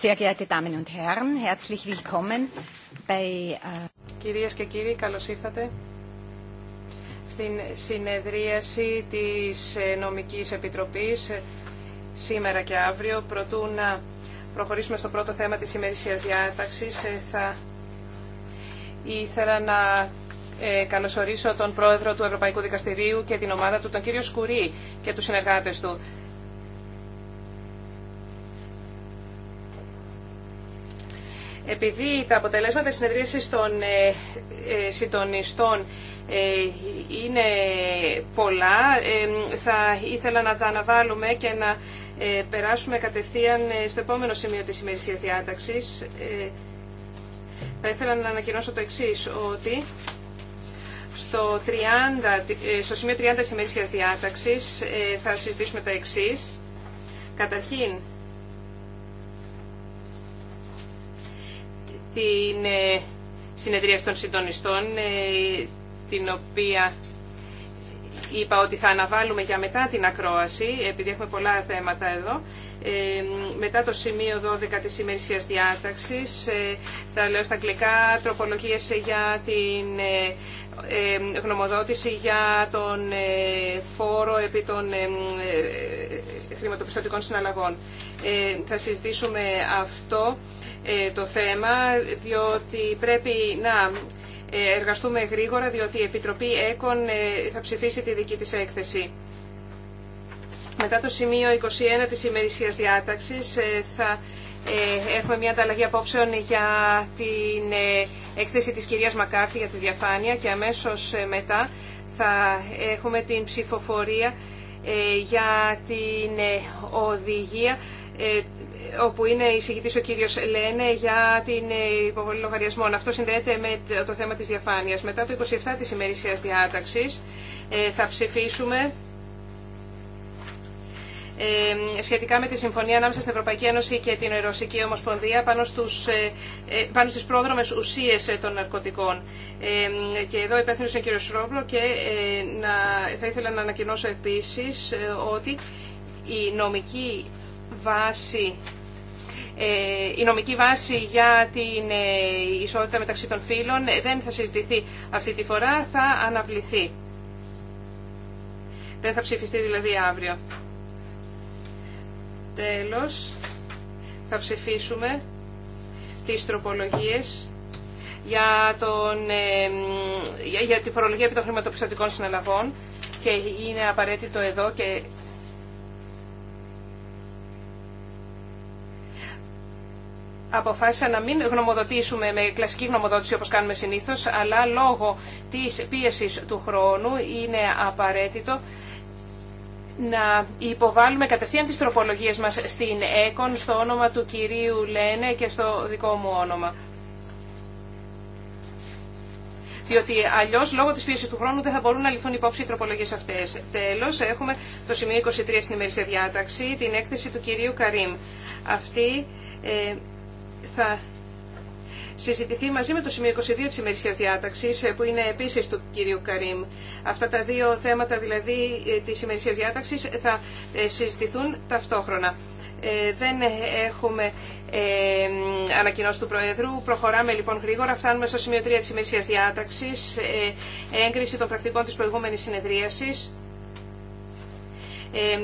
Sehr äh, Κυρίες και κύριοι, καλώς ήρθατε στην συνεδρίαση της ε, Νομικής Επιτροπής ε, σήμερα και αύριο. Προτού να προχωρήσουμε στο πρώτο θέμα της ημερησίας διάταξης, ε, θα ήθελα να καλωσορίσω τον πρόεδρο του Ευρωπαϊκού Δικαστηρίου και την ομάδα του, τον κύριο Σκουρί και τους συνεργάτες του. Επειδή τα αποτελέσματα της συνεδρίασης των ε, ε, συντονιστών ε, είναι πολλά, θα ήθελα να τα αναβάλουμε και να περάσουμε κατευθείαν στο επόμενο σημείο της ημερησίας διάταξης. Θα ήθελα να ανακοινώσω το εξής, ότι στο, 30, στο σημείο 30 της ημερησίας διάταξης θα συζητήσουμε τα εξής. Καταρχήν, την ε, συνεδρία των συντονιστών, ε, την οποία είπα ότι θα αναβάλουμε για μετά την ακρόαση, επειδή έχουμε πολλά θέματα εδώ. Ε, μετά το σημείο 12 της ημερησίας διάταξης, τα λέω στα αγγλικά, τροπολογίες για την ε, γνωμοδότηση για τον φόρο επί των χρηματοπιστωτικών συναλλαγών. Θα συζητήσουμε αυτό ε, το θέμα, διότι πρέπει να ε, εργαστούμε γρήγορα, διότι η Επιτροπή ΕΚΟΝ ε, θα ψηφίσει τη δική της έκθεση. Μετά το σημείο 21 της ημερησίας διάταξης θα έχουμε μια ανταλλαγή απόψεων για την έκθεση της κυρίας Μακάρτη για τη διαφάνεια και αμέσως μετά θα έχουμε την ψηφοφορία για την οδηγία ε, όπου είναι εισηγητή ο κύριο Λένε για την ε, υποβολή λογαριασμών. Αυτό συνδέεται με το θέμα της διαφάνειας. Μετά το 27 της ημερησίας διάταξης ε, θα ψηφίσουμε σχετικά με τη συμφωνία ανάμεσα στην Ευρωπαϊκή Ένωση και την Ρωσική Ομοσπονδία πάνω, στους, πάνω στις πρόδρομες ουσίες των ναρκωτικών. και εδώ υπεύθυνος είναι ο κύριος Ρόμπλο και θα ήθελα να ανακοινώσω επίσης ότι η νομική βάση, ε, η νομική βάση για την ε, ισότητα μεταξύ των φύλων ε, δεν θα συζητηθεί αυτή τη φορά, θα αναβληθεί. Δεν θα ψηφιστεί δηλαδή αύριο. Τέλος, θα ψηφίσουμε τις τροπολογίες για, τον, για, για τη φορολογία επί των χρηματοπιστωτικών συναλλαγών και είναι απαραίτητο εδώ και αποφάσισα να μην γνωμοδοτήσουμε με κλασική γνωμοδότηση όπως κάνουμε συνήθως, αλλά λόγω της πίεσης του χρόνου είναι απαραίτητο να υποβάλουμε κατευθείαν τις τροπολογίες μας στην ΕΚΟΝ, στο όνομα του κυρίου Λένε και στο δικό μου όνομα. Διότι αλλιώ λόγω τη πίεση του χρόνου δεν θα μπορούν να ληφθούν υπόψη οι τροπολογίε αυτέ. Τέλο, έχουμε το σημείο 23 στην ημερήσια διάταξη, την έκθεση του κυρίου Καρύμ. Αυτή ε, θα συζητηθεί μαζί με το σημείο 22 της ημερησίας διάταξης, ε, που είναι επίσης του κύριου Καρίμ. Αυτά τα δύο θέματα δηλαδή ε, της ημερησίας διάταξης θα ε, συζητηθούν ταυτόχρονα. δεν έχουμε ε, ανακοινώσει του Προέδρου. Προχωράμε λοιπόν γρήγορα. Φτάνουμε στο σημείο 3 της ημερησίας διάταξης, έγκριση των πρακτικών της προηγούμενης συνεδρίασης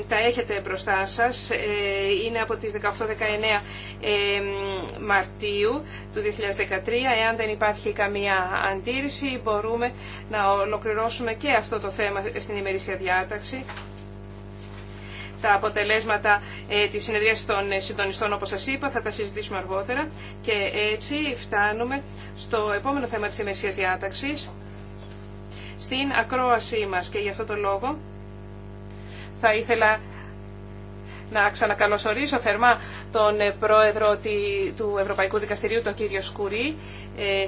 τα έχετε μπροστά σας. Ε, είναι από τις 18-19 Μαρτίου του 2013. Εάν δεν υπάρχει καμία αντίρρηση μπορούμε να ολοκληρώσουμε και αυτό το θέμα στην ημερήσια διάταξη. Τα αποτελέσματα ε, της συνεδρίας των ε, συντονιστών, όπως σας είπα, θα τα συζητήσουμε αργότερα. Και έτσι φτάνουμε στο επόμενο θέμα της ημερησίας διάταξης, στην ακρόασή μας. Και γι' αυτό το λόγο θα ήθελα να ξανακαλωσορίσω θερμά τον ε, πρόεδρο του Ευρωπαϊκού Δικαστηρίου, τον κύριο Σκουρί, ε,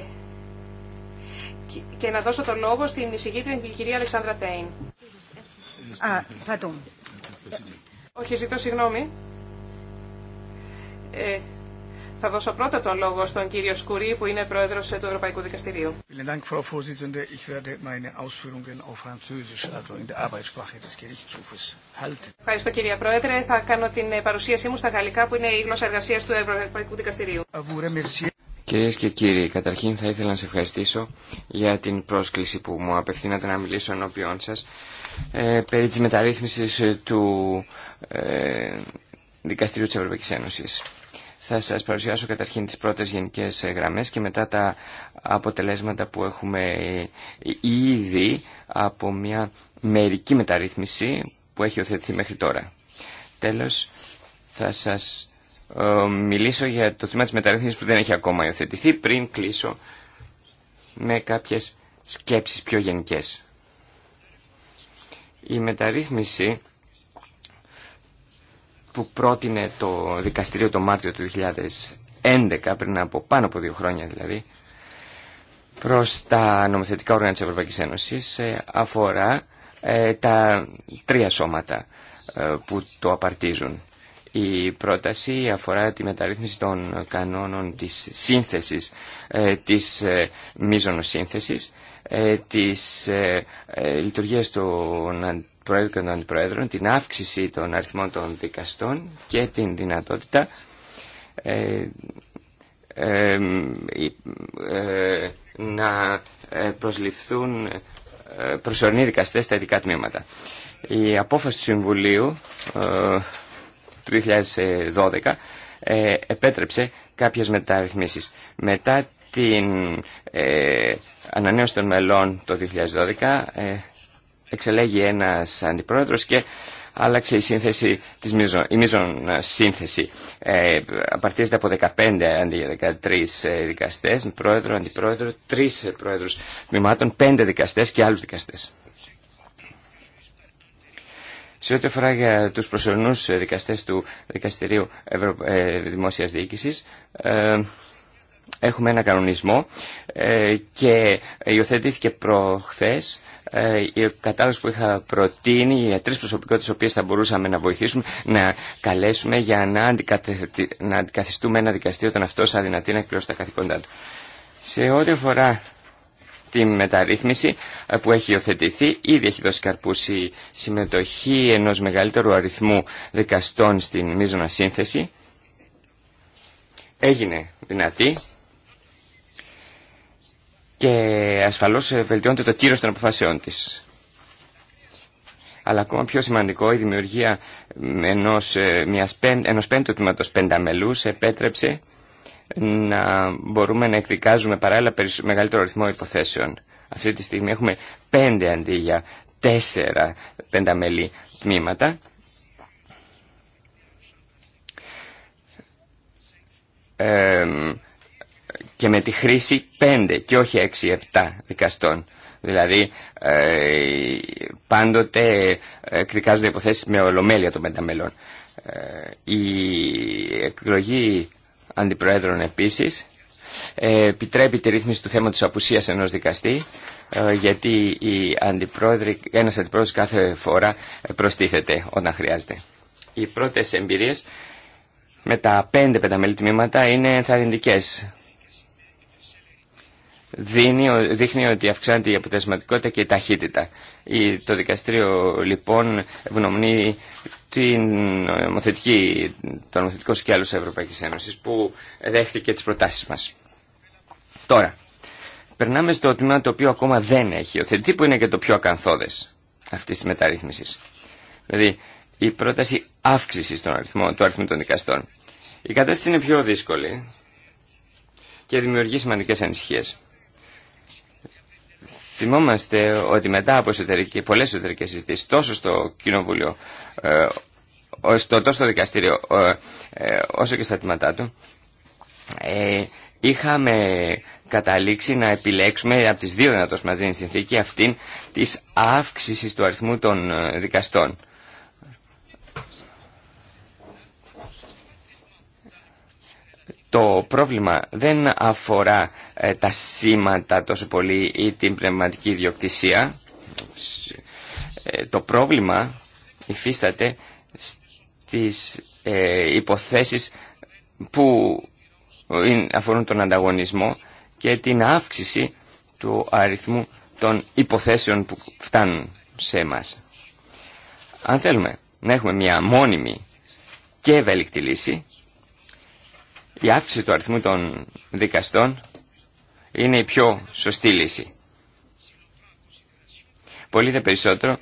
και να δώσω το λόγο στην εισηγήτρια, την κυρία Αλεξάνδρα Τέιν. Α, Όχι, ζητώ συγγνώμη. Ε, θα δώσω πρώτα τον λόγο στον κύριο Σκουρί, που είναι πρόεδρο του Ευρωπαϊκού Δικαστηρίου. Ευχαριστώ κύριε Πρόεδρε. Θα κάνω την ε, παρουσίασή μου στα γαλλικά, που είναι η γλώσσα εργασία του Ευρωπαϊκού Δικαστηρίου. Κυρίε και κύριοι, καταρχήν θα ήθελα να σε ευχαριστήσω για την πρόσκληση που μου απευθύνατε να μιλήσω ενώπιόν σα ε, περί τη μεταρρύθμιση του ε, Δικαστηρίου της Ευρωπαϊκής Ένωσης. Θα σας παρουσιάσω καταρχήν τις πρώτες γενικές ε, γραμμές και μετά τα αποτελέσματα που έχουμε ε, ε, ήδη από μια μερική μεταρρύθμιση που έχει οθετηθεί μέχρι τώρα. Τέλος, θα σας μιλήσω για το θέμα της μεταρρύθμισης που δεν έχει ακόμα υιοθετηθεί πριν κλείσω με κάποιες σκέψεις πιο γενικές. Η μεταρρύθμιση που πρότεινε το δικαστηρίο το Μάρτιο του 2011, πριν από πάνω από δύο χρόνια δηλαδή, προς τα νομοθετικά όργανα της Ευρωπαϊκής Ένωσης ε, αφορά ε, τα τρία σώματα ε, που το απαρτίζουν. Η πρόταση αφορά τη μεταρρύθμιση των κανόνων της σύνθεσης, ε, της μίζωνος σύνθεσης, της λειτουργίας των Προέδρου και Αντιπροέδρων, την αύξηση των αριθμών των δικαστών και την δυνατότητα ε, ε, ε να ε, προσληφθούν ε, προσωρινοί δικαστές στα ειδικά τμήματα. Η απόφαση του Συμβουλίου του 2012 επέτρεψε κάποιες μεταρρυθμίσεις. Μετά την ανανέωση των μελών το 2012 εξελέγει ένας αντιπρόεδρος και άλλαξε η σύνθεση της μίζων, η μίζων ε, σύνθεση. Ε, απαρτίζεται από 15 αντί για 13 ε, δικαστές, πρόεδρο, αντιπρόεδρο, τρεις πρόεδρους τμήματων, πέντε δικαστές και άλλους δικαστές. Σε ό,τι αφορά για τους προσωρινούς ε, δικαστές του Δικαστηρίου Ευρω... ε, Δημόσιας Διοίκησης, Έχουμε ένα κανονισμό ε, και υιοθετήθηκε προχθές ε, η κατάλληλος που είχα προτείνει για τρεις προσωπικότητες οποίες θα μπορούσαμε να βοηθήσουμε να καλέσουμε για να, να αντικαθιστούμε ένα δικαστήριο όταν αυτός αδυνατεί να εκπληρώσει τα καθήκοντά του. Σε ό,τι αφορά τη μεταρρύθμιση ε, που έχει υιοθετηθεί. Ήδη έχει δώσει καρπούς η συμμετοχή ενός μεγαλύτερου αριθμού δικαστών στην μείζωνα σύνθεση. Έγινε δυνατή και ασφαλώς ε, βελτιώνεται το κύρος των αποφάσεών της. Αλλά ακόμα πιο σημαντικό, η δημιουργία ενός, ε, μιας, ενός πέντου τμήματος πενταμελούς επέτρεψε να μπορούμε να εκδικάζουμε παράλληλα μεγαλύτερο ρυθμό υποθέσεων. Αυτή τη στιγμή έχουμε πέντε αντί για τέσσερα πενταμελή τμήματα. Ε, και με τη χρήση 5 και όχι 6-7 δικαστών. Δηλαδή ε, πάντοτε ε, εκδικάζονται υποθέσεις με ολομέλεια των πενταμελών. Ε, η εκλογή αντιπροέδρων επίσης επιτρέπει τη ρύθμιση του θέματος απουσίας ενός δικαστή γιατί η αντιπρόεδρη, ένας αντιπρόεδρος κάθε φορά προστίθεται όταν χρειάζεται. Οι πρώτες εμπειρίες με τα πέντε πενταμελή τμήματα είναι ενθαρρυντικές δίνει, δείχνει ότι αυξάνεται η αποτελεσματικότητα και η ταχύτητα. Το δικαστήριο λοιπόν ευνομνεί την νομοθετική, το νομοθετικό σκέλο τη Ευρωπαϊκή Ένωση που δέχτηκε τι προτάσει μα. Τώρα, περνάμε στο τμήμα το οποίο ακόμα δεν έχει οθετηθεί, που είναι και το πιο ακαθόδε αυτής τη μεταρρύθμισης. Δηλαδή, η πρόταση αύξηση των αριθμών, του αριθμού των δικαστών. Η κατάσταση είναι πιο δύσκολη και δημιουργεί σημαντικέ ανησυχίε. Θυμόμαστε ότι μετά από εσωτερική, πολλές εσωτερικές συζητήσεις τόσο στο Κοινοβούλιο, ε, στο, τόσο στο δικαστήριο ε, ε, όσο και στα τμήματά του, ε, είχαμε καταλήξει να επιλέξουμε από τις δύο δυνατός μας δίνει συνθήκη αυτήν της αύξησης του αριθμού των δικαστών. Το πρόβλημα δεν αφορά ε, τα σήματα τόσο πολύ ή την πνευματική ιδιοκτησία. Ε, το πρόβλημα υφίσταται στις ε, υποθέσεις που αφορούν τον ανταγωνισμό και την αύξηση του αριθμού των υποθέσεων που φτάνουν σε μας. Αν θέλουμε να έχουμε μια μόνιμη και ευέλικτη λύση, η αύξηση του αριθμού των δικαστών είναι η πιο σωστή λύση. Πολύ δε περισσότερο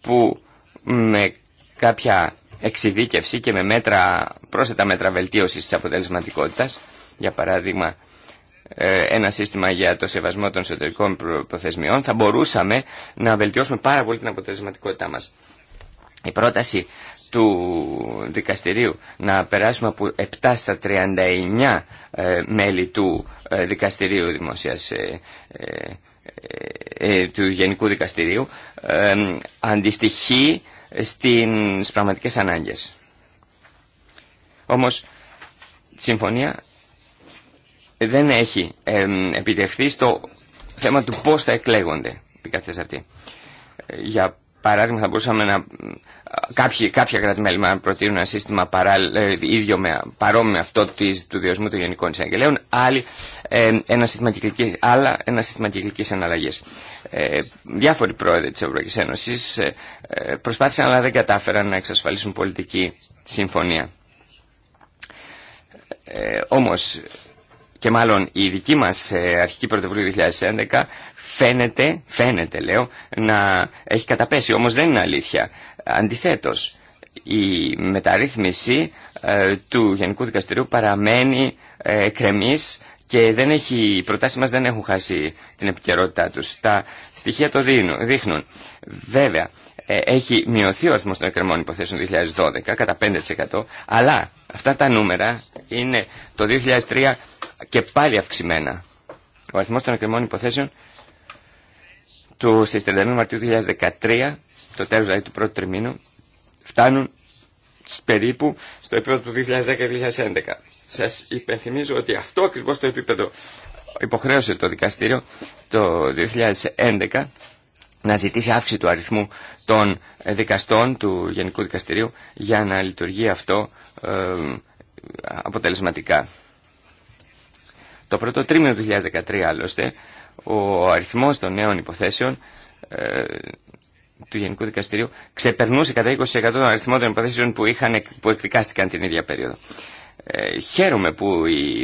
που με κάποια εξειδίκευση και με μέτρα, πρόσθετα μέτρα βελτίωσης της αποτελεσματικότητας, για παράδειγμα ε, ένα σύστημα για το σεβασμό των εσωτερικών προθεσμιών, θα μπορούσαμε να βελτιώσουμε πάρα πολύ την αποτελεσματικότητά μας. Η πρόταση του δικαστηρίου να περάσουμε από 7 στα 39 ε, μέλη του ε, δικαστηρίου δημοσίας ε, του Γενικού Δικαστηρίου αντιστοιχεί στις πραγματικές ανάγκες. Όμως, η συμφωνία δεν έχει επιτευχθεί στο θέμα του πώς θα εκλέγονται οι δικαστές αυτοί. Για παράδειγμα, θα μπορούσαμε να καποια κάποια κράτη-μέλη προτείνουν ένα σύστημα ε, ίδιο με, παρόμοιο με αυτό της, του Διοσμού των γενικών εισαγγελέων, άλλοι, ε, ένα σύστημα άλλα ένα σύστημα κυκλικής αναλλαγής. Ε, διάφοροι πρόεδροι της Ευρωπαϊκής Ένωσης προσπάθησαν αλλά δεν κατάφεραν να εξασφαλίσουν πολιτική συμφωνία. όμως και μάλλον η δική μας ε, αρχική πρωτοβουλία 2011 φαίνεται, φαίνεται λέω, να έχει καταπέσει, όμως δεν είναι αλήθεια. Αντιθέτως, η μεταρρύθμιση ε, του Γενικού Δικαστηρίου παραμένει ε, και δεν έχει, οι προτάσεις μας δεν έχουν χάσει την επικαιρότητά τους. Τα στοιχεία το δίνουν, δείχνουν. Βέβαια, ε, έχει μειωθεί ο αριθμός των εκκρεμών υποθέσεων 2012 κατά 5%, αλλά αυτά τα νούμερα είναι το 2003 και πάλι αυξημένα. Ο αριθμό των εκκρεμών υποθέσεων του στις 31 Μαρτίου 2013, το τέλος δηλαδή του πρώτου τριμήνου, φτάνουν περίπου στο επίπεδο του 2010-2011. Σας υπενθυμίζω ότι αυτό ακριβώς το επίπεδο υποχρέωσε το δικαστήριο το 2011 να ζητήσει αύξηση του αριθμού των ε, δικαστών του Γενικού Δικαστηρίου για να λειτουργεί αυτό ε, αποτελεσματικά το πρώτο τρίμηνο του 2013 άλλωστε ο αριθμός των νέων υποθέσεων ε, του Γενικού Δικαστηρίου ξεπερνούσε κατά 20% τον αριθμό των υποθέσεων που, είχαν, που εκδικάστηκαν την ίδια περίοδο. Ε, χαίρομαι που η,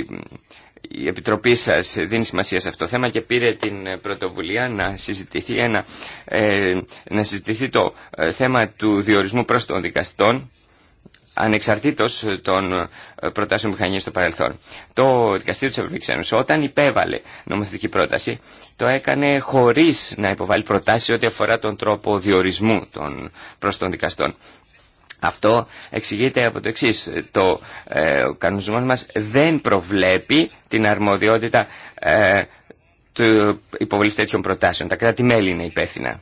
η Επιτροπή σας δίνει σημασία σε αυτό το θέμα και πήρε την πρωτοβουλία να συζητηθεί, ένα, ε, να συζητηθεί το ε, θέμα του διορισμού προς των δικαστών ανεξαρτήτως των ε, προτάσεων που είχαν στο παρελθόν. Το Δικαστήριο της Ευρωπαϊκής Ένωσης όταν υπέβαλε νομοθετική πρόταση το έκανε χωρίς να υποβάλει προτάσεις ό,τι αφορά τον τρόπο διορισμού των, προς των δικαστών. Αυτό εξηγείται από το εξής. Το ε, μας δεν προβλέπει την αρμοδιότητα ε, του υποβολής τέτοιων προτάσεων. Τα κράτη-μέλη είναι υπεύθυνα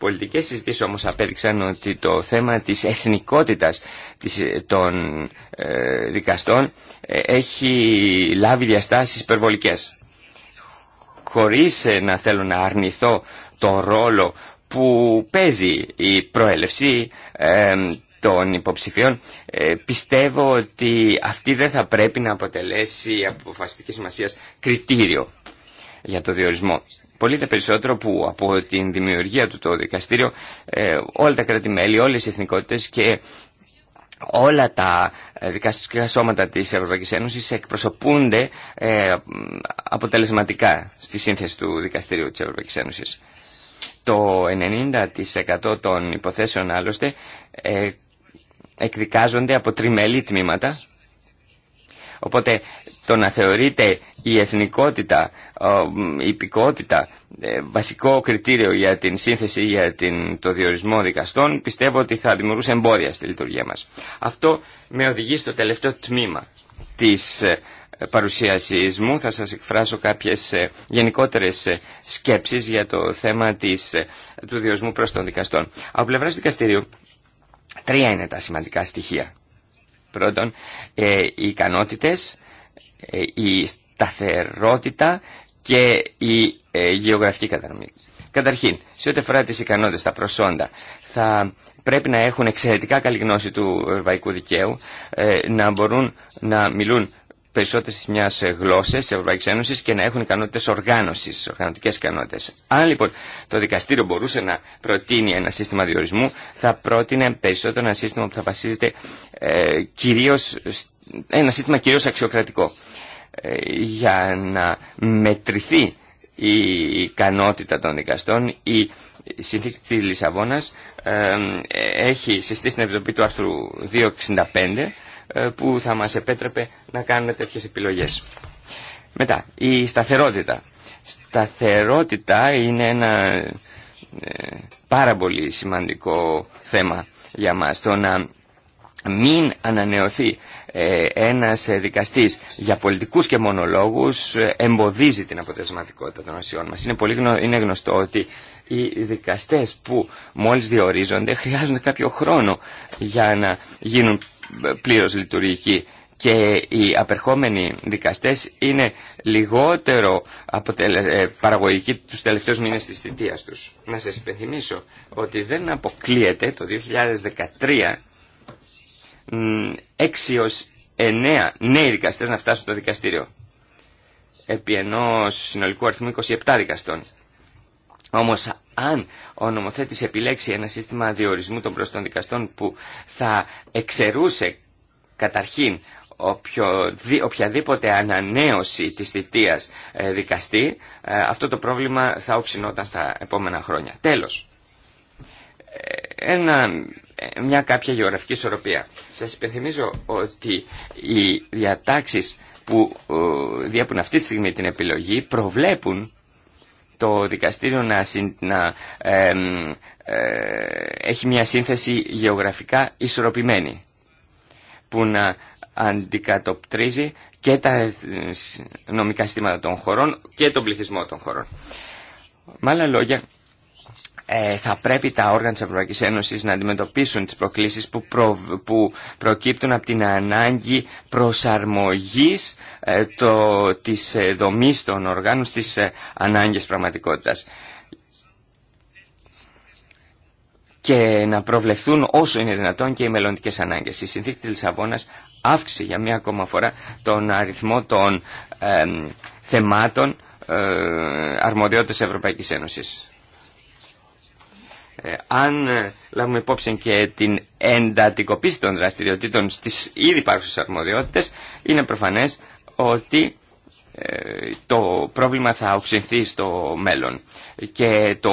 πολιτικές συζητήσεις όμως απέδειξαν ότι το θέμα της εθνικότητας των ε, δικαστών ε, έχει λάβει διαστάσεις υπερβολικές. Χωρίς ε, να θέλω να αρνηθώ τον ρόλο που παίζει η προέλευση των υποψηφίων, πιστεύω ότι αυτή δεν θα πρέπει να αποτελέσει αποφασιστική σημασία κριτήριο για το διορισμό πολύ τα περισσότερο που από την δημιουργία του το δικαστήριο ε, όλα τα κράτη-μέλη, όλες οι εθνικότητες και όλα τα ε, δικαστικά σώματα της Ευρωπαϊκής Ένωσης εκπροσωπούνται ε, αποτελεσματικά στη σύνθεση του δικαστήριου της Ευρωπαϊκής Ένωσης. Το 90% των υποθέσεων άλλωστε εκδικάζονται από τριμελή τμήματα Οπότε το να θεωρείται η εθνικότητα, η υπηκότητα ε, βασικό κριτήριο για την σύνθεση, για την, το διορισμό δικαστών, πιστεύω ότι θα δημιουργούσε εμπόδια στη λειτουργία μας. Αυτό με οδηγεί στο τελευταίο τμήμα της ε, παρουσίασής μου. Θα σας εκφράσω κάποιες ε, γενικότερες σκέψεις για το θέμα της, του διορισμού προς των δικαστών. Από πλευράς του δικαστηρίου, τρία είναι τα σημαντικά στοιχεία. Πρώτον, οι ικανότητες ε, η σταθερότητα και η ε, γεωγραφική κατανομή. Καταρχήν, σε ό,τι αφορά τι ικανότητε, τα προσόντα, θα πρέπει να έχουν εξαιρετικά καλή γνώση του ευρωπαϊκού δικαίου, ε, να μπορούν να μιλούν περισσότερε τη μια γλώσσα τη Ευρωπαϊκή Ένωση και να έχουν ικανότητε οργάνωση, οργανωτικέ ικανότητε. Αν λοιπόν το δικαστήριο μπορούσε να προτείνει ένα σύστημα διορισμού, θα πρότεινε περισσότερο ένα σύστημα που θα βασίζεται ε, κυρίω ένα σύστημα κυρίως αξιοκρατικό. Ε, για να μετρηθεί η ικανότητα των δικαστών, η συνθήκη της Λισαβόνας ε, έχει συστήσει την επιτροπή του άρθρου 265 ε, που θα μας επέτρεπε να κάνουμε τέτοιες επιλογές. Μετά, η σταθερότητα. Σταθερότητα είναι ένα πάρα πολύ σημαντικό θέμα για μας. Το να μην ανανεωθεί ε, ένας ε, δικαστής για πολιτικούς και μονολόγους ε, εμποδίζει την αποτελεσματικότητα των ασιών μας. Είναι, πολύ γνω... είναι γνωστό ότι οι δικαστές που μόλις διορίζονται χρειάζονται κάποιο χρόνο για να γίνουν πλήρως λειτουργικοί και οι απερχόμενοι δικαστές είναι λιγότερο αποτελε... παραγωγικοί τους τελευταίους μήνες της θητείας τους. Να σας υπενθυμίσω ότι δεν αποκλείεται το 2013 6 ως 9 νέοι δικαστές να φτάσουν στο δικαστήριο επί ενός συνολικού αριθμού 27 δικαστών. Όμως αν ο νομοθέτης επιλέξει ένα σύστημα διορισμού των προς των δικαστών που θα εξαιρούσε καταρχήν οποιαδήποτε ανανέωση της θητείας ε, δικαστή, ε, αυτό το πρόβλημα θα οξυνόταν στα επόμενα χρόνια. Τέλος, ε, ένα ε, μια κάποια γεωγραφική ισορροπία. Σας υπενθυμίζω ότι οι διατάξεις που ε, διέπουν αυτή τη στιγμή την επιλογή προβλέπουν το δικαστήριο να, να ε, έχει μια σύνθεση γεωγραφικά ισορροπημένη που να αντικατοπτρίζει και τα νομικά συστήματα των χωρών και τον πληθυσμό των χωρών. Με άλλα λόγια, ε, θα πρέπει τα όργανα της Ευρωπαϊκής Ένωσης να αντιμετωπίσουν τις προκλήσεις που, που προκύπτουν από την ανάγκη προσαρμογής ε, το, της ε, δομής των οργάνων στις ε, ανάγκες πραγματικότητας. Και να προβλεφθούν όσο είναι δυνατόν και οι μελλοντικές ανάγκες. Η συνθήκη της Λισαβόνας αύξησε για μία ακόμα φορά τον αριθμό των ε, θεμάτων αρμοδιότητας Ευρωπαϊκής Ένωσης. Ε, αν ε, λάβουμε υπόψη και την εντατικοποίηση των δραστηριοτήτων στις ήδη υπάρχουσες αρμοδιότητες, είναι προφανές ότι ε, το πρόβλημα θα οξυνθεί στο μέλλον και το,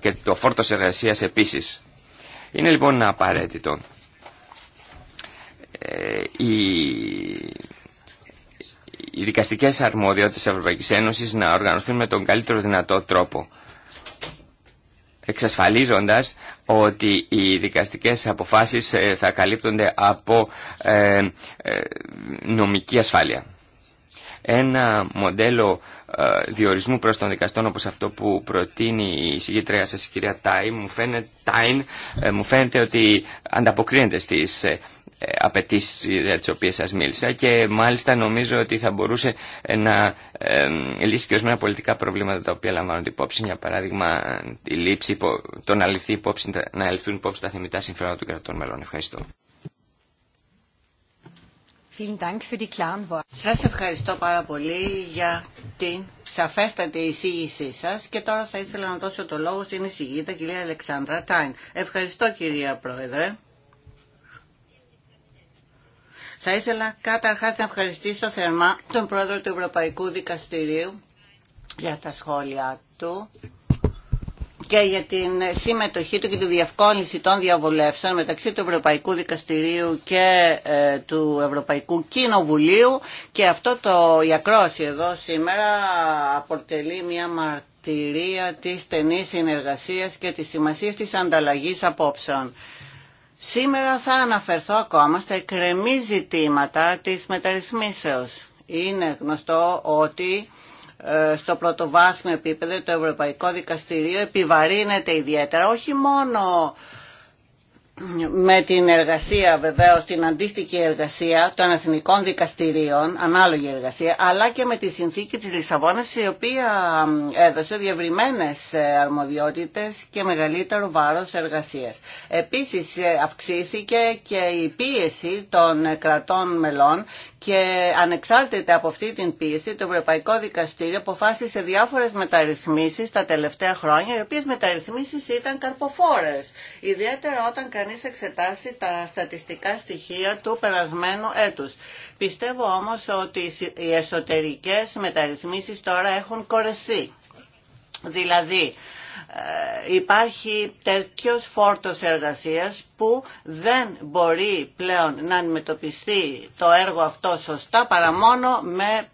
και το φόρτος εργασίας επίσης. Είναι λοιπόν απαραίτητο οι, οι δικαστικές αρμοδιότητες της Ευρωπαϊκής Ένωσης να οργανωθούν με τον καλύτερο δυνατό τρόπο εξασφαλίζοντας ότι οι δικαστικές αποφάσεις ε, θα καλύπτονται από ε, ε, νομική ασφάλεια. Ένα μοντέλο διορισμού προς τον δικαστών όπως αυτό που προτείνει η συγκεκριά σας η κυρία Τάιν μου, φαίνεται, ότι ανταποκρίνεται στις ε, απαιτήσει για ε, τι οποίες σας μίλησα και μάλιστα νομίζω ότι θα μπορούσε ε, να λύσει και ορισμένα πολιτικά προβλήματα τα οποία λαμβάνονται υπόψη. Για παράδειγμα, η λήψη, το να, υπόψη, να ληφθούν υπόψη τα θεμητά συμφέροντα των κρατών μελών. Ευχαριστώ. Σας ευχαριστώ πάρα πολύ για την σαφέστατη εισήγησή σας και τώρα θα ήθελα να δώσω το λόγο στην εισηγήτα κυρία Αλεξάνδρα Τάιν. Ευχαριστώ κυρία Πρόεδρε. Θα ήθελα καταρχάς να ευχαριστήσω θερμά τον πρόεδρο του Ευρωπαϊκού Δικαστηρίου για τα σχόλια του και για την συμμετοχή του και τη διευκόλυνση των διαβουλεύσεων μεταξύ του Ευρωπαϊκού Δικαστηρίου και ε, του Ευρωπαϊκού Κοινοβουλίου και αυτό το η εδώ σήμερα αποτελεί μια μαρτυρία της στενής συνεργασίας και της σημασίας της ανταλλαγής απόψεων. Σήμερα θα αναφερθώ ακόμα στα εκρεμή ζητήματα της μεταρρυθμίσεως. Είναι γνωστό ότι ε, στο πρωτοβάσιμο επίπεδο το Ευρωπαϊκό Δικαστηρίο επιβαρύνεται ιδιαίτερα όχι μόνο με την εργασία βεβαίως, την αντίστοιχη εργασία των εθνικών δικαστηρίων, ανάλογη εργασία, αλλά και με τη συνθήκη της Λισαβόνας η οποία έδωσε διευρυμένες ε, αρμοδιότητες και μεγαλύτερο βάρος εργασίας. Επίσης ε, αυξήθηκε και η πίεση των ε, κρατών μελών και ανεξάρτητα από αυτή την πίεση, το Ευρωπαϊκό Δικαστήριο αποφάσισε διάφορες μεταρρυθμίσεις τα τελευταία χρόνια, οι οποίε μεταρρυθμίσεις ήταν καρποφόρες. Ιδιαίτερα όταν κανείς εξετάσει τα στατιστικά στοιχεία του περασμένου έτους. Πιστεύω όμως ότι οι εσωτερικές μεταρρυθμίσεις τώρα έχουν κορεστεί. Δηλαδή, ε, υπάρχει τέτοιος φόρτος εργασίας που δεν μπορεί πλέον να αντιμετωπιστεί το έργο αυτό σωστά παρά μόνο με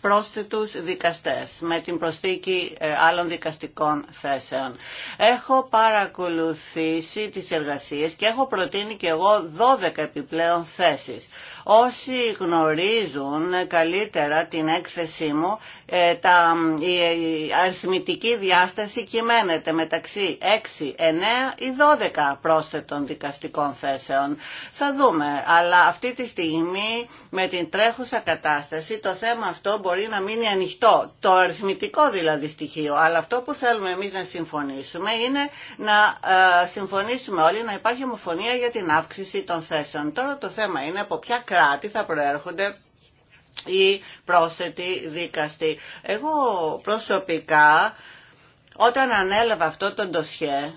πρόσθετους δικαστές με την προσθήκη ε, άλλων δικαστικών θέσεων. Έχω παρακολουθήσει τις εργασίες και έχω προτείνει και εγώ 12 επιπλέον θέσεις. Όσοι γνωρίζουν καλύτερα την έκθεσή μου, ε, τα, η, αριθμητική διάσταση κυμαίνεται μεταξύ 6, 9 ή 12 πρόσθετων δικαστικών θέσεων. Θα δούμε, αλλά αυτή τη στιγμή με την τρέχουσα κατάσταση το θέμα αυτό μπορεί να μείνει ανοιχτό. Το αριθμητικό δηλαδή στοιχείο, αλλά αυτό που θέλουμε εμείς να συμφωνήσουμε είναι να ε, συμφωνήσουμε όλοι να υπάρχει ομοφωνία για την αύξηση των θέσεων. Τώρα το θέμα είναι από ποια κράτη θα προέρχονται ή πρόσθετη δικαστή. Εγώ προσωπικά όταν ανέλαβα αυτό το ντοσιέ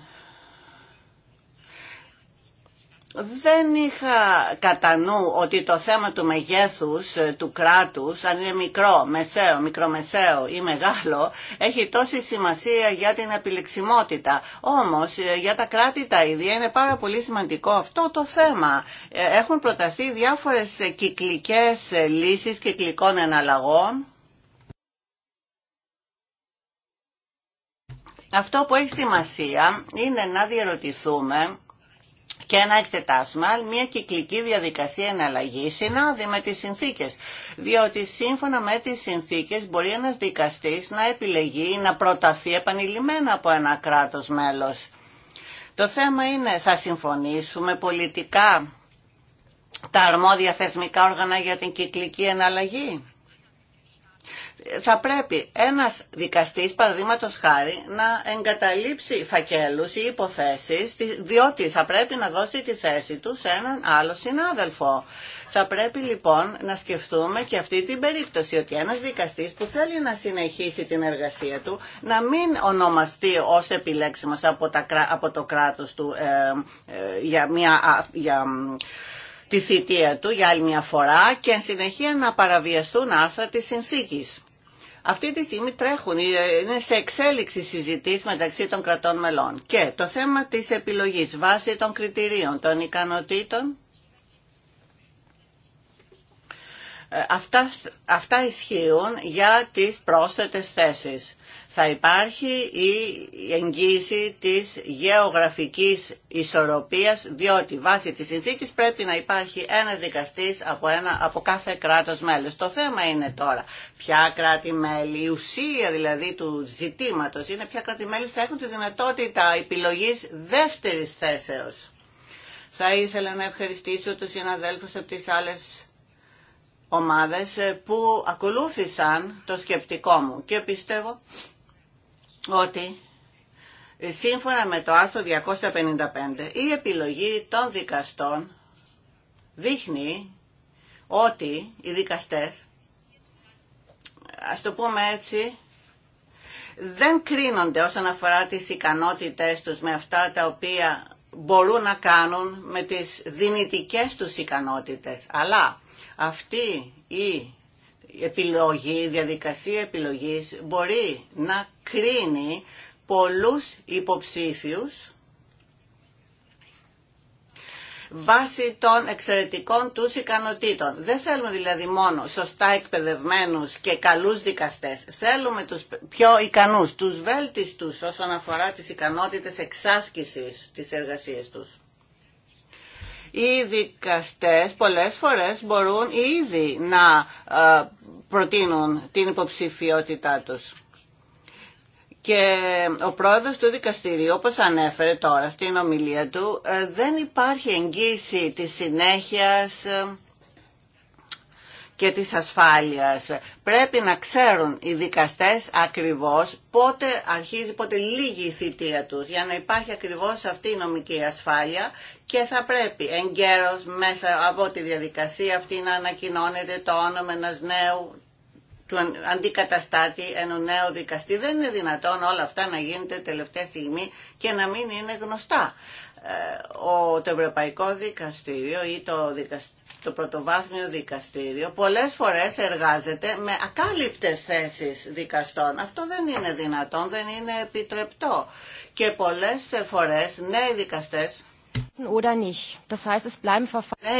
δεν είχα κατά ότι το θέμα του μεγέθους ε, του κράτους, αν είναι μικρό, μεσαίο, μικρομεσαίο ή μεγάλο, έχει τόση σημασία για την επιλεξιμότητα. Όμως ε, για τα κράτη τα ίδια είναι πάρα πολύ σημαντικό αυτό το θέμα. Ε, έχουν προταθεί διάφορες κυκλικές λύσεις κυκλικών εναλλαγών. Αυτό που έχει σημασία είναι να διερωτηθούμε και να εξετάσουμε μια κυκλική διαδικασία εναλλαγή συνάδει με τις συνθήκες. Διότι σύμφωνα με τις συνθήκες μπορεί ένας δικαστής να επιλεγεί να προταθεί επανειλημμένα από ένα κράτος μέλος. Το θέμα είναι θα συμφωνήσουμε πολιτικά τα αρμόδια θεσμικά όργανα για την κυκλική εναλλαγή θα πρέπει ένας δικαστής, παραδείγματος χάρη, να εγκαταλείψει φακέλους ή υποθέσεις, διότι θα πρέπει να δώσει τη θέση του σε έναν άλλο συνάδελφο. Θα πρέπει λοιπόν να σκεφτούμε και αυτή την περίπτωση, ότι ένας δικαστής που θέλει να συνεχίσει την εργασία του, να μην ονομαστεί ως επιλέξιμος από, το κράτος του ε, ε, για μια... τη θητεία του για άλλη μια φορά και εν συνεχεία να παραβιαστούν άρθρα της συνθήκης. Αυτή τη στιγμή τρέχουν, είναι σε εξέλιξη συζητήσει μεταξύ των κρατών μελών. Και το θέμα της επιλογής βάσει των κριτηρίων, των ικανοτήτων Ε, αυτά, αυτά ισχύουν για τις πρόσθετες θέσεις. Θα υπάρχει η εγγύηση της γεωγραφικής ισορροπίας, διότι βάσει της συνθήκης πρέπει να υπάρχει ένα δικαστής από, ένα, από κάθε κράτος μέλος. Το θέμα είναι τώρα ποια κράτη-μέλη, η ουσία δηλαδή του ζητήματος είναι ποια κράτη-μέλη θα έχουν τη δυνατότητα επιλογής δεύτερης θέσεως. Θα ήθελα να ευχαριστήσω τους συναδέλφους από τις άλλες ομάδες ε, που ακολούθησαν το σκεπτικό μου και πιστεύω ότι ε, σύμφωνα με το άρθρο 255 η επιλογή των δικαστών δείχνει ότι οι δικαστές ας το πούμε έτσι δεν κρίνονται όσον αφορά τις ικανότητές τους με αυτά τα οποία μπορούν να κάνουν με τις δυνητικές τους ικανότητες αλλά αυτή η επιλογή, διαδικασία επιλογής μπορεί να κρίνει πολλούς υποψήφιους βάσει των εξαιρετικών τους ικανοτήτων. Δεν θέλουμε δηλαδή μόνο σωστά εκπαιδευμένους και καλούς δικαστές. Θέλουμε τους πιο ικανούς, τους βέλτιστους όσον αφορά τις ικανότητες εξάσκησης της εργασίας τους οι δικαστές πολλές φορές μπορούν ήδη να ε, προτείνουν την υποψηφιότητά τους. Και ο πρόεδρος του δικαστηρίου, όπως ανέφερε τώρα στην ομιλία του, ε, δεν υπάρχει εγγύηση της συνέχειας ε, και της ασφάλειας. Πρέπει να ξέρουν οι δικαστές ακριβώς πότε αρχίζει, πότε λίγη η θητεία τους, για να υπάρχει ακριβώς αυτή η νομική ασφάλεια και θα πρέπει εγκαίρως μέσα από τη διαδικασία αυτή να ανακοινώνεται το όνομα ενός νέου του αντικαταστάτη ενό νέου δικαστή. Δεν είναι δυνατόν όλα αυτά να γίνονται τελευταία στιγμή και να μην είναι γνωστά. Ε, ο, το Ευρωπαϊκό Δικαστήριο ή το, δικασ... το Πρωτοβάσμιο Δικαστήριο πολλές φορές εργάζεται με ακάλυπτες θέσεις δικαστών. Αυτό δεν είναι δυνατόν, δεν είναι επιτρεπτό. Και πολλές φορές νέοι δικαστές ναι,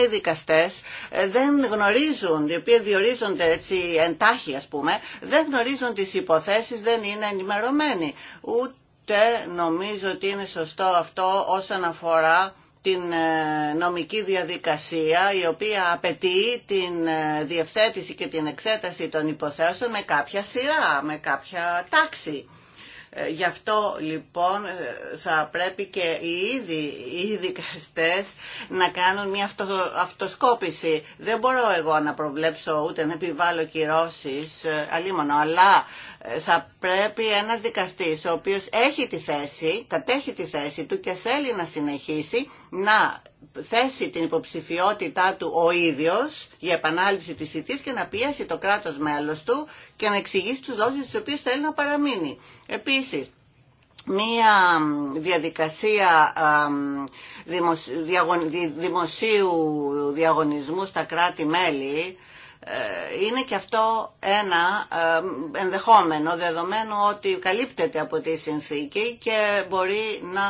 οι δικαστέ ε, δεν γνωρίζουν, οι οποίοι διορίζονται έτσι εντάχει α πούμε, δεν γνωρίζουν τι υποθέσει δεν είναι ενημερωμένοι. Ούτε νομίζω ότι είναι σωστό αυτό όσον αφορά την ε, νομική διαδικασία η οποία απαιτεί την ε, διευθέτηση και την εξέταση των υποθέσεων με κάποια σειρά, με κάποια τάξη. Ε, γι' αυτό λοιπόν ε, θα πρέπει και οι ίδιοι οι δικαστές να κάνουν μια αυτο, αυτοσκόπηση. Δεν μπορώ εγώ να προβλέψω ούτε να επιβάλλω κυρώσεις ε, αλίμονο, αλλά ε, θα πρέπει ένας δικαστής ο οποίος έχει τη θέση, κατέχει τη θέση του και θέλει να συνεχίσει να θέσει την υποψηφιότητά του ο ίδιος για επανάληψη της θητής και να πιέσει το κράτος μέλος του και να εξηγήσει τους λόγους τους οποίους θέλει να παραμείνει. Επίσης, μία διαδικασία δημοσίου διαγωνισμού στα κράτη-μέλη ε, είναι και αυτό ένα ε, ενδεχόμενο δεδομένου ότι καλύπτεται από τη συνθήκη και μπορεί να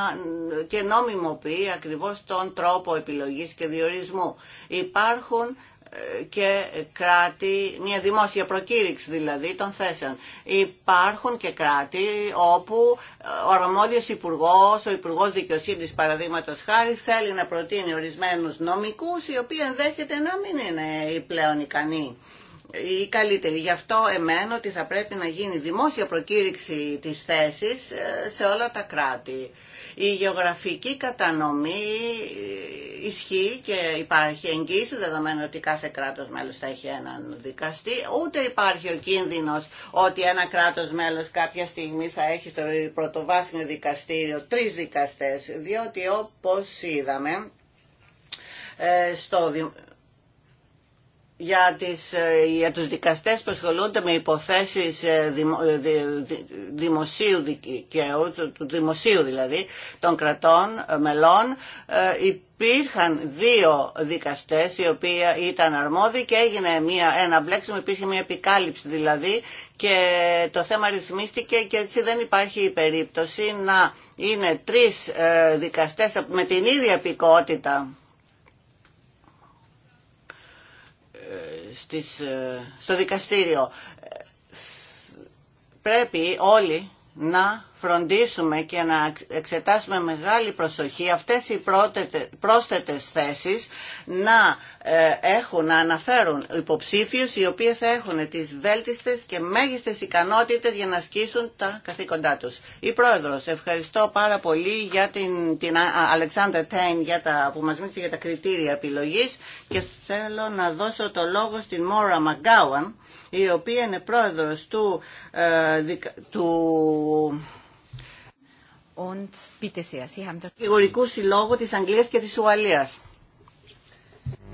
και νομιμοποιεί ακριβώς τον τρόπο επιλογής και διορισμού. Υπάρχουν και κράτη, μια δημόσια προκήρυξη δηλαδή των θέσεων. Υπάρχουν και κράτη όπου ο αρμόδιος υπουργό, ο υπουργό δικαιοσύνης παραδείγματος χάρη, θέλει να προτείνει ορισμένους νομικούς οι οποίοι ενδέχεται να μην είναι οι πλέον ικανοί η καλύτερη Γι' αυτό εμένω ότι θα πρέπει να γίνει δημόσια προκήρυξη της θέσης ε, σε όλα τα κράτη. Η γεωγραφική κατανομή ε, ισχύει και υπάρχει εγγύηση, δεδομένου ότι κάθε κράτος μέλος θα έχει έναν δικαστή. Ούτε υπάρχει ο κίνδυνος ότι ένα κράτος μέλος κάποια στιγμή θα έχει στο πρωτοβάσινο δικαστήριο τρεις δικαστές, διότι όπως είδαμε ε, στο για, τις, ε, για τους δικαστές που ασχολούνται με υποθέσεις ε, ε, δημοσίου δικαίου, του δημοσίου δηλαδή, των κρατών μελών, υπήρχαν δύο δικαστές οι οποίοι ήταν αρμόδιοι και έγινε μια, ένα μπλέξιμο, υπήρχε μια επικάλυψη δηλαδή και το θέμα ρυθμίστηκε και έτσι δεν υπάρχει περίπτωση να είναι τρεις δικαστές με την ίδια επικότητα Ε, στο δικαστήριο. Ε, πρέπει όλοι να φροντίσουμε και να εξετάσουμε μεγάλη προσοχή αυτές οι πρόσθετες θέσεις να ε, έχουν, να αναφέρουν υποψήφιους οι οποίες έχουν τις βέλτιστες και μέγιστες ικανότητες για να ασκήσουν τα καθήκοντά τους. Η Πρόεδρος, ευχαριστώ πάρα πολύ για την, την Αλεξάνδρα Τέιν για τα, που μας μίλησε για τα κριτήρια επιλογής και θέλω να δώσω το λόγο στην Μόρα Μαγκάουαν η οποία είναι πρόεδρος του, ε, του und Συλλόγου της Αγγλίας και της Ουαλίας.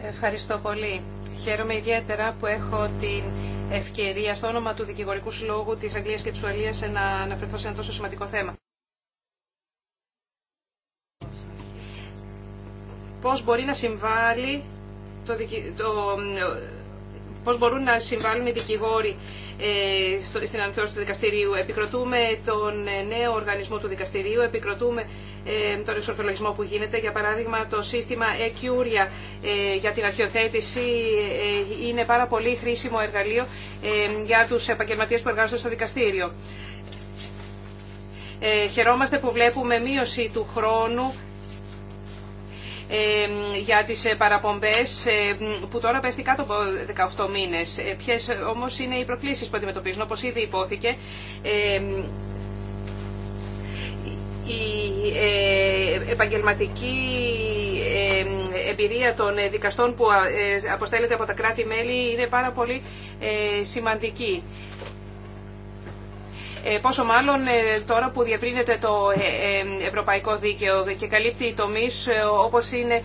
Ευχαριστώ πολύ. Χαίρομαι ιδιαίτερα που έχω την ευκαιρία στο όνομα του Δικηγορικού Συλλόγου της Αγγλίας και της Ουαλίας να αναφερθώ σε ένα τόσο σημαντικό θέμα. Πώς μπορεί να συμβάλλει το, το πώς μπορούν να συμβάλλουν οι δικηγόροι ε, στην αναθεώρηση του δικαστηρίου. Επικροτούμε τον ε, νέο οργανισμό του δικαστηρίου, επικροτούμε ε, τον εξορθολογισμό που γίνεται. Για παράδειγμα, το σύστημα e-Curia για την αρχιοθέτηση είναι πάρα πολύ χρήσιμο εργαλείο για τους επαγγελματίε που εργάζονται στο δικαστήριο. Χαιρόμαστε που βλέπουμε μείωση του χρόνου για τις ε, παραπομπές που τώρα πέφτει κάτω από 18 μήνες. Ε, ποιες ε, όμως είναι οι προκλήσεις που αντιμετωπίζουν, όπως ήδη υπόθηκε, η επαγγελματική εμπειρία των δικαστών που αποστέλλεται από τα κράτη-μέλη είναι πάρα πολύ σημαντική. Ε, πόσο μάλλον ε, τώρα που διευρύνεται το ε, ευρωπαϊκό δίκαιο και καλύπτει τομεί όπως είναι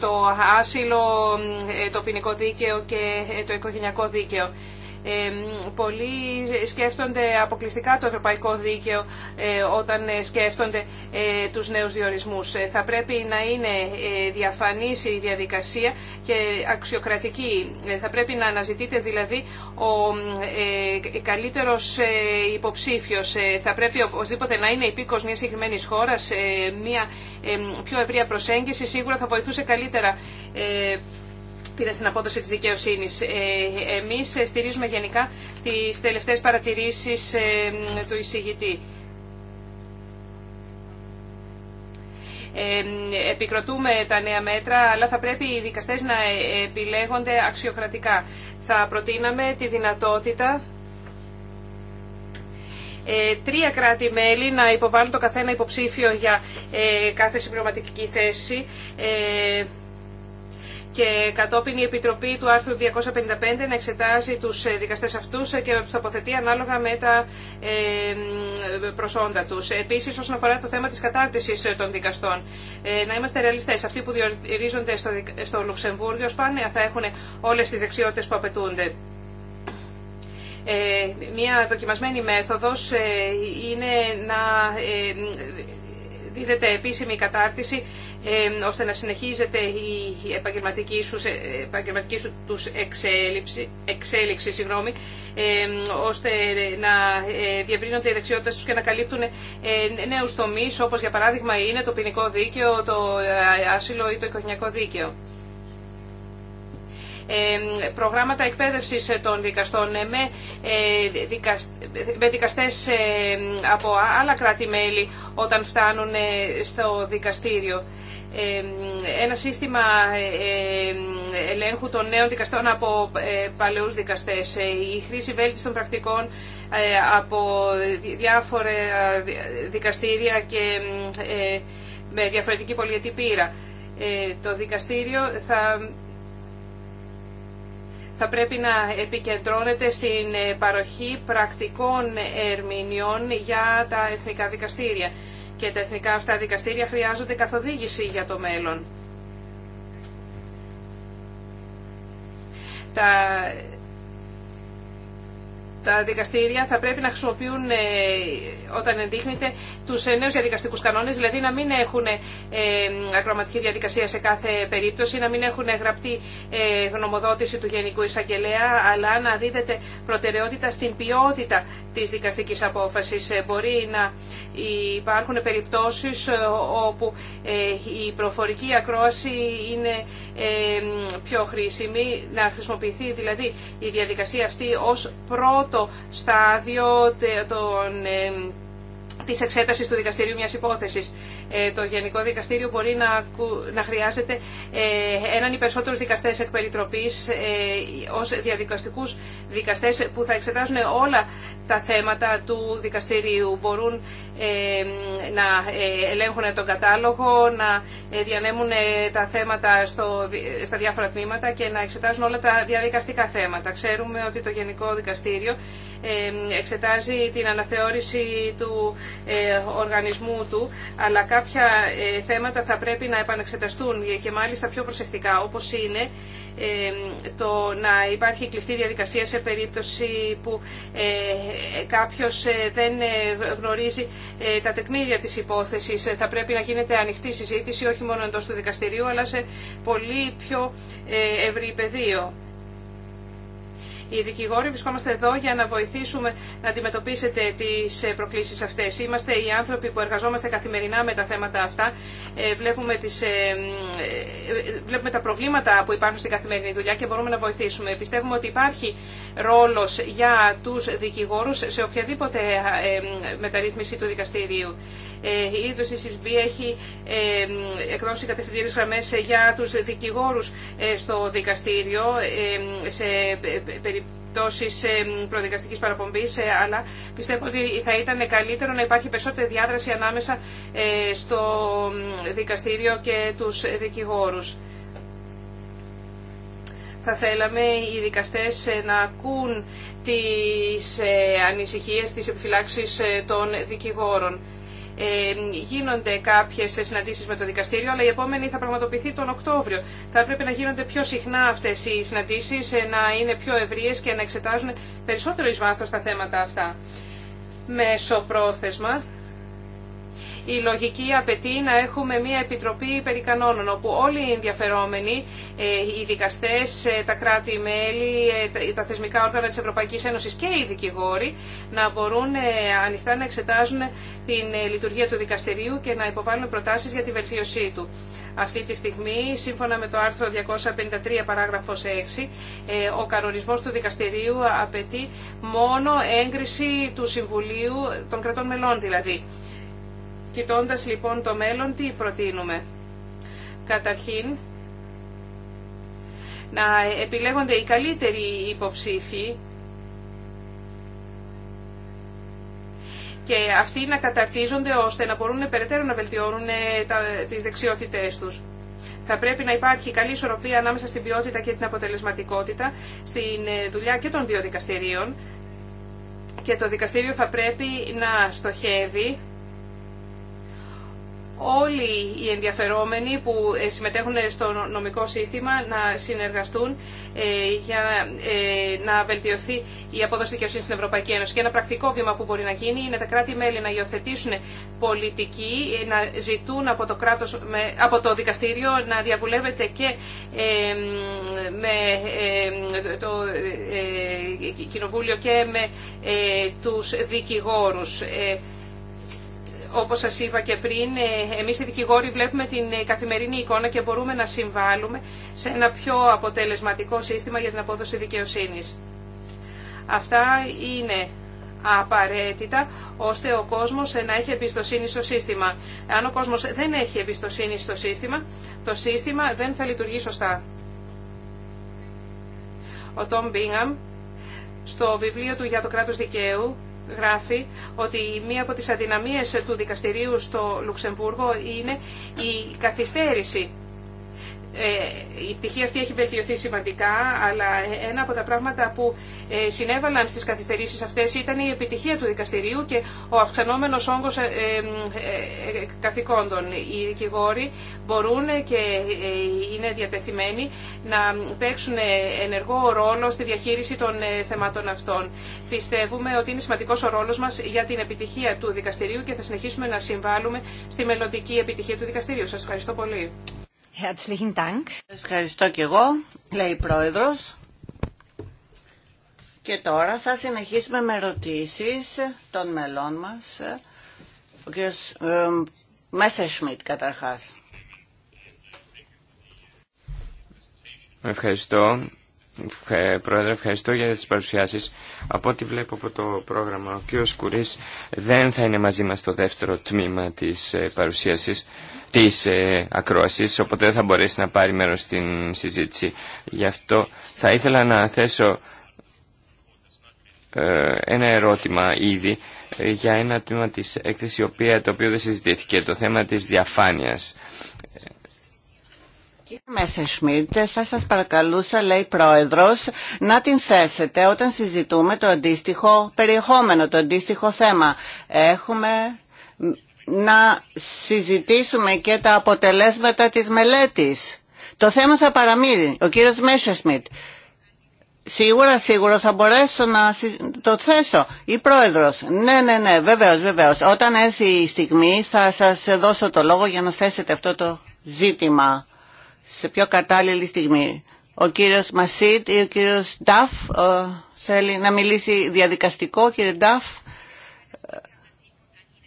το άσυλο, το ποινικό δίκαιο και το οικογενειακό δίκαιο πολλοί σκέφτονται αποκλειστικά το ευρωπαϊκό δίκαιο ε, όταν ε, σκέφτονται ε, τους νέους διορισμούς. Θα πρέπει να είναι διαφανής η διαδικασία και αξιοκρατική. Θα πρέπει να αναζητείτε δηλαδή ο καλύτερος υποψήφιος. Θα πρέπει οπωσδήποτε να είναι υπήκος μια συγκεκριμένη χώρας, μια πιο ευρεία προσέγγιση. Σίγουρα θα βοηθούσε καλύτερα πήρε στην απόδοση της δικαιοσύνης. Ε, εμείς ε, στηρίζουμε γενικά τις τελευταίες παρατηρήσεις ε, του εισηγητή. επικροτούμε τα νέα μέτρα, αλλά θα πρέπει οι δικαστές να επιλέγονται αξιοκρατικά. Θα προτείναμε τη δυνατότητα τρία κράτη-μέλη να υποβάλουν το καθένα υποψήφιο για κάθε συμπληρωματική θέση και κατόπιν η Επιτροπή του άρθρου 255 να εξετάζει τους ε, δικαστές αυτούς ε, και να τους τοποθετεί ανάλογα με τα ε, προσόντα τους. Επίσης, όσον αφορά το θέμα της κατάρτισης των δικαστών, να είμαστε ρεαλιστές. Αυτοί που διορίζονται στο Λουξεμβούργιο σπάνια θα έχουν όλες τις δεξιότητε που απαιτούνται. Μία δοκιμασμένη μέθοδος είναι να δίδεται επίσημη κατάρτιση ώστε να συνεχίζεται η επαγγελματική, ε, τους, επαγγελματική τους εξέλιξη, συγγνώμη, ώστε να ε, διευρύνονται οι δεξιότητες του και να καλύπτουν ε, νέους τομείς όπως για παράδειγμα είναι το ποινικό δίκαιο, το ασύλο ή το οικογενειακό δίκαιο. Ε, προγράμματα εκπαίδευσης ε, των δικαστών ε, με, δικαστές από άλλα κράτη-μέλη όταν φτάνουν στο δικαστήριο. Ένα σύστημα ελέγχου των νέων δικαστών από παλαιούς δικαστές. Η χρήση βέλτιστων πρακτικών από διάφορα δικαστήρια και με διαφορετική πολιετή πείρα. Το δικαστήριο θα θα πρέπει να επικεντρώνεται στην ε, παροχή πρακτικών ερμηνιών για τα εθνικά δικαστήρια. Και τα εθνικά αυτά δικαστήρια χρειάζονται καθοδήγηση για το μέλλον. Τα τα δικαστήρια θα πρέπει να χρησιμοποιούν, ε, όταν ενδείχνεται, του ε, νέου διαδικαστικού κανόνε, δηλαδή να μην έχουν ε, ακροματική διαδικασία σε κάθε περίπτωση, να μην έχουν γραπτή γνωμοδότηση του Γενικού Εισαγγελέα, αλλά να δίδεται προτεραιότητα στην ποιότητα τη δικαστική απόφαση. Μπορεί να υπάρχουν περιπτώσει όπου η προφορική ακρόαση είναι πιο χρήσιμη, να χρησιμοποιηθεί δηλαδή η διαδικασία αυτή ω πρώτο το στάδιο των της εξέτασης του δικαστηρίου μιας υπόθεσης. Ε, το Γενικό Δικαστήριο μπορεί να, να χρειάζεται ε, έναν ή περισσότερους δικαστές εκ περιτροπής ε, ως διαδικαστικούς δικαστές που θα εξετάζουν όλα τα θέματα του δικαστηρίου. Μπορούν να ελέγχουν τον κατάλογο, να διανέμουν τα θέματα στο, στα διάφορα τμήματα και να εξετάζουν όλα τα διαδικαστικά θέματα. Ξέρουμε ότι το Γενικό Δικαστήριο εξετάζει την αναθεώρηση του ε, οργανισμού του, αλλά κάποια ε, θέματα θα πρέπει να επανεξεταστούν και μάλιστα πιο προσεκτικά, όπως είναι ε, το να υπάρχει κλειστή διαδικασία σε περίπτωση που κάποιος δεν γνωρίζει τα τεκμήρια της υπόθεσης. Θα πρέπει να γίνεται ανοιχτή συζήτηση όχι μόνο εντός του δικαστηρίου αλλά σε πολύ πιο ευρύ πεδίο. Οι δικηγόροι βρισκόμαστε εδώ για να βοηθήσουμε να αντιμετωπίσετε τι ε, προκλήσει αυτέ. Είμαστε οι άνθρωποι που εργαζόμαστε καθημερινά με τα θέματα αυτά. Ε, βλέπουμε, τις, ε, βλέπουμε τα προβλήματα που υπάρχουν στην καθημερινή δουλειά και μπορούμε να βοηθήσουμε. Πιστεύουμε ότι υπάρχει ρόλο για του δικηγόρου σε οποιαδήποτε μεταρρύθμιση του δικαστηρίου. Η ίδρυση ΣΥΣΜΠΗ έχει εκδώσει κατευθυντήριε γραμμέ για τους δικηγόρους στο δικαστήριο σε περι περιπτώσεις ε, Προδικαστική παραπομπή, ε, αλλά πιστεύω ότι θα ήταν καλύτερο να υπάρχει περισσότερη διάδραση ανάμεσα ε, στο δικαστήριο και τους δικηγόρου. Θα θέλαμε οι δικαστές να ακούν τις ανησυχίες, της επιφυλάξεις των δικηγόρων γίνονται κάποιε συναντήσει με το δικαστήριο, αλλά η επόμενη θα πραγματοποιηθεί τον Οκτώβριο. Θα πρέπει να γίνονται πιο συχνά αυτέ οι συναντήσει, ε, να είναι πιο ευρείε και να εξετάζουν περισσότερο ει βάθο τα θέματα αυτά. Μέσω πρόθεσμα η λογική απαιτεί να έχουμε μια επιτροπή περί κανόνων όπου όλοι οι ενδιαφερόμενοι, ε, οι δικαστές, ε, τα κράτη-μέλη, ε, τα θεσμικά όργανα της Ευρωπαϊκής Ένωσης και οι δικηγόροι, να μπορούν ανοιχτά να εξετάζουν την λειτουργία του δικαστηρίου και να υποβάλουν προτάσεις για τη βελτίωσή του. Αυτή τη στιγμή, σύμφωνα με το άρθρο 253 παράγραφος 6, ο κανονισμός του δικαστηρίου απαιτεί μόνο έγκριση του Συμβουλίου των κρατών μελών δηλαδή. Κοιτώντας λοιπόν το μέλλον, τι προτείνουμε. Καταρχήν, να επιλέγονται οι καλύτεροι υποψήφοι και αυτοί να καταρτίζονται ώστε να μπορούν περαιτέρω να βελτιώνουν ε, τις δεξιότητές τους. Θα πρέπει να υπάρχει καλή ισορροπία ανάμεσα στην ποιότητα και την αποτελεσματικότητα στην ε, δουλειά και των δύο δικαστηρίων και το δικαστήριο θα πρέπει να στοχεύει όλοι οι ενδιαφερόμενοι που ε, συμμετέχουν στο νομικό σύστημα να συνεργαστούν ε, για ε, να βελτιωθεί η απόδοση δικαιοσύνη στην Ευρωπαϊκή Ένωση. Και ένα πρακτικό βήμα που μπορεί να γίνει είναι τα κράτη-μέλη να υιοθετήσουν πολιτική, να ζητούν από το, κράτος, από το δικαστήριο να διαβουλεύεται και με το Κοινοβούλιο και με τους δικηγόρους. Όπως σας είπα και πριν, ε, εμείς οι δικηγόροι βλέπουμε την ε, καθημερινή εικόνα και μπορούμε να συμβάλλουμε σε ένα πιο αποτελεσματικό σύστημα για την απόδοση δικαιοσύνης. Αυτά είναι απαραίτητα ώστε ο κόσμος ε, να έχει εμπιστοσύνη στο σύστημα. Αν ο κόσμος δεν έχει εμπιστοσύνη στο σύστημα, το σύστημα δεν θα λειτουργεί σωστά. Ο Τόμ Μπίγαμ στο βιβλίο του για το κράτος δικαίου γράφει ότι μία από τις αδυναμίες του δικαστηρίου στο Λουξεμβούργο είναι η καθυστέρηση ε, η πτυχή αυτή έχει βελτιωθεί σημαντικά, αλλά ένα από τα πράγματα που ε, συνέβαλαν στις καθυστερήσεις αυτές ήταν η επιτυχία του δικαστηρίου και ο αυξανόμενος όγκος ε, καθηκόντων. Οι δικηγόροι μπορούν και είναι διατεθειμένοι να παίξουν ενεργό ρόλο στη διαχείριση των θεμάτων αυτών. Πιστεύουμε ότι είναι σημαντικός ο ρόλος μας για την επιτυχία του δικαστηρίου και θα συνεχίσουμε να συμβάλλουμε στη μελλοντική επιτυχία του δικαστηρίου. Σας ευχαριστώ πολύ. Ευχαριστώ και εγώ, λέει η Πρόεδρος. Και τώρα θα συνεχίσουμε με ερωτήσεις των μελών μας. Ο κ. Μέσερ Σμιτ καταρχάς. Ευχαριστώ. Πρόεδρε, ευχαριστώ για τις παρουσιάσεις. Από ό,τι βλέπω από το πρόγραμμα, ο κ. δεν θα είναι μαζί μας στο δεύτερο τμήμα της ε, παρουσίασης της ε, ακρόασης, οπότε δεν θα μπορέσει να πάρει μέρος στην συζήτηση. Γι' αυτό θα ήθελα να θέσω ε, ένα ερώτημα ήδη ε, για ένα τμήμα της έκθεσης, το οποίο δεν συζητήθηκε, το θέμα της διαφάνειας. Κύριε Μέσσερ θα σας παρακαλούσα, λέει πρόεδρος, να την θέσετε όταν συζητούμε το αντίστοιχο περιεχόμενο, το αντίστοιχο θέμα. Έχουμε να συζητήσουμε και τα αποτελέσματα της μελέτης. Το θέμα θα παραμείνει. Ο κύριος Μέσσεσμιτ Σίγουρα, σίγουρα θα μπορέσω να το θέσω. Η πρόεδρος. Ναι, ναι, ναι, βεβαίως, βεβαίως. Όταν έρθει η στιγμή θα σας δώσω το λόγο για να θέσετε αυτό το ζήτημα. Σε πιο κατάλληλη στιγμή. Ο κύριος Μασίτ ή ο κύριος Νταφ θέλει να μιλήσει διαδικαστικό. Κύριε Νταφ,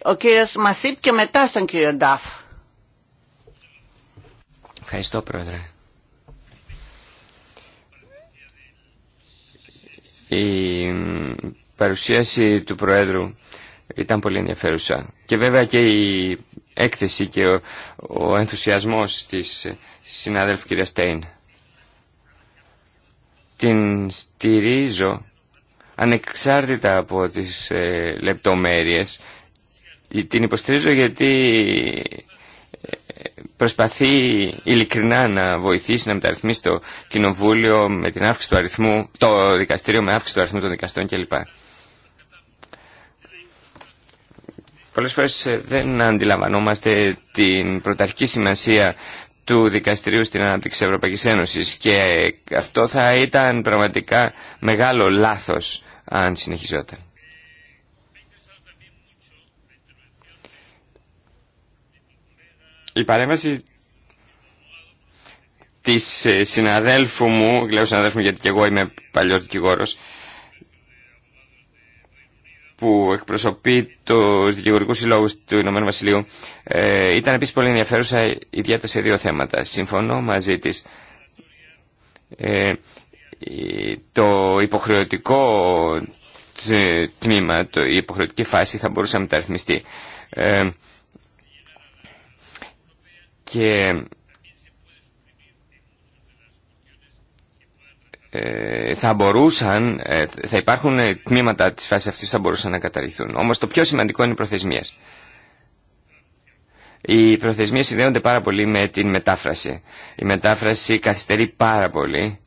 ο κύριος Μασίπ και μετά στον κύριο Ντάφ. Ευχαριστώ πρόεδρε. Η παρουσίαση του Προέδρου ήταν πολύ ενδιαφέρουσα. Και βέβαια και η έκθεση και ο, ο ενθουσιασμός της συναδέλφου κυρία Στέιν. Την στηρίζω ανεξάρτητα από τις ε, λεπτομέρειες την υποστηρίζω γιατί ε, προσπαθεί ειλικρινά να βοηθήσει να μεταρρυθμίσει το κοινοβούλιο με την αύξηση του αριθμού, το δικαστήριο με αύξηση του αριθμού των δικαστών κλπ. Πολλές φορές ε, δεν αντιλαμβανόμαστε την πρωταρχική σημασία του δικαστηρίου στην ανάπτυξη της Ευρωπαϊκής Ένωσης και αυτό θα ήταν πραγματικά μεγάλο λάθος αν συνεχιζόταν. Η παρέμβαση της ε, συναδέλφου μου, λέω συναδέλφου γιατί και εγώ είμαι παλιός δικηγόρος, που εκπροσωπεί του δικηγορικού συλλόγου του Ηνωμένου Βασιλείου, ε, ήταν επίσης πολύ ενδιαφέρουσα ιδιαίτερα σε δύο θέματα. Συμφωνώ μαζί της. Ε, το υποχρεωτικό τμήμα, το, η υποχρεωτική φάση θα μπορούσε να μεταρρυθμιστεί. Ε, και ε, θα μπορούσαν, ε, θα υπάρχουν τμήματα της φάσης αυτής που θα μπορούσαν να καταργηθούν. Όμως το πιο σημαντικό είναι οι προθεσμίες. Οι προθεσμίες συνδέονται πάρα πολύ με την μετάφραση. Η μετάφραση καθυστερεί πάρα πολύ.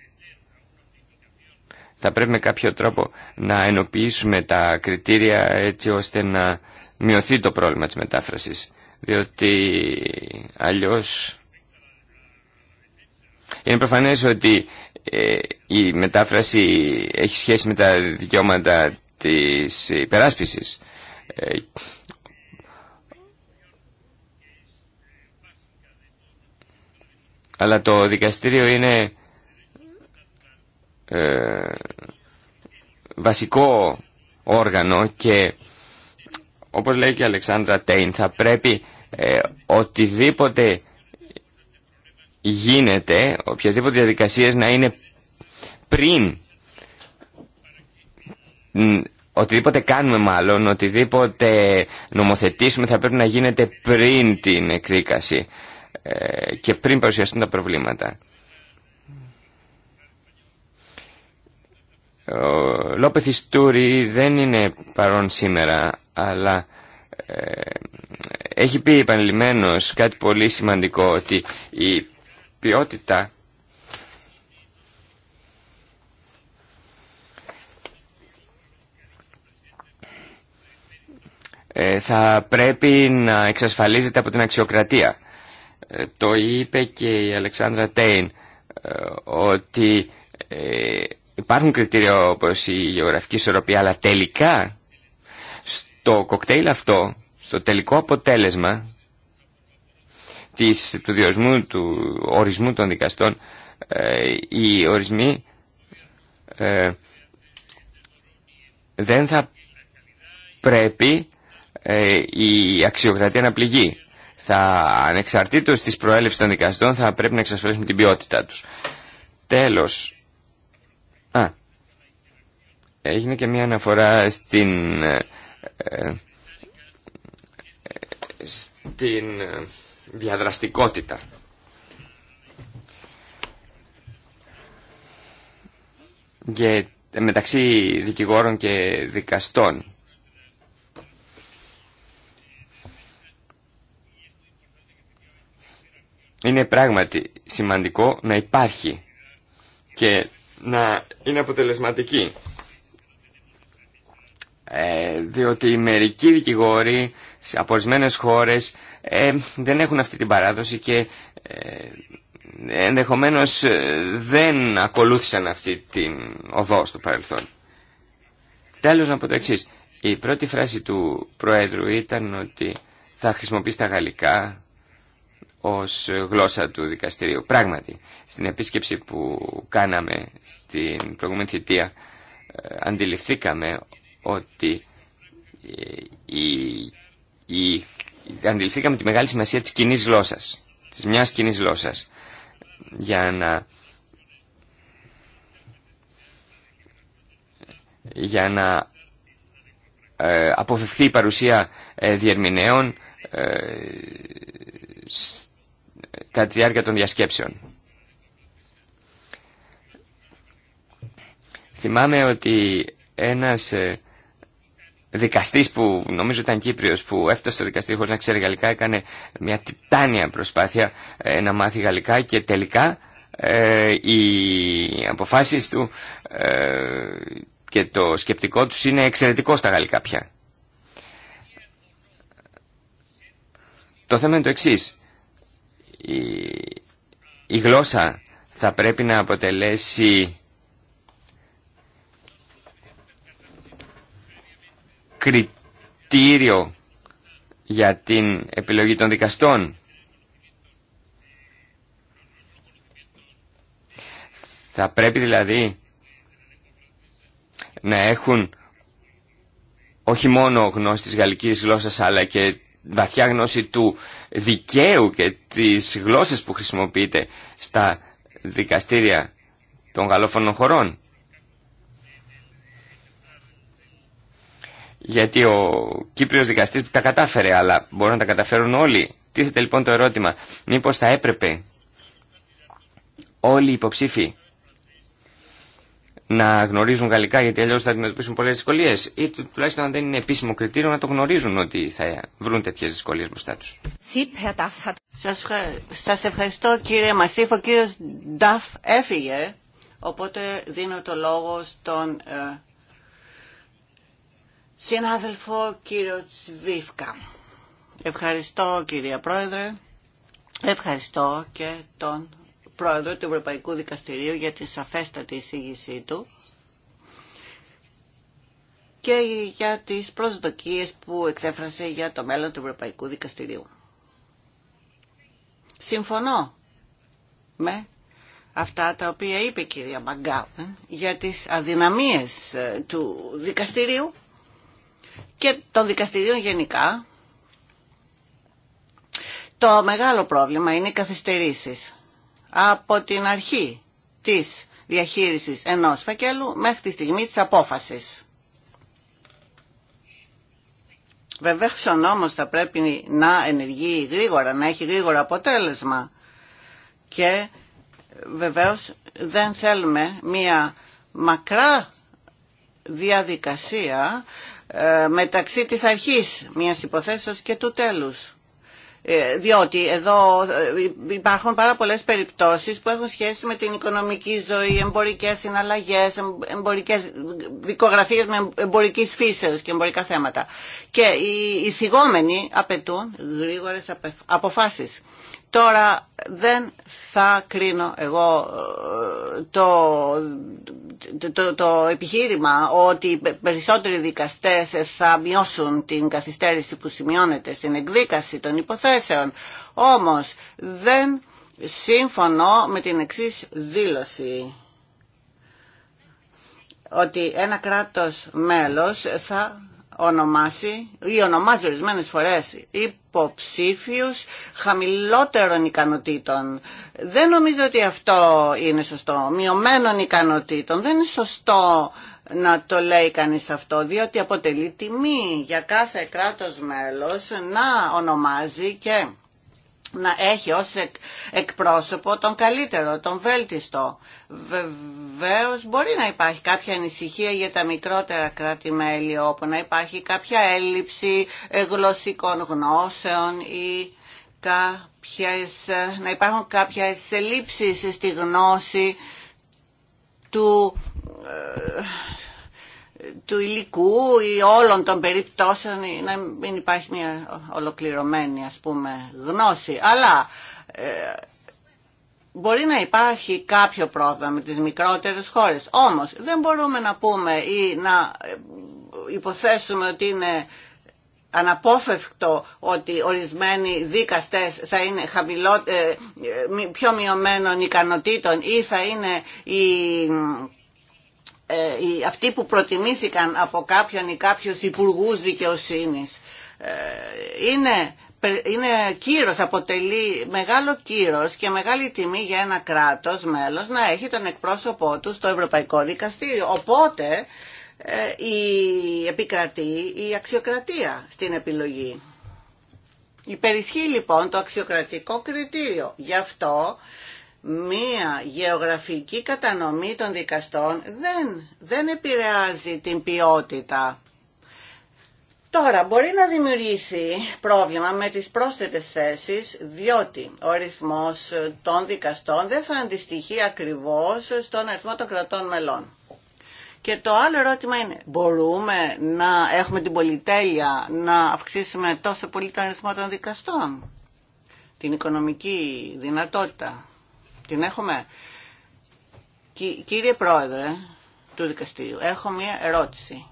Θα πρέπει με κάποιο τρόπο να ενοποιήσουμε τα κριτήρια έτσι ώστε να μειωθεί το πρόβλημα της μετάφρασης διότι αλλιώς είναι προφανές ότι ε, η μετάφραση έχει σχέση με τα δικαιώματα της υπεράσπισης. Ε, αλλά το δικαστήριο είναι ε, βασικό όργανο και όπως λέει και η Αλεξάνδρα Τέιν, θα πρέπει ε, οτιδήποτε γίνεται, οποιασδήποτε διαδικασίες να είναι πριν οτιδήποτε κάνουμε μάλλον, οτιδήποτε νομοθετήσουμε θα πρέπει να γίνεται πριν την εκδίκαση ε, και πριν παρουσιαστούν τα προβλήματα. Ο Λόπεθ Ιστούρη δεν είναι παρόν σήμερα, αλλά ε, έχει πει επανειλημμένως κάτι πολύ σημαντικό, ότι η ποιότητα ε, θα πρέπει να εξασφαλίζεται από την αξιοκρατία. Ε, το είπε και η Αλεξάνδρα Τέιν ότι Υπάρχουν κριτήρια όπως η γεωγραφική ισορροπία, αλλά τελικά στο κοκτέιλ αυτό, στο τελικό αποτέλεσμα της, του διορισμού, του ορισμού των δικαστών, ε, οι ορισμοί ε, δεν θα πρέπει ε, η αξιοκρατία να πληγεί. Θα ανεξαρτήτως της προέλευσης των δικαστών θα πρέπει να εξασφαλίσουμε την ποιότητά τους. Τέλος, Α, έγινε και μια αναφορά στην... Ε, ε, στην ε, διαδραστικότητα. Και μεταξύ δικηγόρων και δικαστών. Είναι πράγματι σημαντικό να υπάρχει και να είναι αποτελεσματική. Ε, διότι οι μερικοί δικηγόροι σε ορισμένε χώρε ε, δεν έχουν αυτή την παράδοση και ε, ενδεχομένως ε, δεν ακολούθησαν αυτή την οδό στο παρελθόν. Τέλο να πω το εξή. Η πρώτη φράση του Προέδρου ήταν ότι θα χρησιμοποιήσει τα γαλλικά ως γλώσσα του δικαστηρίου. Πράγματι, στην επίσκεψη που κάναμε στην προηγούμενη θητεία ε, αντιληφθήκαμε ότι ε, η, η, αντιληφθήκαμε τη μεγάλη σημασία της κοινή γλώσσας, της μιας κοινή γλώσσας για να για να ε, αποφευθεί η παρουσία ε, διερμηνέων ε, κατά τη διάρκεια των διασκέψεων. Θυμάμαι ότι ένας ε, δικαστής που νομίζω ήταν Κύπριος που έφτασε στο δικαστήριο χωρίς να ξέρει γαλλικά έκανε μια τιτάνια προσπάθεια ε, να μάθει γαλλικά και τελικά ε, οι αποφάσεις του και το σκεπτικό τους είναι εξαιρετικό στα γαλλικά πια. Το θέμα είναι το εξής η, γλώσσα θα πρέπει να αποτελέσει κριτήριο για την επιλογή των δικαστών. Θα πρέπει δηλαδή να έχουν όχι μόνο γνώση της γαλλικής γλώσσας αλλά και βαθιά γνώση του δικαίου και της γλώσσας που χρησιμοποιείται στα δικαστήρια των γαλλόφωνων χωρών. Γιατί ο Κύπριος δικαστής τα κατάφερε, αλλά μπορούν να τα καταφέρουν όλοι. Τίθεται λοιπόν το ερώτημα, μήπως θα έπρεπε όλοι οι υποψήφοι να γνωρίζουν γαλλικά γιατί αλλιώς θα αντιμετωπίσουν πολλέ δυσκολίε ή τουλάχιστον αν δεν είναι επίσημο κριτήριο να το γνωρίζουν ότι θα βρουν τέτοιε δυσκολίε μπροστά του. Σα ευχαριστώ κύριε Μασίφ. Ο κύριο Νταφ έφυγε οπότε δίνω το λόγο στον ε, συνάδελφο κύριο Τσβίφκα. Ευχαριστώ κύριε Πρόεδρε. Ευχαριστώ και τον πρόεδρο του Ευρωπαϊκού Δικαστηρίου για τη σαφέστατη εισήγησή του και για τις προσδοκίες που εξέφρασε για το μέλλον του Ευρωπαϊκού Δικαστηρίου. Συμφωνώ με αυτά τα οποία είπε η κυρία Μαγκάου για τις αδυναμίες ε, του δικαστηρίου και των δικαστηρίων γενικά. Το μεγάλο πρόβλημα είναι οι καθυστερήσεις από την αρχή της διαχείρισης ενός φακέλου μέχρι τη στιγμή της απόφασης. Βεβαίω, ο νόμος θα πρέπει να ενεργεί γρήγορα, να έχει γρήγορο αποτέλεσμα και βεβαίω δεν θέλουμε μία μακρά διαδικασία ε, μεταξύ της αρχής μιας υποθέσεως και του τέλους. Ε, διότι εδώ ε, υπάρχουν πάρα πολλές περιπτώσεις που έχουν σχέση με την οικονομική ζωή, εμπορικές συναλλαγές, εμπορικές δικογραφίες με εμπορικής φύσεως και εμπορικά θέματα. Και οι εισηγόμενοι απαιτούν γρήγορες αποφάσεις. Τώρα δεν θα κρίνω εγώ ε, το, το, το, επιχείρημα ότι περισσότεροι δικαστές θα μειώσουν την καθυστέρηση που σημειώνεται στην εκδίκαση των υποθέσεων. Όμως δεν σύμφωνο με την εξής δήλωση ότι ένα κράτος μέλος θα ονομάσει ή ονομάζει ορισμένες φορές υποψήφιους χαμηλότερων ικανοτήτων. Δεν νομίζω ότι αυτό είναι σωστό. Μειωμένων ικανοτήτων. Δεν είναι σωστό να το λέει κανείς αυτό, διότι αποτελεί τιμή για κάθε κράτος μέλος να ονομάζει και να έχει ως εκπρόσωπο τον καλύτερο, τον βέλτιστο. Βεβαίω μπορεί να υπάρχει κάποια ανησυχία για τα μικρότερα κράτη-μέλη όπου να υπάρχει κάποια έλλειψη ε, γλωσσικών γνώσεων ή ε, να υπάρχουν κάποιες ελλείψεις στη γνώση του ε, του υλικού ή όλων των περιπτώσεων να μην υπάρχει μια ολοκληρωμένη ας πούμε γνώση αλλά ε, μπορεί να υπάρχει κάποιο πρόβλημα με τις μικρότερες χώρες όμως δεν μπορούμε να πούμε ή να ε, υποθέσουμε ότι είναι αναπόφευκτο ότι ορισμένοι δίκαστες θα είναι χαμηλό, ε, πιο μειωμένων ικανοτήτων ή θα είναι οι ε, αυτοί που προτιμήθηκαν από κάποιον ή κάποιους υπουργούς δικαιοσύνης ε, είναι, είναι κύρος, αποτελεί μεγάλο κύρος και μεγάλη τιμή για ένα κράτος μέλος να έχει τον εκπρόσωπό του στο Ευρωπαϊκό Δικαστήριο. Οπότε ε, η επικρατεί η αξιοκρατία στην επιλογή. Υπερισχύει λοιπόν το αξιοκρατικό κριτήριο. Γι' αυτό μία γεωγραφική κατανομή των δικαστών δεν, δεν επηρεάζει την ποιότητα. Τώρα, μπορεί να δημιουργήσει πρόβλημα με τις πρόσθετες θέσεις, διότι ο των δικαστών δεν θα αντιστοιχεί ακριβώς στον αριθμό των κρατών μελών. Και το άλλο ερώτημα είναι, μπορούμε να έχουμε την πολυτέλεια να αυξήσουμε τόσο πολύ τον αριθμό των δικαστών, την οικονομική δυνατότητα. Την έχουμε. Κύριε Πρόεδρε του Δικαστηρίου, έχω μία ερώτηση.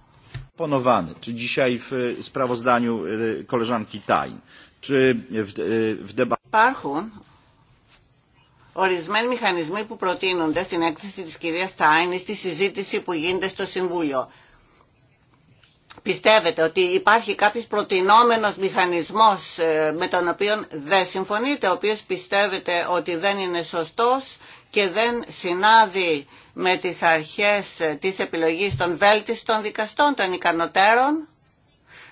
czy dzisiaj w sprawozdaniu e, koleżanki czy w e, Υπάρχουν ορισμένοι μηχανισμοί που προτείνονται στην έκθεση της κυρίας Τάιν στη συζήτηση που γίνεται στο Συμβούλιο. Πιστεύετε ότι υπάρχει κάποιος προτινόμενος μηχανισμός ε, με τον οποίο δεν συμφωνείτε, ο οποίος πιστεύετε ότι δεν είναι σωστός και δεν συνάδει με τις αρχές ε, της επιλογής των βέλτιστων δικαστών, των ικανοτέρων.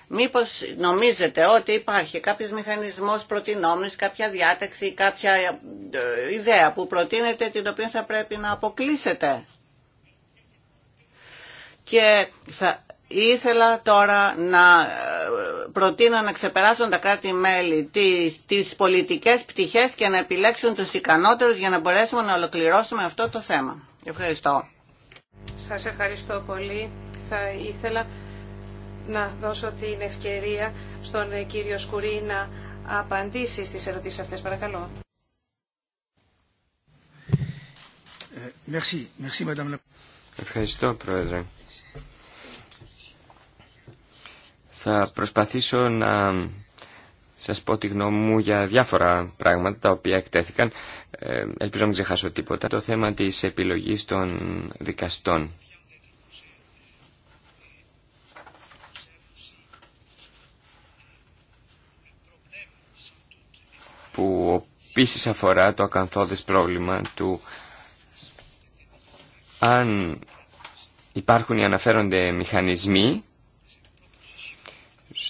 Μήπως νομίζετε ότι υπάρχει κάποιος μηχανισμός προτινόμενος, κάποια διάταξη, κάποια ε, ιδέα που προτείνετε την οποία θα πρέπει να αποκλείσετε. Και θα Ήθελα τώρα να ε, προτείνω να ξεπεράσουν τα κράτη-μέλη τις, τις πολιτικές πτυχές και να επιλέξουν τους ικανότερους για να μπορέσουμε να ολοκληρώσουμε αυτό το θέμα. Ευχαριστώ. Σας ευχαριστώ πολύ. Θα ήθελα να δώσω την ευκαιρία στον ε, κύριο Σκουρή να απαντήσει στις ερωτήσεις αυτές. Παρακαλώ. Ε, ευχαριστώ, Πρόεδρε. Θα προσπαθήσω να σας πω τη γνώμη μου για διάφορα πράγματα τα οποία εκτέθηκαν. Ε, ελπίζω να μην ξεχάσω τίποτα. Το θέμα της επιλογής των δικαστών. Που επίσης αφορά το ακαθόδες πρόβλημα του αν υπάρχουν οι αναφέρονται μηχανισμοί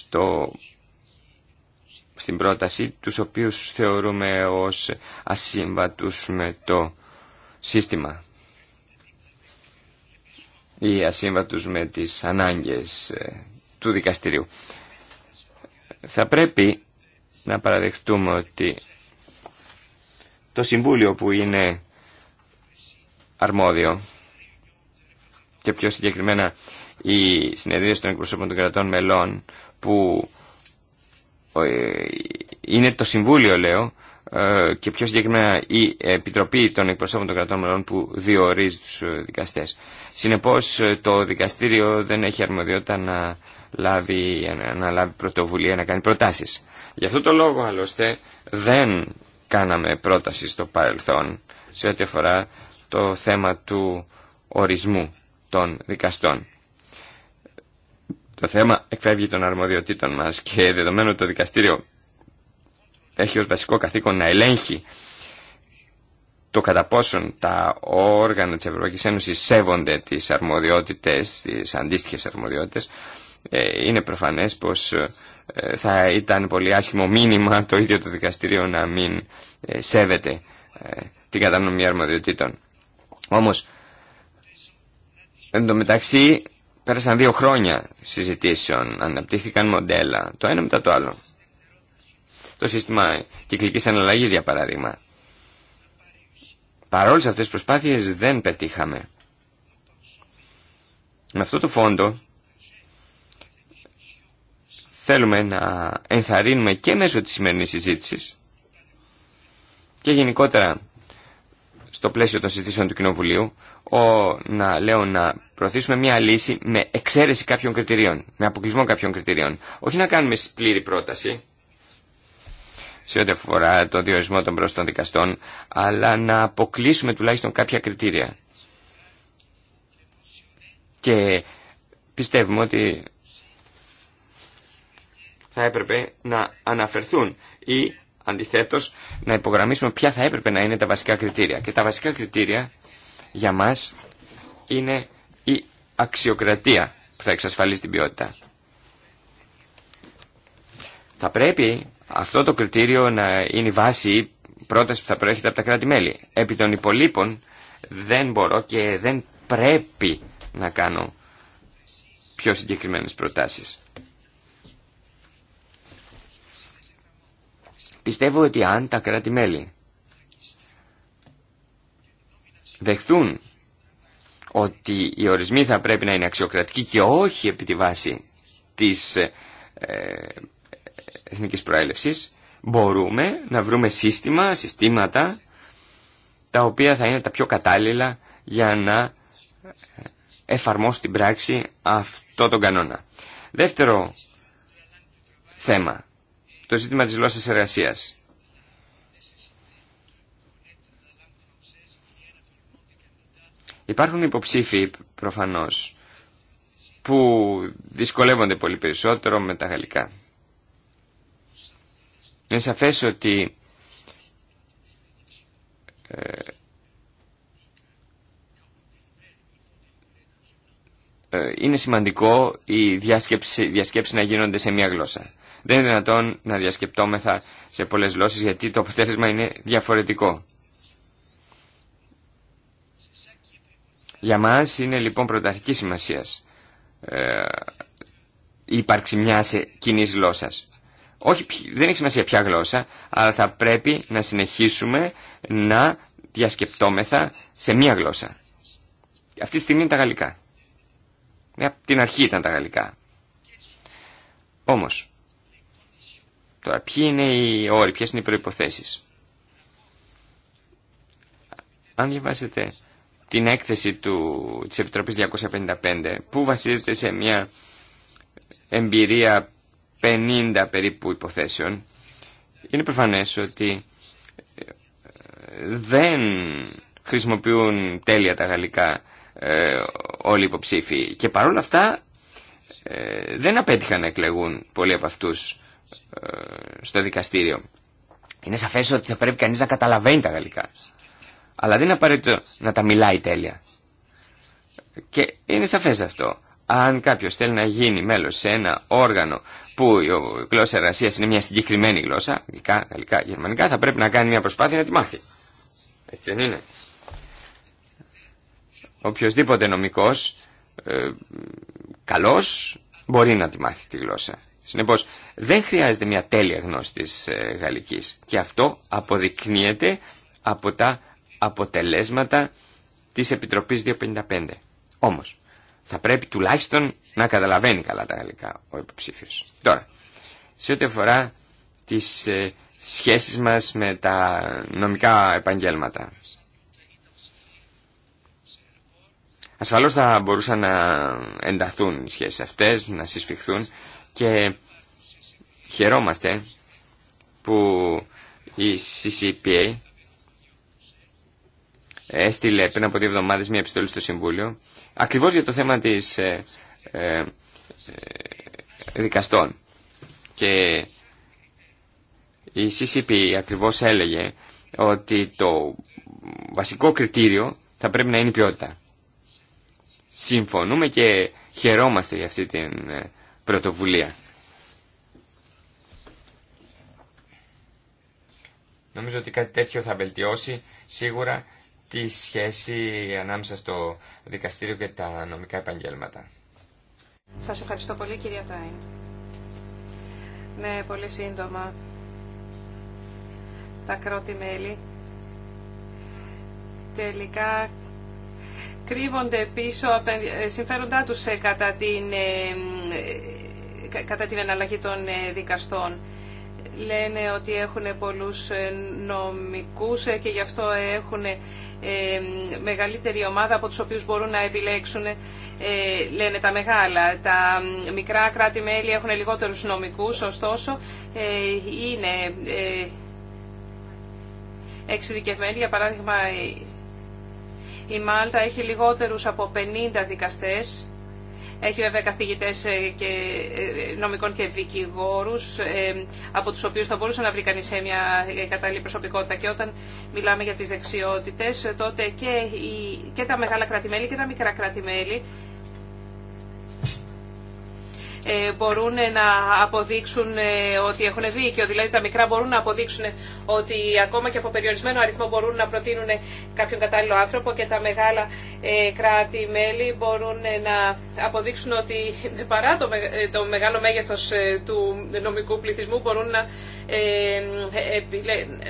στο, στην πρόταση, τους οποίους θεωρούμε ως ασύμβατους με το σύστημα ή ασύμβατους με τις ανάγκες ε, του δικαστηρίου. Θα πρέπει να παραδεχτούμε ότι το Συμβούλιο που είναι αρμόδιο και πιο συγκεκριμένα η συνεδρίες των εκπροσώπων των κρατών μελών που ε, είναι το Συμβούλιο, λέω, ε, και πιο συγκεκριμένα η Επιτροπή των Εκπροσώπων των Κρατών Μελών που διορίζει τους ε, δικαστές. Συνεπώς το δικαστήριο δεν έχει αρμοδιότητα να λάβει, να λάβει πρωτοβουλία, να κάνει προτάσεις. Γι' αυτό το λόγο άλλωστε δεν κάναμε πρόταση στο παρελθόν σε ό,τι αφορά το θέμα του ορισμού των δικαστών. Το θέμα εκφεύγει των αρμοδιοτήτων μας και δεδομένου το δικαστήριο έχει ως βασικό καθήκον να ελέγχει το κατά πόσον τα όργανα τη Ευρωπαϊκή Ένωση σέβονται τι αρμοδιότητε, τι αντίστοιχε αρμοδιότητες, ε, είναι προφανές πως ε, θα ήταν πολύ άσχημο μήνυμα το ίδιο το δικαστήριο να μην ε, σέβεται την κατανομή αρμοδιοτήτων. Όμω, εν τω μεταξύ Πέρασαν δύο χρόνια συζητήσεων, αναπτύχθηκαν μοντέλα, το ένα μετά το άλλο. Το σύστημα κυκλικής αναλλαγής, για παράδειγμα. Παρόλες αυτές τις προσπάθειες δεν πετύχαμε. Με αυτό το φόντο θέλουμε να ενθαρρύνουμε και μέσω της σημερινής συζήτησης και γενικότερα στο πλαίσιο των συζητήσεων του Κοινοβουλίου ο, να, λέω, να προωθήσουμε μια λύση με εξαίρεση κάποιων κριτηρίων, με αποκλεισμό κάποιων κριτηρίων. Όχι να κάνουμε πλήρη πρόταση σε ό,τι αφορά τον διορισμό των των δικαστών, αλλά να αποκλείσουμε τουλάχιστον κάποια κριτήρια. Και πιστεύουμε ότι θα έπρεπε να αναφερθούν ή αντιθέτως να υπογραμμίσουμε ποια θα έπρεπε να είναι τα βασικά κριτήρια. Και τα βασικά κριτήρια για μας είναι η αξιοκρατία που θα εξασφαλίσει την ποιότητα. Θα πρέπει αυτό το κριτήριο να είναι η βάση πρόταση που θα προέρχεται από τα κράτη-μέλη. Επί των υπολείπων δεν μπορώ και δεν πρέπει να κάνω πιο συγκεκριμένες προτάσεις. Πιστεύω ότι αν τα κράτη-μέλη δεχθούν ότι οι ορισμοί θα πρέπει να είναι αξιοκρατικοί και όχι επί τη βάση της ε, εθνικής προέλευσης, μπορούμε να βρούμε σύστημα, συστήματα, τα οποία θα είναι τα πιο κατάλληλα για να ε, εφαρμόσουν την πράξη αυτό τον κανόνα. Δεύτερο θέμα, το ζήτημα της γλώσσας εργασίας. Υπάρχουν υποψήφοι προφανώς που δυσκολεύονται πολύ περισσότερο με τα γαλλικά. Είναι σαφές ότι ε, ε, είναι σημαντικό οι διασκέψεις, διασκέψεις να γίνονται σε μία γλώσσα. Δεν είναι δυνατόν να διασκεπτόμεθα σε πολλές γλώσσες γιατί το αποτέλεσμα είναι διαφορετικό. Για μας είναι λοιπόν πρωταρχική σημασία ε, η ύπαρξη μια κοινή γλώσσα. Όχι, δεν έχει σημασία ποια γλώσσα, αλλά θα πρέπει να συνεχίσουμε να διασκεπτόμεθα σε μία γλώσσα. Αυτή τη στιγμή είναι τα γαλλικά. Ε, Από την αρχή ήταν τα γαλλικά. Όμως, τώρα ποιοι είναι οι όροι, ποιες είναι οι προϋποθέσεις. Αν διαβάσετε την έκθεση του, της Επιτροπής 255 που βασίζεται σε μια εμπειρία 50 περίπου υποθέσεων είναι προφανές ότι ε, δεν χρησιμοποιούν τέλεια τα γαλλικά ε, όλοι οι υποψήφοι και παρόλα αυτά ε, δεν απέτυχαν να εκλεγούν πολλοί από αυτούς στο δικαστήριο. Είναι σαφές ότι θα πρέπει κανείς να καταλαβαίνει τα γαλλικά. Αλλά δεν είναι απαραίτητο να τα μιλάει τέλεια. Και είναι σαφές αυτό. Αν κάποιος θέλει να γίνει μέλος σε ένα όργανο που η γλώσσα εργασία είναι μια συγκεκριμένη γλώσσα, γλυκά, γαλλικά, γερμανικά, θα πρέπει να κάνει μια προσπάθεια να τη μάθει. Έτσι δεν είναι. Οποιοςδήποτε νομικός, ε, καλός, μπορεί να τη μάθει τη γλώσσα. Συνεπώς, δεν χρειάζεται μια τέλεια γνώση της ε, γαλλικής. Και αυτό αποδεικνύεται από τα αποτελέσματα της Επιτροπής 255. Όμως, θα πρέπει τουλάχιστον να καταλαβαίνει καλά τα γαλλικά ο υποψήφιος. Τώρα, σε ό,τι αφορά τις ε, σχέσεις μας με τα νομικά επαγγέλματα. Ασφαλώς θα μπορούσαν να ενταθούν οι σχέσεις αυτές, να συσφιχθούν και χαιρόμαστε που η CCPA έστειλε πριν από δύο εβδομάδε μια επιστολή στο Συμβούλιο ακριβώς για το θέμα της ε, ε, ε δικαστών. Και η CCP ακριβώς έλεγε ότι το βασικό κριτήριο θα πρέπει να είναι η ποιότητα. Συμφωνούμε και χαιρόμαστε για αυτή την ε, πρωτοβουλία. Νομίζω ότι κάτι τέτοιο θα βελτιώσει σίγουρα τη σχέση ανάμεσα στο δικαστήριο και τα νομικά επαγγέλματα. Σας ευχαριστώ πολύ κυρία Τάιν. Ναι, πολύ σύντομα. Τα κρότη μελη τελικά κρύβονται πίσω από τα συμφέροντά τους ε, κατά την, ε, κατά την εναλλαγή των ε, δικαστών. Λένε ότι έχουν πολλούς νομικούς και γι' αυτό έχουν μεγαλύτερη ομάδα από τους οποίους μπορούν να επιλέξουν ε, λένε τα μεγάλα. Τα μικρά κράτη-μέλη έχουν λιγότερους νομικούς, ωστόσο ε, είναι ε, εξειδικευμένοι. Για παράδειγμα η Μάλτα έχει λιγότερους από 50 δικαστές έχει βέβαια καθηγητές ε, και ε, νομικών και δικηγόρους, ε, από τους οποίους θα μπορούσε να βρει κανείς σε μια κατάλληλη προσωπικότητα. Και όταν μιλάμε για τις δεξιότητες, τότε και, και τα μεγάλα κράτη-μέλη και τα μικρά κράτη-μέλη ε, μπορούν ε, να αποδείξουν ε, ότι έχουν δίκιο. Δηλαδή τα μικρά μπορούν να αποδείξουν ότι ακόμα και από περιορισμένο αριθμό μπορούν να προτείνουν κάποιον κατάλληλο άνθρωπο και τα μεγάλα κράτη-μέλη μπορούν να αποδείξουν ότι παρά το μεγάλο μέγεθος του νομικού πληθυσμού μπορούν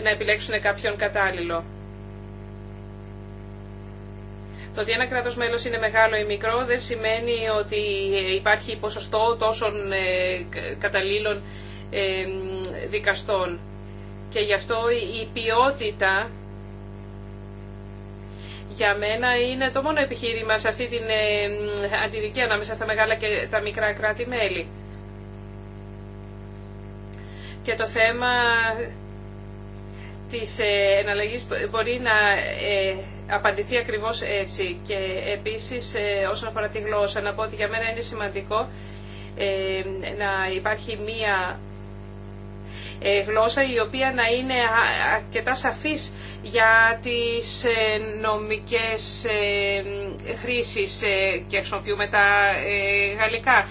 να επιλέξουν κάποιον κατάλληλο. Το ότι ένα κράτος μέλος είναι μεγάλο ή μικρό δεν σημαίνει ότι ε, υπάρχει ποσοστό τόσων ε, καταλήλων ε, δικαστών. Και γι' αυτό η ποιότητα για μένα είναι το μόνο επιχείρημα σε αυτή την αντιδικία ανάμεσα στα μεγάλα και τα μικρά κράτη-μέλη. Και το θέμα της εναλλαγής μπορεί να απαντηθεί ακριβώς έτσι. Και επίσης ε, όσον αφορά τη γλώσσα, να πω ότι για μένα είναι σημαντικό ε, να υπάρχει μία ε, γλώσσα η οποία να είναι αρκετά σαφής για τις νομικές χρήσεις και χρησιμοποιούμε τα γαλλικά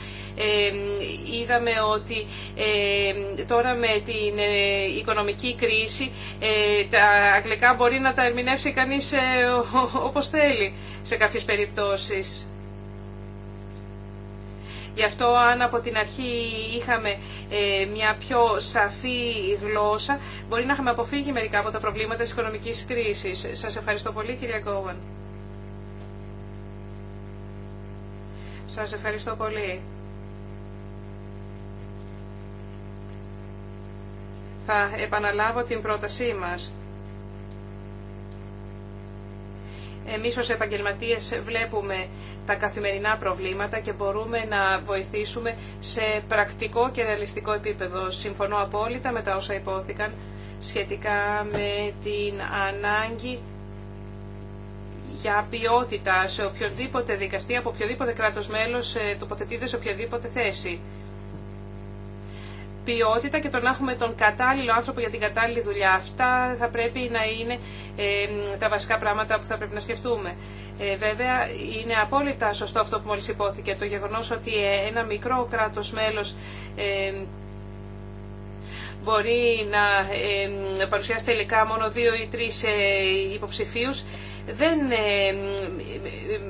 είδαμε ότι τώρα με την ε, οικονομική κρίση ε, τα αγγλικά μπορεί να τα ερμηνεύσει κανείς ε, όπως θέλει σε κάποιες περιπτώσεις. Γι' αυτό αν από την αρχή είχαμε μια πιο σαφή γλώσσα, μπορεί να είχαμε αποφύγει μερικά από τα προβλήματα της οικονομικής κρίσης. Σας ευχαριστώ πολύ κυρία Κόβαν. Σας ευχαριστώ πολύ. Θα επαναλάβω την πρότασή μας. Εμείς ως επαγγελματίες βλέπουμε τα καθημερινά προβλήματα και μπορούμε να βοηθήσουμε σε πρακτικό και ρεαλιστικό επίπεδο. Συμφωνώ απόλυτα με τα όσα υπόθηκαν σχετικά με την ανάγκη για ποιότητα σε οποιοδήποτε δικαστή, από οποιοδήποτε κράτος μέλος ε, τοποθετείται σε οποιαδήποτε θέση ποιότητα και το να έχουμε τον κατάλληλο άνθρωπο για την κατάλληλη δουλειά. Αυτά θα πρέπει να είναι τα βασικά πράγματα που θα πρέπει να σκεφτούμε. Ε, βέβαια, είναι απόλυτα σωστό αυτό που μόλις υπόθηκε. Το γεγονός ότι ένα μικρό κράτος μέλος μπορεί να παρουσιάσει τελικά μόνο δύο ή τρεις ε, υποψηφίους, δεν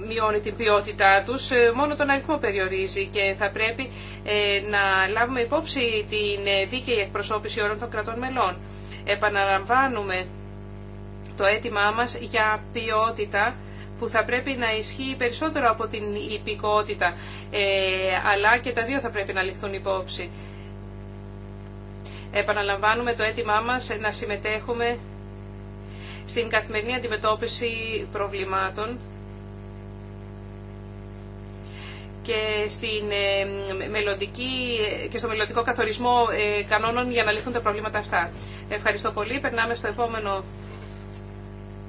μειώνει την ποιότητά τους, ε, μόνο τον αριθμό περιορίζει και θα πρέπει ε, να λάβουμε υπόψη την δίκαιη εκπροσώπηση όλων των κρατών μελών. Επαναλαμβάνουμε το αίτημά μας για ποιότητα που θα πρέπει να ισχύει περισσότερο από την υπηκότητα, αλλά και τα δύο θα πρέπει να ληφθούν υπόψη επαναλαμβάνουμε το αίτημά μας να συμμετέχουμε στην καθημερινή αντιμετώπιση προβλημάτων και, στην, ε, και στο μελλοντικό καθορισμό ε, κανόνων για να λυθούν τα προβλήματα αυτά. Ευχαριστώ πολύ. Περνάμε στο επόμενο,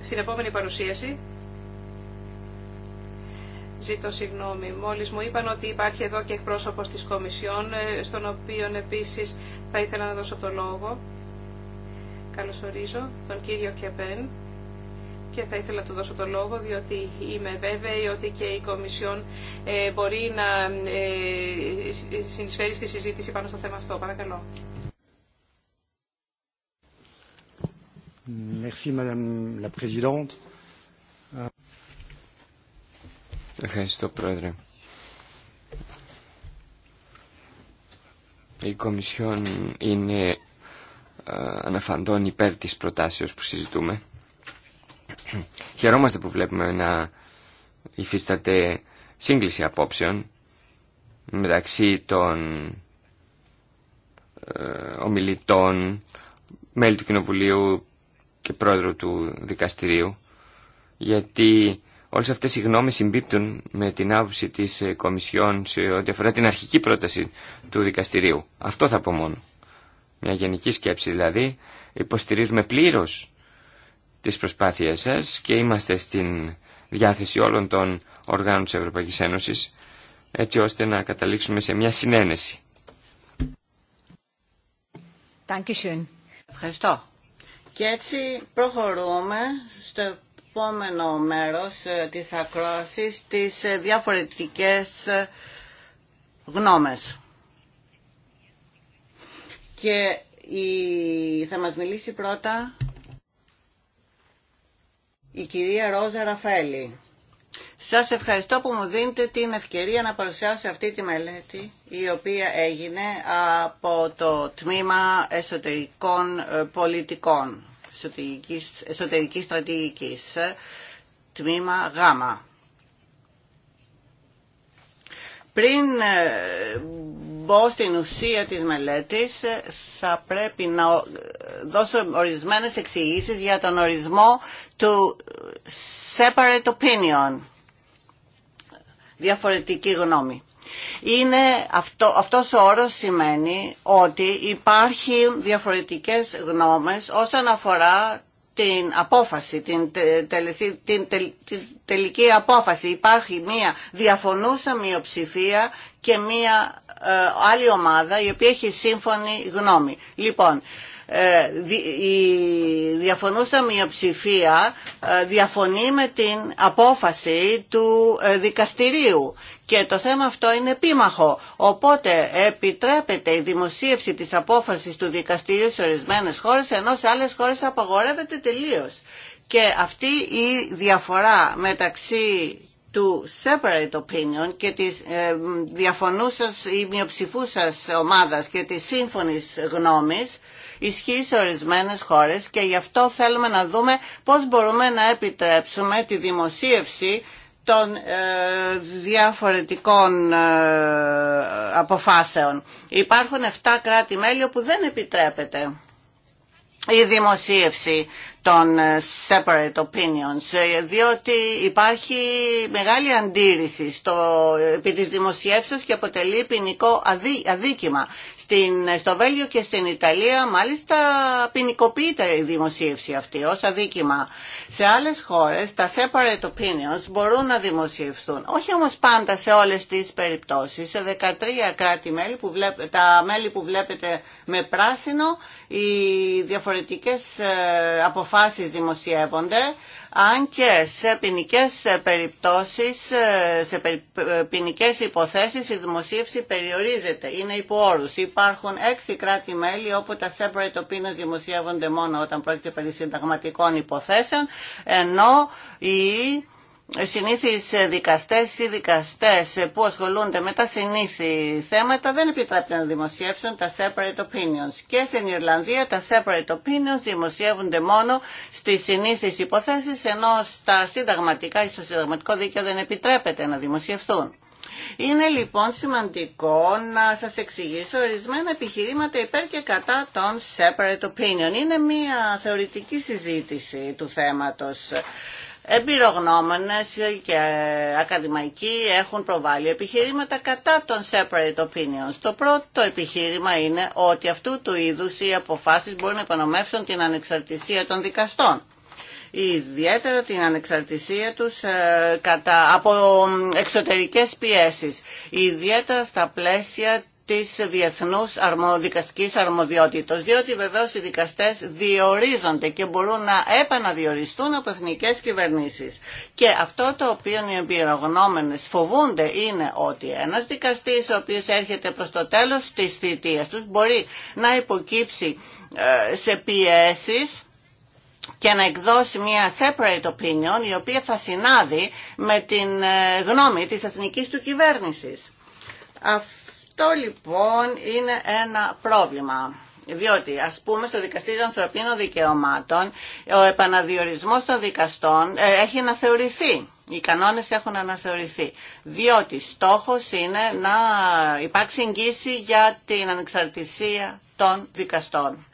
στην επόμενη παρουσίαση. Ζήτω συγγνώμη. Μόλις μου είπαν ότι υπάρχει εδώ και εκπρόσωπο τη Κομισιόν, ε, στον οποίο επίσης θα ήθελα να δώσω το λόγο. Καλωσορίζω τον κύριο Κεπέν και θα ήθελα να του δώσω το λόγο διότι είμαι βέβαιη ότι και η Κομισιόν ε, μπορεί να ε, συνεισφέρει στη συζήτηση πάνω στο θέμα αυτό. Παρακαλώ. Merci, Madame la Présidente. Ευχαριστώ πρόεδρε. Η Κομισιόν είναι ε, αναφαντών υπέρ της προτάσεως που συζητούμε. Χαιρόμαστε που βλέπουμε να υφίσταται σύγκληση απόψεων μεταξύ των ε, ομιλητών, μέλη του Κοινοβουλίου και πρόεδρου του Δικαστηρίου, γιατί Όλε αυτέ οι γνώμες συμπίπτουν με την άποψη τη ε, Κομισιόν σε ό,τι αφορά την αρχική πρόταση του δικαστηρίου. Αυτό θα πω μόνο. Μια γενική σκέψη δηλαδή. Υποστηρίζουμε πλήρω τι προσπάθειε σα και είμαστε στην διάθεση όλων των οργάνων τη Ευρωπαϊκή Ένωση, έτσι ώστε να καταλήξουμε σε μια συνένεση. Ευχαριστώ. Και έτσι προχωρούμε στο επόμενο μέρος ε, της ακρόασης τις ε, διαφορετικές ε, γνώμες. Και η... θα μας μιλήσει πρώτα η κυρία Ρόζα Ραφέλη. Σας ευχαριστώ που μου δίνετε την ευκαιρία να παρουσιάσω αυτή τη μελέτη η οποία έγινε από το Τμήμα Εσωτερικών Πολιτικών εσωτερικής στρατηγικής, τμήμα Γ. Πριν ε, μπω στην ουσία της μελέτης, θα πρέπει να δώσω ορισμένες εξηγήσει για τον ορισμό του separate opinion, διαφορετική γνώμη. Είναι αυτό, αυτός ο όρος σημαίνει ότι υπάρχει διαφορετικές γνώμες όσον αφορά την απόφαση, την, τελική απόφαση. Υπάρχει μία διαφωνούσα μειοψηφία και μία ε, άλλη ομάδα η οποία έχει σύμφωνη γνώμη. Λοιπόν, ε, η διαφωνούσα μειοψηφία ε, διαφωνεί με την απόφαση του δικαστηρίου και το θέμα αυτό είναι επίμαχο. Οπότε επιτρέπεται η δημοσίευση της απόφασης του δικαστηρίου σε ορισμένες χώρες, ενώ σε άλλες χώρες απαγορεύεται τελείως. Και αυτή η διαφορά μεταξύ του separate opinion και της ε, διαφωνούσας ή μειοψηφούσας ομάδας και της σύμφωνης γνώμης ισχύει σε ορισμένες χώρες και γι' αυτό θέλουμε να δούμε πώς μπορούμε να επιτρέψουμε τη δημοσίευση των ε, διαφορετικών ε, αποφάσεων. Υπάρχουν 7 κράτη-μέλη όπου δεν επιτρέπεται η δημοσίευση των ε, separate opinions, διότι υπάρχει μεγάλη αντίρρηση στο, επί της δημοσιεύσεως και αποτελεί ποινικό αδίκημα στην, στο Βέλγιο και στην Ιταλία μάλιστα ποινικοποιείται η δημοσίευση αυτή ως αδίκημα. Σε άλλες χώρες τα separate opinions μπορούν να δημοσιευθούν. Όχι όμως πάντα σε όλες τις περιπτώσεις. Σε 13 κράτη-μέλη, που τα μέλη που βλέπετε με πράσινο οι διαφορετικές ε, αποφάσεις δημοσιεύονται, αν και σε ποινικέ ε, περιπτώσεις, ε, σε ποινικέ υποθέσεις η δημοσίευση περιορίζεται, είναι υπό όρους. Υπάρχουν έξι κράτη-μέλη όπου τα separate opinions δημοσιεύονται μόνο όταν πρόκειται περί συνταγματικών υποθέσεων, ενώ οι συνήθεις δικαστές ή δικαστές που ασχολούνται με τα συνήθι θέματα δεν επιτρέπεται να δημοσιεύσουν τα separate opinions. Και στην Ιρλανδία τα separate opinions δημοσιεύονται μόνο στις συνήθει υποθέσεις ενώ στα συνταγματικά ή στο συνταγματικό δίκαιο δεν επιτρέπεται να δημοσιευθούν. Είναι λοιπόν σημαντικό να σας εξηγήσω ορισμένα επιχειρήματα υπέρ και κατά των separate opinion. Είναι μια θεωρητική συζήτηση του θέματος εμπειρογνώμονες και ακαδημαϊκοί έχουν προβάλει επιχειρήματα κατά των separate opinions. Το πρώτο επιχείρημα είναι ότι αυτού του είδους οι αποφάσεις μπορούν να υπονομεύσουν την ανεξαρτησία των δικαστών. Ιδιαίτερα την ανεξαρτησία τους ε, κατά, από εξωτερικές πιέσεις. Ιδιαίτερα στα πλαίσια της διεθνούς δικαστικής αρμοδιότητας, διότι βεβαίως οι δικαστές διορίζονται και μπορούν να επαναδιοριστούν από εθνικέ κυβερνήσεις. Και αυτό το οποίο οι εμπειρογνώμενες φοβούνται είναι ότι ένας δικαστής ο οποίος έρχεται προς το τέλος της θητείας τους μπορεί να υποκύψει ε, σε πιέσεις και να εκδώσει μια separate opinion η οποία θα συνάδει με την ε, γνώμη της εθνικής του κυβέρνησης. Αυτό λοιπόν είναι ένα πρόβλημα. Διότι, ας πούμε, στο Δικαστήριο Ανθρωπίνων Δικαιωμάτων, ο επαναδιορισμός των δικαστών ε, έχει αναθεωρηθεί. Οι κανόνες έχουν αναθεωρηθεί. Διότι στόχος είναι να υπάρξει εγγύηση για την ανεξαρτησία των δικαστών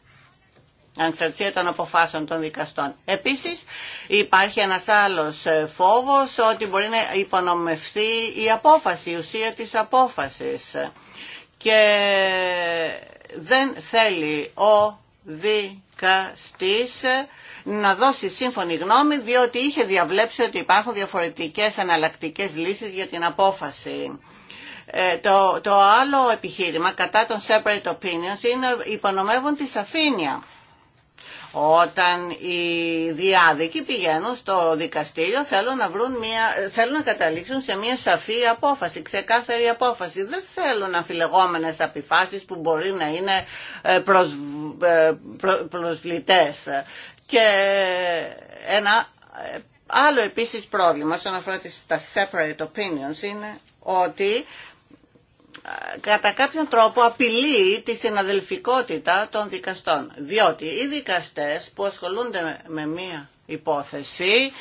ανεξαρτησία των αποφάσεων των δικαστών. Επίσης υπάρχει ένας άλλος ε, φόβος ότι μπορεί να υπονομευθεί η απόφαση, η ουσία της απόφασης και δεν θέλει ο δικαστής να δώσει σύμφωνη γνώμη διότι είχε διαβλέψει ότι υπάρχουν διαφορετικές αναλλακτικές λύσεις για την απόφαση. Ε, το, το άλλο επιχείρημα κατά των separate opinions είναι υπονομεύουν τη σαφήνεια. Όταν οι διάδικοι πηγαίνουν στο δικαστήριο θέλουν να, βρουν μια, θέλουν να καταλήξουν σε μια σαφή απόφαση, ξεκάθαρη απόφαση. Δεν θέλουν αμφιλεγόμενες αποφάσεις που μπορεί να είναι ε, προσ, ε, προσβλητές. Και ένα ε, άλλο επίσης πρόβλημα όσον αφορά τα separate opinions είναι ότι κατά κάποιον τρόπο απειλεί τη συναδελφικότητα των δικαστών. Διότι οι δικαστές που ασχολούνται με μία υπόθεση,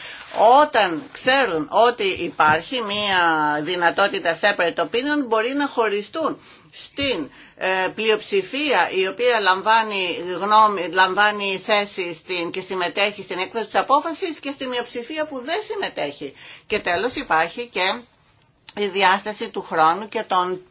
όταν ξέρουν ότι υπάρχει μία δυνατότητα separate opinion, μπορεί να χωριστούν στην ε, πλειοψηφία η οποία λαμβάνει, γνώμη, λαμβάνει θέση στην, και συμμετέχει στην έκδοση της απόφασης και στη μειοψηφία που δεν συμμετέχει. Και τέλος υπάρχει και η διάσταση του χρόνου και των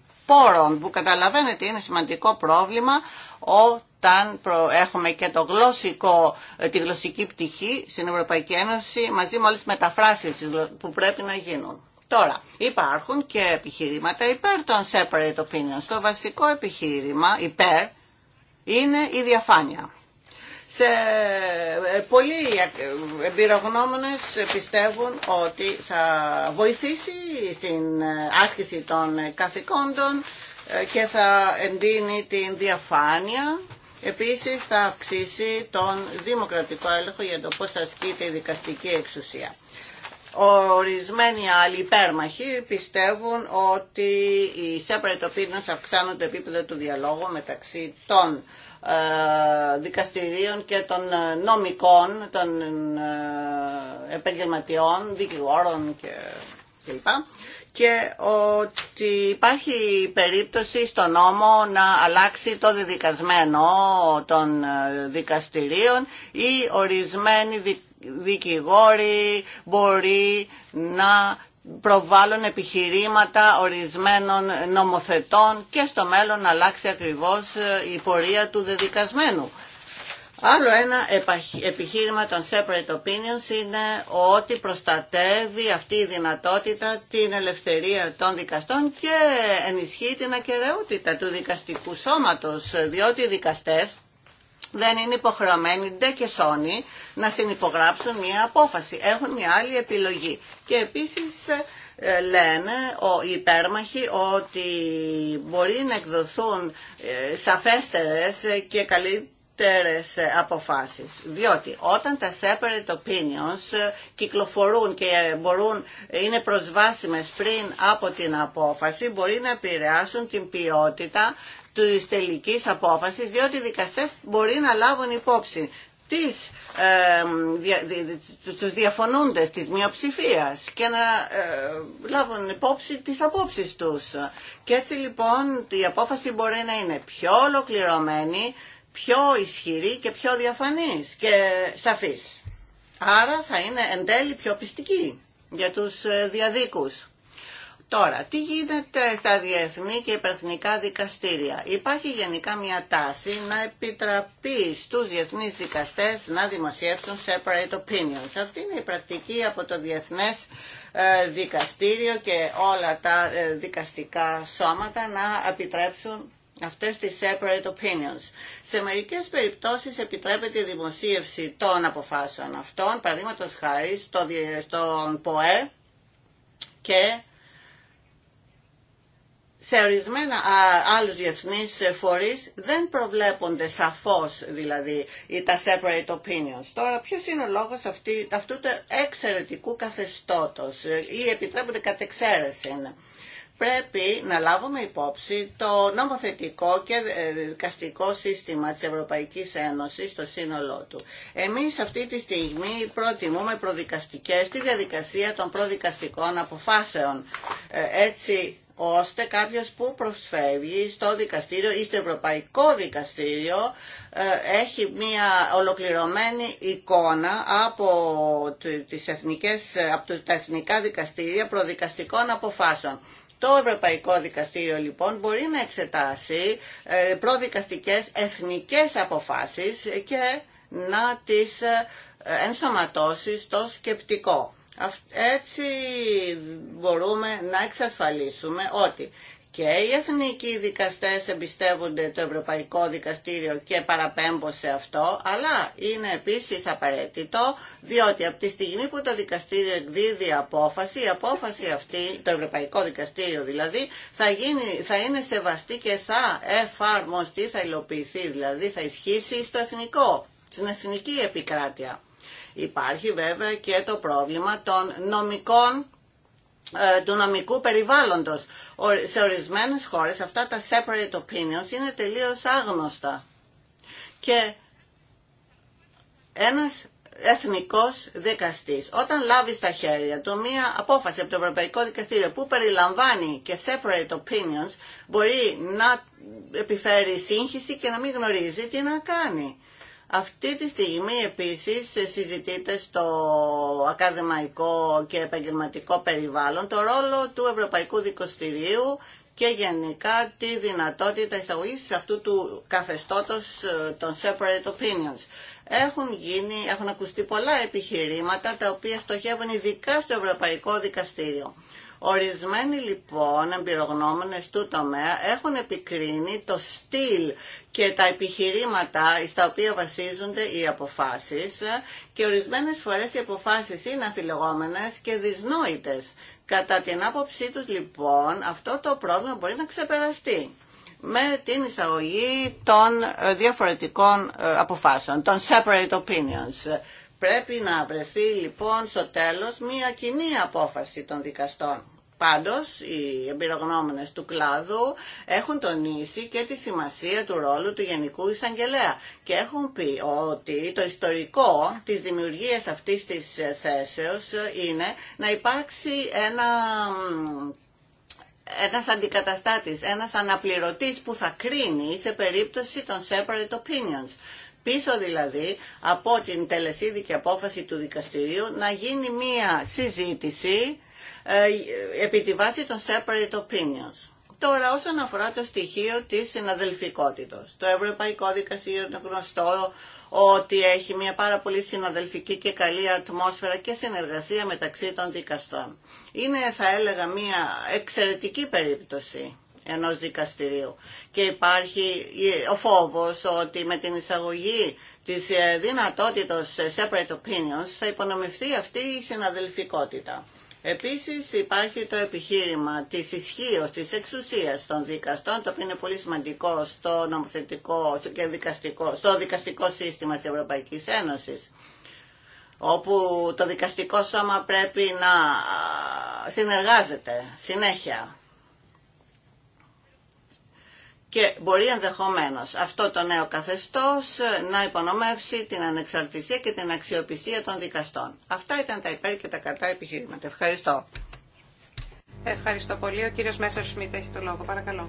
που καταλαβαίνετε είναι σημαντικό πρόβλημα όταν έχουμε και το γλωσσικό, ε, τη γλωσσική πτυχή στην Ευρωπαϊκή Ένωση μαζί με όλες τις μεταφράσεις που πρέπει να γίνουν. Τώρα, υπάρχουν και επιχειρήματα υπέρ των separate opinions. Το βασικό επιχείρημα υπέρ είναι η διαφάνεια σε ε, πολλοί εμπειρογνώμονες πιστεύουν ότι θα βοηθήσει στην ε, άσκηση των ε, καθηκόντων και θα εντείνει την διαφάνεια. Επίσης θα αυξήσει τον δημοκρατικό έλεγχο για το πώς ασκείται η δικαστική εξουσία. Ορισμένοι άλλοι υπέρμαχοι πιστεύουν ότι οι separate opinions αυξάνουν το επίπεδο του διαλόγου μεταξύ των ε, δικαστηρίων και των ε, νομικών, των ε, επαγγελματιών, δικηγόρων και κλπ. Και ότι υπάρχει περίπτωση στο νόμο να αλλάξει το διδικασμένο των δικαστηρίων ή ορισμένοι δικηγόροι μπορεί να προβάλλουν επιχειρήματα ορισμένων νομοθετών και στο μέλλον να αλλάξει ακριβώς ε, η πορεία του δεδικασμένου. Άλλο ένα επιχείρημα των separate opinions είναι ότι προστατεύει αυτή η δυνατότητα την ελευθερία των δικαστών και ενισχύει την ακαιρεότητα του δικαστικού σώματος, διότι οι δικαστές δεν είναι υποχρεωμένοι ντε και Sony να συνυπογράψουν μια απόφαση. Έχουν μια άλλη επιλογή. Και επίσης ε, λένε οι υπέρμαχοι ότι μπορεί να εκδοθούν ε, σαφέστερες και καλύτερες αποφάσεις. Διότι όταν τα separate opinions ε, κυκλοφορούν και μπορούν, είναι προσβάσιμες πριν από την απόφαση, μπορεί να επηρεάσουν την ποιότητα της τελικής απόφασης, διότι οι δικαστές μπορεί να λάβουν υπόψη τις, ε, τους διαφωνούντες της μειοψηφίας και να ε, λάβουν υπόψη τις απόψεις τους. Και έτσι λοιπόν η απόφαση μπορεί να είναι πιο ολοκληρωμένη, πιο ισχυρή και πιο διαφανής και σαφής. Άρα θα είναι εν τέλει πιο πιστική για τους ε, διαδίκους. Τώρα, τι γίνεται στα διεθνή και υπερθνικά δικαστήρια. Υπάρχει γενικά μια τάση να επιτραπεί στους διεθνείς δικαστές να δημοσιεύσουν separate opinions. Αυτή είναι η πρακτική από το διεθνές ε, δικαστήριο και όλα τα ε, δικαστικά σώματα να επιτρέψουν αυτές τις separate opinions. Σε μερικές περιπτώσεις επιτρέπεται η δημοσίευση των αποφάσεων αυτών, παραδείγματο χάρη στο, στον ΠΟΕ και σε ορισμένα άλλους διεθνείς φορείς δεν προβλέπονται σαφώς δηλαδή τα separate opinions. Τώρα ποιος είναι ο λόγος αυτού του εξαιρετικού καθεστώτος ή επιτρέπονται κατ' Πρέπει να λάβουμε υπόψη το νομοθετικό και ε, δικαστικό σύστημα της Ευρωπαϊκής Ένωσης στο σύνολό του. Εμείς αυτή τη στιγμή προτιμούμε προδικαστικές τη διαδικασία των προδικαστικών αποφάσεων. Ε, έτσι ώστε κάποιος που προσφεύγει στο δικαστήριο ή στο Ευρωπαϊκό Δικαστήριο ε, έχει μία ολοκληρωμένη εικόνα από, τις εθνικές, από τα εθνικά δικαστήρια προδικαστικών αποφάσεων. Το Ευρωπαϊκό Δικαστήριο λοιπόν μπορεί να εξετάσει ε, προδικαστικές εθνικές αποφάσεις και να τις ε, ενσωματώσει στο σκεπτικό. Έτσι μπορούμε να εξασφαλίσουμε ότι και οι εθνικοί δικαστές εμπιστεύονται το Ευρωπαϊκό Δικαστήριο και παραπέμπω σε αυτό, αλλά είναι επίσης απαραίτητο, διότι από τη στιγμή που το δικαστήριο εκδίδει απόφαση, η απόφαση αυτή, το Ευρωπαϊκό Δικαστήριο δηλαδή, θα, γίνει, θα είναι σεβαστή και θα εφαρμοστεί, θα υλοποιηθεί, δηλαδή θα ισχύσει στο εθνικό, στην εθνική επικράτεια. Υπάρχει βέβαια και το πρόβλημα των νομικών ε, του νομικού περιβάλλοντος. Σε ορισμένες χώρες αυτά τα separate opinions είναι τελείως άγνωστα. Και ένας εθνικός δικαστής όταν λάβει στα χέρια του μία απόφαση από το Ευρωπαϊκό Δικαστήριο που περιλαμβάνει και separate opinions μπορεί να επιφέρει σύγχυση και να μην γνωρίζει τι να κάνει. Αυτή τη στιγμή επίσης συζητείται στο ακαδημαϊκό και επαγγελματικό περιβάλλον το ρόλο του Ευρωπαϊκού Δικοστηρίου και γενικά τη δυνατότητα εισαγωγής αυτού του καθεστώτος ε, των separate opinions. Έχουν, γίνει, έχουν ακουστεί πολλά επιχειρήματα τα οποία στοχεύουν ειδικά στο Ευρωπαϊκό Δικαστήριο. Ορισμένοι λοιπόν εμπειρογνώμονες του τομέα έχουν επικρίνει το στυλ και τα επιχειρήματα στα οποία βασίζονται οι αποφάσεις και ορισμένες φορές οι αποφάσεις είναι αφιλεγόμενες και δυσνόητες. Κατά την άποψή τους λοιπόν αυτό το πρόβλημα μπορεί να ξεπεραστεί με την εισαγωγή των ε, διαφορετικών ε, αποφάσεων, των separate opinions. Πρέπει να βρεθεί λοιπόν στο τέλος μια κοινή απόφαση των δικαστών. Πάντως, οι εμπειρογνώμονες του κλάδου έχουν τονίσει και τη σημασία του ρόλου του Γενικού Εισαγγελέα και έχουν πει ότι το ιστορικό της δημιουργίας αυτής της θέσεως είναι να υπάρξει ένα ένας αντικαταστάτης, ένας αναπληρωτής που θα κρίνει σε περίπτωση των separate opinions. Πίσω δηλαδή από την τελεσίδικη απόφαση του δικαστηρίου να γίνει μία συζήτηση ε, επί τη βάση των separate opinions. Τώρα όσον αφορά το στοιχείο της συναδελφικότητας, το Ευρωπαϊκό Δικαστήριο είναι γνωστό ότι έχει μια πάρα πολύ συναδελφική και καλή ατμόσφαιρα και συνεργασία μεταξύ των δικαστών. Είναι θα έλεγα μια εξαιρετική περίπτωση ενός δικαστηρίου και υπάρχει ε, ο φόβος ότι με την εισαγωγή της ε, δυνατότητας separate opinions θα υπονομευτεί αυτή η συναδελφικότητα. Επίσης υπάρχει το επιχείρημα της ισχύω, της εξουσίας των δικαστών, το οποίο είναι πολύ σημαντικό στο νομοθετικό και δικαστικό, στο δικαστικό σύστημα της Ευρωπαϊκής Ένωσης όπου το δικαστικό σώμα πρέπει να συνεργάζεται συνέχεια και μπορεί ενδεχομένω αυτό το νέο καθεστώς να υπονομεύσει την ανεξαρτησία και την αξιοπιστία των δικαστών. Αυτά ήταν τα υπέρ και τα κατά επιχειρήματα. Ευχαριστώ. Ευχαριστώ πολύ. Ο κύριος Μέσσερ Σμίτ έχει το λόγο. Παρακαλώ.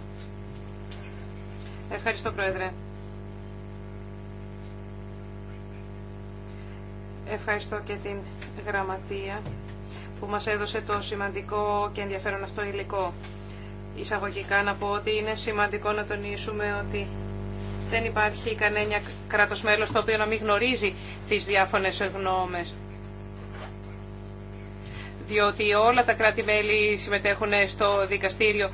Ευχαριστώ, Πρόεδρε. Ευχαριστώ και την Γραμματεία που μας έδωσε το σημαντικό και ενδιαφέρον αυτό υλικό εισαγωγικά να πω ότι είναι σημαντικό να τονίσουμε ότι δεν υπάρχει κανένα κράτος μέλος το οποίο να μην γνωρίζει τις διάφορες γνώμες. Διότι όλα τα κράτη-μέλη συμμετέχουν στο Δικαστήριο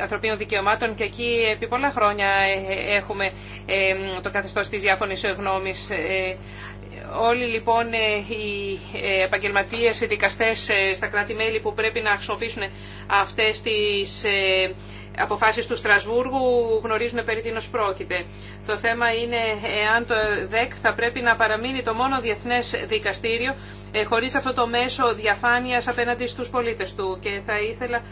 Ανθρωπίνων Δικαιωμάτων και εκεί επί πολλά χρόνια ε, έχουμε ε, το καθεστώς της διάφωνη γνώμης. Ε, Όλοι λοιπόν ε, οι ε, επαγγελματίες, οι δικαστές ε, στα κράτη-μέλη που πρέπει να αξιοποιήσουν αυτές τις αποφάσεις του Στρασβούργου γνωρίζουν περί τίνος πρόκειται. Το θέμα είναι εάν το ΔΕΚ θα πρέπει να παραμείνει το μόνο διεθνές δικαστήριο χωρίς αυτό το μέσο διαφάνειας απέναντι στους πολίτες του. Και θα ήθελα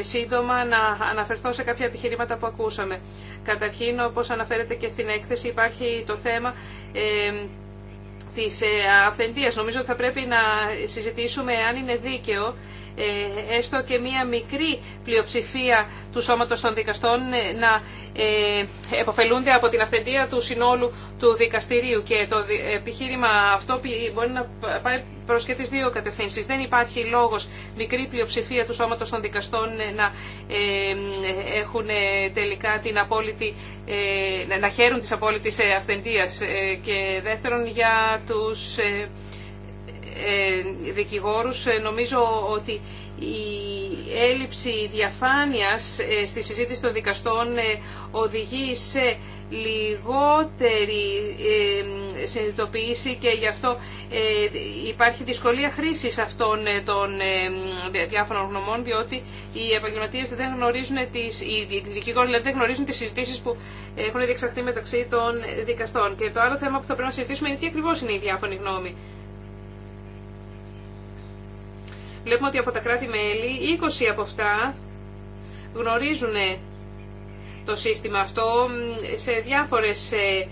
σύντομα να αναφερθώ σε κάποια επιχειρήματα που ακούσαμε. Καταρχήν, όπως αναφέρεται και στην έκθεση, υπάρχει το θέμα της ε, αυθεντίας. Νομίζω ότι θα πρέπει να συζητήσουμε αν είναι δίκαιο ε, έστω και μία μικρή πλειοψηφία του σώματος των δικαστών ε, να ε, εποφελούνται από την αυθεντία του συνόλου του δικαστηρίου. Και το επιχείρημα αυτό μπορεί να πάει προς και τις δύο κατευθύνσεις. Δεν υπάρχει λόγος μικρή πλειοψηφία του σώματος των δικαστών να έχουν τελικά την απόλυτη, να χαίρουν της απόλυτης αυθεντίας. Και δεύτερον για τους ε, δικηγόρους. Ε, νομίζω ότι η έλλειψη διαφάνειας ε, στη συζήτηση των δικαστών οδηγεί σε λιγότερη συνειδητοποίηση και γι' αυτό υπάρχει δυσκολία χρήσης αυτών των διάφορων γνωμών διότι οι επαγγελματίες δεν γνωρίζουν τις, οι δικηγόροι δηλαδή δεν γνωρίζουν τις συζητήσεις που έχουν διεξαχθεί μεταξύ των δικαστών. Και το άλλο θέμα που θα πρέπει να συζητήσουμε είναι τι ακριβώς είναι η διάφωνη γνώμη. Βλέπουμε ότι από τα κράτη-μέλη, 20 από αυτά γνωρίζουν το σύστημα αυτό σε διάφορες ε,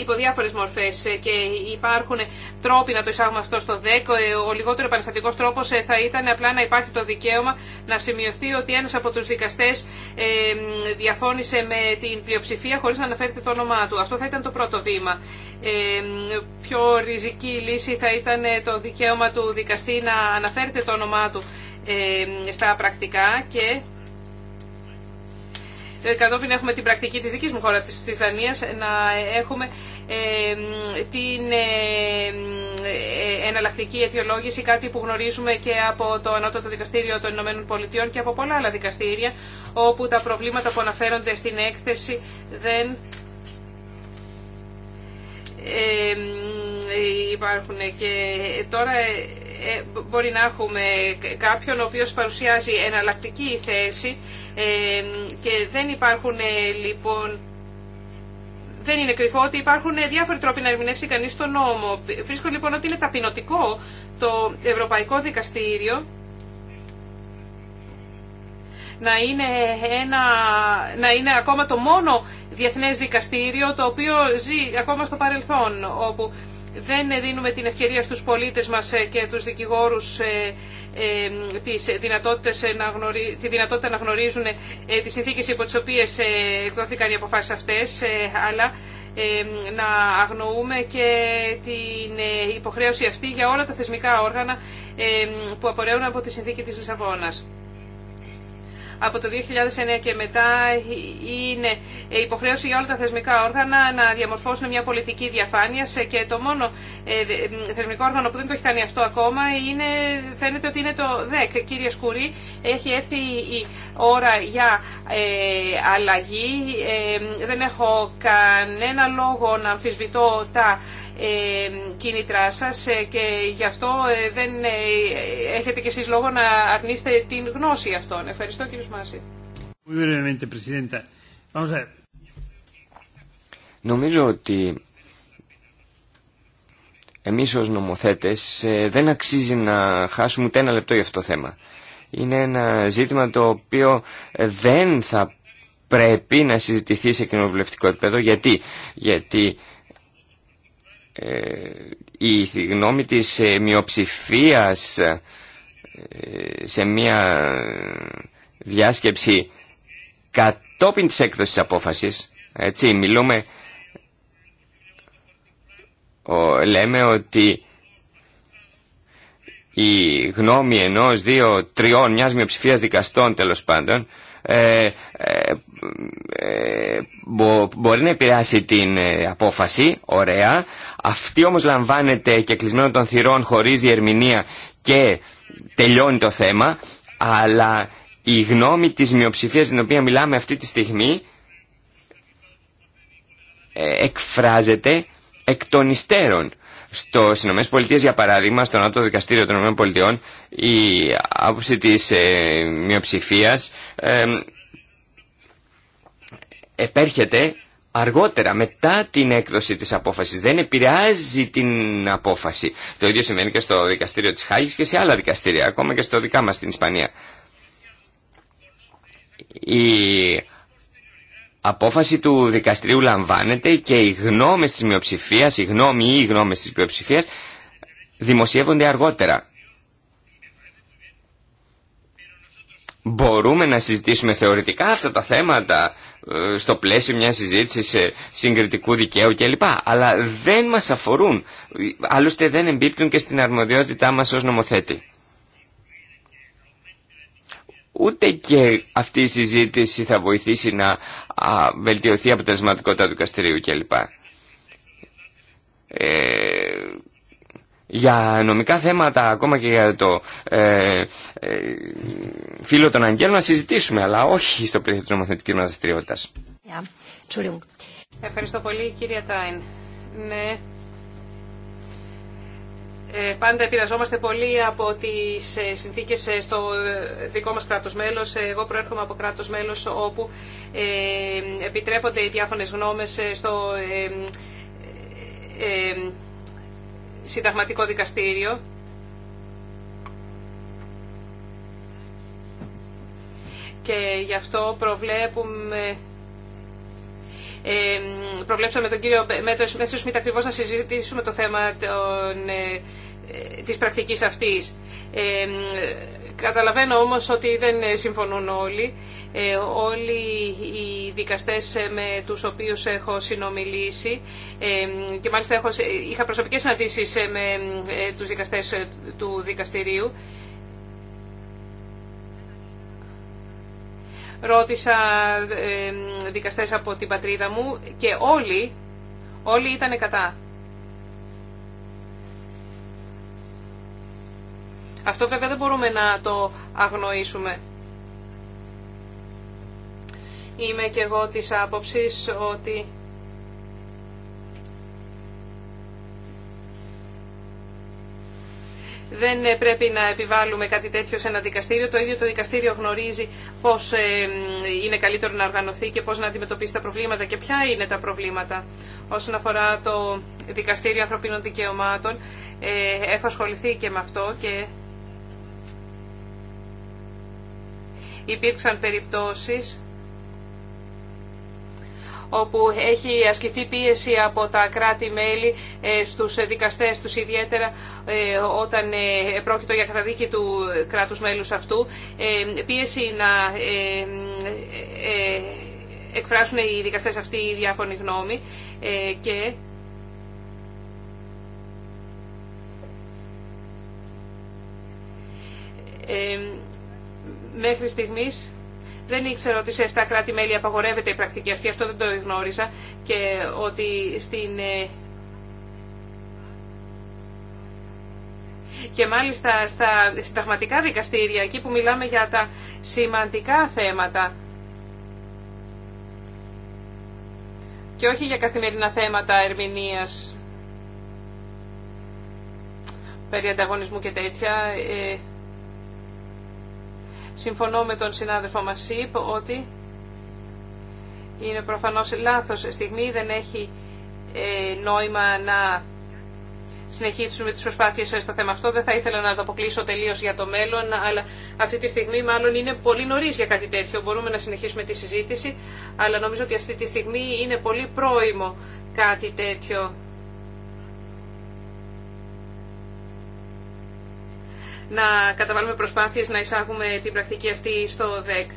υπό διάφορε μορφές ε, και υπάρχουν τρόποι να το εισάγουμε αυτό στο ΔΕΚ. Ε, ο λιγότερο επαναστατικό τρόπος ε, θα ήταν απλά να υπάρχει το δικαίωμα να σημειωθεί ότι ένας από τους δικαστές διαφώνησε με την πλειοψηφία χωρίς να αναφέρεται το όνομά του. Αυτό θα ήταν το πρώτο βήμα. Πιο ριζική λύση θα ήταν το δικαίωμα του δικαστή να αναφέρεται το όνομά του στα πρακτικά και ε, κατόπιν έχουμε την πρακτική της δικής μου χώρα, της Δανίας, να έχουμε ε, την ε, εναλλακτική αιτιολόγηση, κάτι που γνωρίζουμε και από το Ανώτατο Δικαστήριο των Ηνωμένων Πολιτειών και από πολλά άλλα δικαστήρια, όπου τα προβλήματα που αναφέρονται στην έκθεση δεν υπάρχουν. Και τώρα ε, μπορεί να έχουμε κάποιον ο οποίος παρουσιάζει εναλλακτική θέση και δεν υπάρχουν ε, λοιπόν δεν είναι κρυφό ότι υπάρχουν ε, διάφοροι τρόποι να ερμηνεύσει κανείς τον νόμο. Βρίσκω λοιπόν ότι είναι ταπεινωτικό το Ευρωπαϊκό Δικαστήριο να είναι, ένα, να είναι ακόμα το μόνο διεθνές δικαστήριο το οποίο ζει ακόμα στο παρελθόν, δεν δίνουμε την ευκαιρία στους πολίτες μας ε, και τους δικηγόρους ε, ε, τη δυνατότητα να γνωρίζουν τις συνθήκες υπό τις οποίες εκδόθηκαν οι αποφάσεις αυτές, αλλά να αγνοούμε και την υποχρέωση αυτή για όλα τα θεσμικά όργανα που απορρέουν από τη συνθήκη της Λισαβόνας από το 2009 και μετά είναι υποχρέωση για όλα τα θεσμικά όργανα να διαμορφώσουν μια πολιτική διαφάνεια και το μόνο ε, θεσμικό όργανο που δεν το έχει κάνει αυτό ακόμα είναι, φαίνεται ότι είναι το ΔΕΚ. Κύριε Σκουρή, έχει έρθει η ώρα για ε, αλλαγή. Ε, δεν έχω κανένα λόγο να αμφισβητώ τα ε, κίνητρά σας ε, και γι' αυτό ε, δεν έχετε κι εσείς λόγο να αρνείστε την γνώση αυτών. Ευχαριστώ κύριε Μάση. Νομίζω ότι εμείς ως νομοθέτες δεν αξίζει να χάσουμε ούτε ένα λεπτό για αυτό το θέμα. Είναι ένα ζήτημα το οποίο δεν θα πρέπει να συζητηθεί σε κοινοβουλευτικό επίπεδο. Γιατί, Γιατί ε, η γνώμη της ε, μειοψηφίας ε, σε μια διάσκεψη κατόπιν της έκδοσης απόφασης, έτσι, μιλούμε, λέμε ότι η γνώμη ενός, δύο, τριών, μιας μειοψηφίας δικαστών τέλος πάντων, ε, ε, ε μπορεί να επηρεάσει την ε, απόφαση, ωραία. Αυτή όμως λαμβάνεται και κλεισμένο των θυρών χωρίς διερμηνία και τελειώνει το θέμα, αλλά η γνώμη της μειοψηφίας την οποία μιλάμε αυτή τη στιγμή ε, εκφράζεται εκ των υστέρων. Στο Ηνωμένες Πολιτείες, για παράδειγμα, στον Άτομο Δικαστήριο των ΗΠΑ, η άποψη της ε, μειοψηφίας επέρχεται αργότερα, μετά την έκδοση της απόφασης. Δεν επηρεάζει την απόφαση. Το ίδιο σημαίνει και στο δικαστήριο της Χάγης και σε άλλα δικαστήρια, ακόμα και στο δικά μας στην Ισπανία. Η απόφαση του δικαστηρίου λαμβάνεται και οι γνώμες της μειοψηφίας, οι γνώμοι ή οι γνώμες της μειοψηφίας δημοσιεύονται αργότερα. Μπορούμε να συζητήσουμε θεωρητικά αυτά τα θέματα ε, στο πλαίσιο μιας συζήτησης συγκριτικού δικαίου κλπ. Αλλά δεν μας αφορούν, άλλωστε δεν εμπίπτουν και στην αρμοδιότητά μας ως νομοθέτη ούτε και αυτή η συζήτηση θα βοηθήσει να βελτιωθεί η αποτελεσματικότητα του δικαστηρίου κλπ. Ε, για νομικά θέματα, ακόμα και για το ε, ε φύλλο των αγγέλων, να συζητήσουμε, αλλά όχι στο πλαίσιο της νομοθετικής μας δραστηριότητας. Ευχαριστώ πολύ, κυρία Τάιν. Ναι, ε, πάντα επηρεαζόμαστε πολύ από τις ε, συνθήκες ε, στο δικό μας κράτος μέλος. Εγώ προέρχομαι από κράτος μέλος όπου επιτρέπονται οι διάφανες γνώμες στο συνταγματικό δικαστήριο. Και γι' αυτό προβλέπουμε προβλέψαμε τον κύριο Μέτριο Σμιτ ακριβώς να συζητήσουμε το θέμα των, ε, ε, της πρακτικής αυτής. Καταλαβαίνω όμως ότι δεν συμφωνούν όλοι. Ε, όλοι οι δικαστές με τους οποίους έχω συνομιλήσει και μάλιστα έχω, είχα προσωπικές συναντήσεις με τους δικαστές του δικαστηρίου Ρώτησα ε, δικαστές από την πατρίδα μου και όλοι, όλοι ήταν κατά. Αυτό βέβαια δεν μπορούμε να το αγνοήσουμε. Είμαι και εγώ της άποψης ότι Δεν ε, πρέπει να επιβάλλουμε κάτι τέτοιο σε ένα δικαστήριο. Το ίδιο το δικαστήριο γνωρίζει πώς ε, είναι καλύτερο να οργανωθεί και πώς να αντιμετωπίσει τα προβλήματα και ποια είναι τα προβλήματα. Όσον αφορά το Δικαστήριο Ανθρωπίνων Δικαιωμάτων, ε, έχω ασχοληθεί και με αυτό και υπήρξαν περιπτώσεις όπου έχει ασκηθεί πίεση από τα κράτη-μέλη ε, στους δικαστές τους, ιδιαίτερα ε, όταν ε, πρόκειτο για καταδίκη του κράτους μέλους αυτού, πίεση να εκφράσουν οι δικαστές αυτή η διάφωνη γνώμη και μέχρι στιγμής δεν ήξερα ότι σε 7 κράτη-μέλη απαγορεύεται η πρακτική αυτή, αυτό δεν το γνώριζα και ότι στην ε, και μάλιστα στα συνταγματικά δικαστήρια, εκεί που μιλάμε για τα σημαντικά θέματα και όχι για καθημερινά θέματα ερμηνείας περί ανταγωνισμού και τέτοια, ε, Συμφωνώ με τον συνάδελφο Μασίπ ότι είναι προφανώς λάθος στιγμή, δεν έχει ε, νόημα να συνεχίσουμε τις προσπάθειες στο θέμα αυτό. Δεν θα ήθελα να το αποκλείσω τελείως για το μέλλον, αλλά αυτή τη στιγμή μάλλον είναι πολύ νωρίς για κάτι τέτοιο. Μπορούμε να συνεχίσουμε τη συζήτηση, αλλά νομίζω ότι αυτή τη στιγμή είναι πολύ πρόημο κάτι τέτοιο. να καταβάλουμε προσπάθειες να εισάγουμε την πρακτική αυτή στο ΔΕΚ.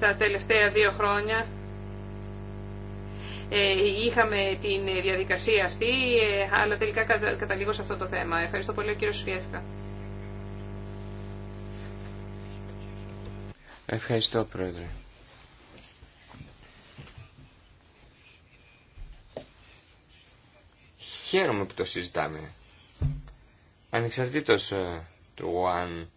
Τα τελευταία δύο χρόνια ε, είχαμε την διαδικασία αυτή, ε, αλλά τελικά καταλήγω σε αυτό το θέμα. Ευχαριστώ πολύ, κύριο Σφιέφκα Ευχαριστώ, Πρόεδρε. Χαίρομαι που το συζητάμε. Ανεξαρτήτως ε, του αν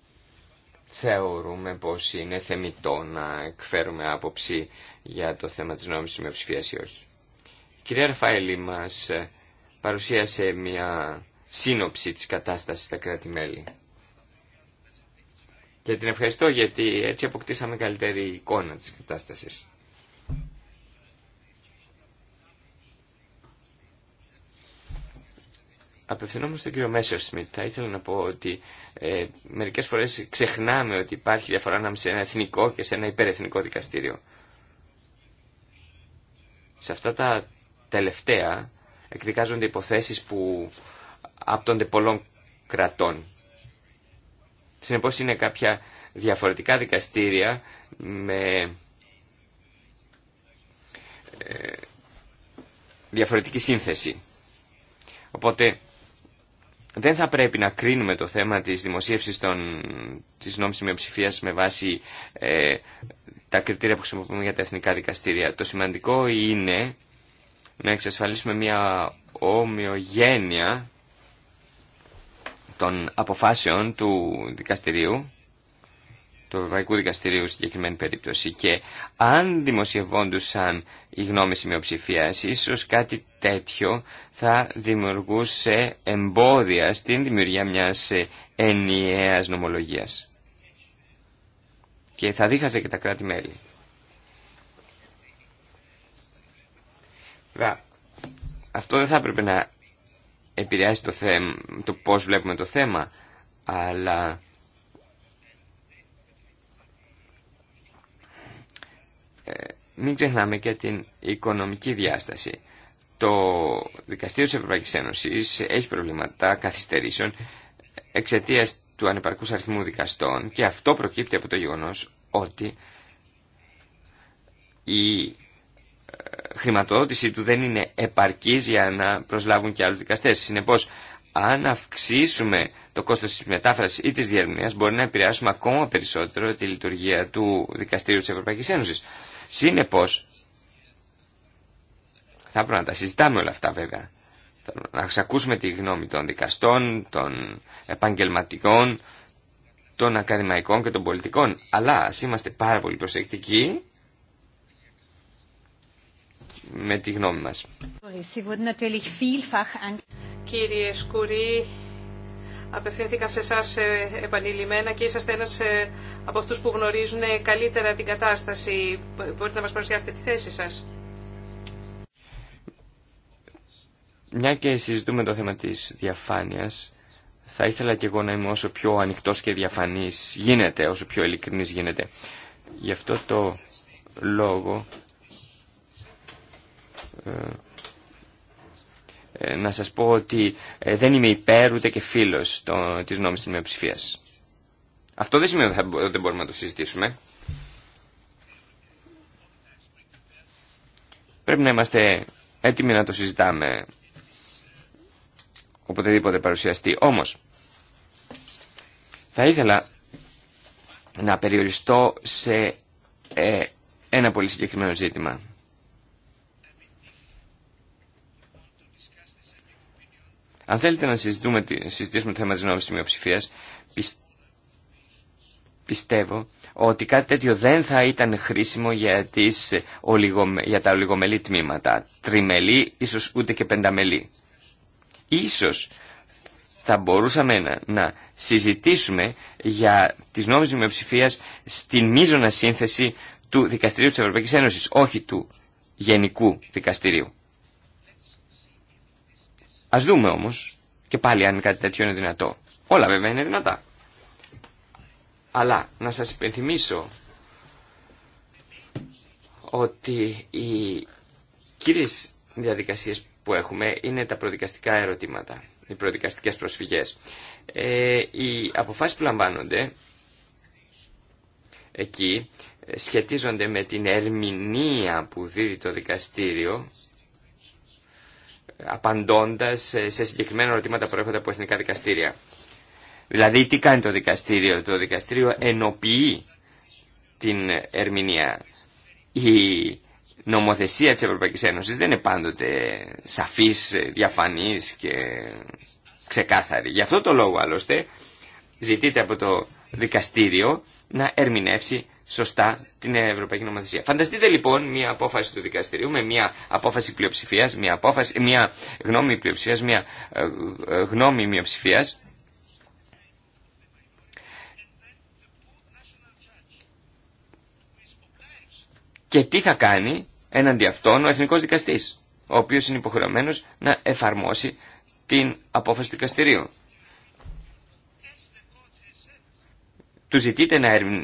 θεωρούμε πως είναι θεμητό να εκφέρουμε άποψη για το θέμα της με ή όχι. Η κυρία Ραφαέλη μας ε, παρουσίασε μια σύνοψη της κατάστασης στα κράτη-μέλη. Και την ευχαριστώ γιατί έτσι αποκτήσαμε καλύτερη εικόνα της κατάστασης. Απευθυνόμουν στον κύριο Μέσερ Σμιτ, θα ήθελα να πω ότι ε, μερικές φορές ξεχνάμε ότι υπάρχει διαφορά ανάμεσα σε ένα εθνικό και σε ένα υπερεθνικό δικαστήριο. Σε αυτά τα τελευταία εκδικάζονται υποθέσεις που άπτονται πολλών κρατών. Συνεπώς είναι κάποια διαφορετικά δικαστήρια με ε, διαφορετική σύνθεση. Οπότε δεν θα πρέπει να κρίνουμε το θέμα της δημοσίευσης των, της νόμισης μειοψηφίας με βάση ε, τα κριτήρια που χρησιμοποιούμε για τα εθνικά δικαστήρια. Το σημαντικό είναι να εξασφαλίσουμε μια ομοιογένεια των αποφάσεων του δικαστηρίου του Ευρωπαϊκού Δικαστηρίου στην συγκεκριμένη περίπτωση και αν δημοσιευόντουσαν οι γνώμες ημιοψηφίας, ίσω κάτι τέτοιο θα δημιουργούσε εμπόδια στην δημιουργία μια ε, ενιαία νομολογίας. Και θα δίχαζε και τα κράτη-μέλη. Αυτό δεν θα έπρεπε να επηρεάσει το, θέμα, το πώς βλέπουμε το θέμα, αλλά Ε, μην ξεχνάμε και την οικονομική διάσταση. Το Δικαστήριο της Ευρωπαϊκής Ένωσης έχει προβλήματα καθυστερήσεων εξαιτία του ανεπαρκούς αριθμού δικαστών και αυτό προκύπτει από το γεγονός ότι η ε, χρηματοδότησή του δεν είναι επαρκής για να προσλάβουν και άλλους δικαστές. Συνεπώς, αν αυξήσουμε το κόστος της μετάφρασης ή της διαρμονίας μπορεί να επηρεάσουμε ακόμα περισσότερο τη λειτουργία του Δικαστήριου της Ευρωπαϊκής Ένωσης. Σύνεπως, θα πρέπει να τα συζητάμε όλα αυτά βέβαια. Να ξακούσουμε τη γνώμη των δικαστών, των επαγγελματικών, των ακαδημαϊκών και των πολιτικών. Αλλά ας είμαστε πάρα πολύ προσεκτικοί με τη γνώμη μας. Απευθύνθηκα σε εσά ε, επανειλημμένα και είσαστε ένα ε, από αυτού που γνωρίζουν ε, καλύτερα την κατάσταση. Μπορείτε να μα παρουσιάσετε τη θέση σα. Μια και συζητούμε το θέμα της διαφάνειας, θα ήθελα και εγώ να είμαι όσο πιο ανοιχτός και διαφανής γίνεται, όσο πιο ειλικρινής γίνεται. Γι' αυτό το λόγο ε, να σας πω ότι ε, δεν είμαι υπέρ ούτε και φίλος το, της νόμης της μειοψηφίας. Αυτό δεν σημαίνει ότι δεν μπορούμε να το συζητήσουμε. Πρέπει να είμαστε έτοιμοι να το συζητάμε οποτεδήποτε παρουσιαστεί. Όμως, θα ήθελα να περιοριστώ σε ε, ένα πολύ συγκεκριμένο ζήτημα. Αν θέλετε να συζητούμε, συζητήσουμε το θέμα της νόμιμης μειοψηφίας, πιστεύω ότι κάτι τέτοιο δεν θα ήταν χρήσιμο για, τις, για τα ολιγομελή τμήματα. Τριμελή, ίσως ούτε και πενταμελή. Ίσως θα μπορούσαμε να, να συζητήσουμε για τις νόμιμες μειοψηφίας στην μείζωνα σύνθεση του Δικαστηρίου της Ευρωπαϊκής Ένωσης, όχι του Γενικού Δικαστηρίου. Α δούμε όμω, και πάλι αν κάτι τέτοιο είναι δυνατό. Όλα βέβαια είναι δυνατά. Αλλά να σας υπενθυμίσω ότι οι κύριες διαδικασίες που έχουμε είναι τα προδικαστικά ερωτήματα, οι προδικαστικές προσφυγές. Ε, οι αποφάσεις που λαμβάνονται εκεί σχετίζονται με την ερμηνεία που δίδει το δικαστήριο απαντώντας σε συγκεκριμένα ερωτήματα που έρχονται από εθνικά δικαστήρια. Δηλαδή τι κάνει το δικαστήριο. Το δικαστήριο ενοποιεί την ερμηνεία. Η νομοθεσία της Ευρωπαϊκής Ένωσης δεν είναι πάντοτε σαφής, διαφανής και ξεκάθαρη. Γι' αυτό το λόγο άλλωστε ζητείται από το δικαστήριο να ερμηνεύσει σωστά την Ευρωπαϊκή Νομοθεσία. Φανταστείτε λοιπόν μια απόφαση του δικαστηρίου με μια απόφαση πλειοψηφία, μια, απόφαση, μια γνώμη πλειοψηφία, μια ε, ε, γνώμη μειοψηφία. Και τι θα κάνει έναντι αυτόν ο Εθνικός Δικαστής, ο οποίος είναι υποχρεωμένος να εφαρμόσει την απόφαση του δικαστηρίου. του ζητείτε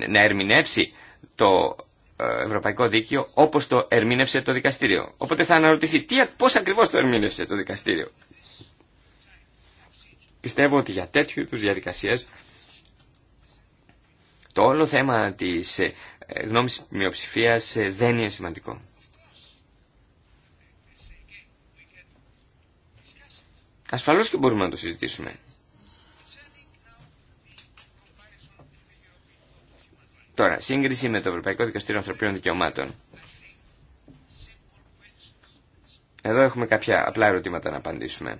να ερμηνεύσει το ε, ευρωπαϊκό δίκαιο όπως το ερμήνευσε το δικαστήριο. Οπότε θα αναρωτηθεί τι, πώς ακριβώς το ερμήνευσε το δικαστήριο. Πιστεύω ότι για τέτοιου είδου διαδικασίες το όλο θέμα της ε, γνώμης μειοψηφίας ε, δεν είναι σημαντικό. Ασφαλώς και μπορούμε να το συζητήσουμε. Τώρα, σύγκριση με το Ευρωπαϊκό Δικαστήριο Ανθρωπίνων Δικαιωμάτων. Εδώ έχουμε κάποια απλά ερωτήματα να απαντήσουμε.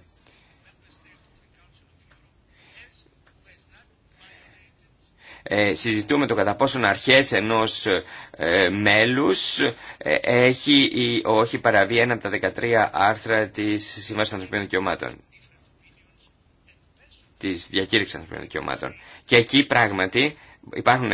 Ε, συζητούμε το κατά πόσον αρχές ενός ε, μέλους ε, έχει ή όχι παραβεί ένα από τα 13 άρθρα της Σύμβασης Ανθρωπίνων Δικαιωμάτων. Της Διακήρυξης Ανθρωπίνων Δικαιωμάτων. Και εκεί πράγματι υπάρχουν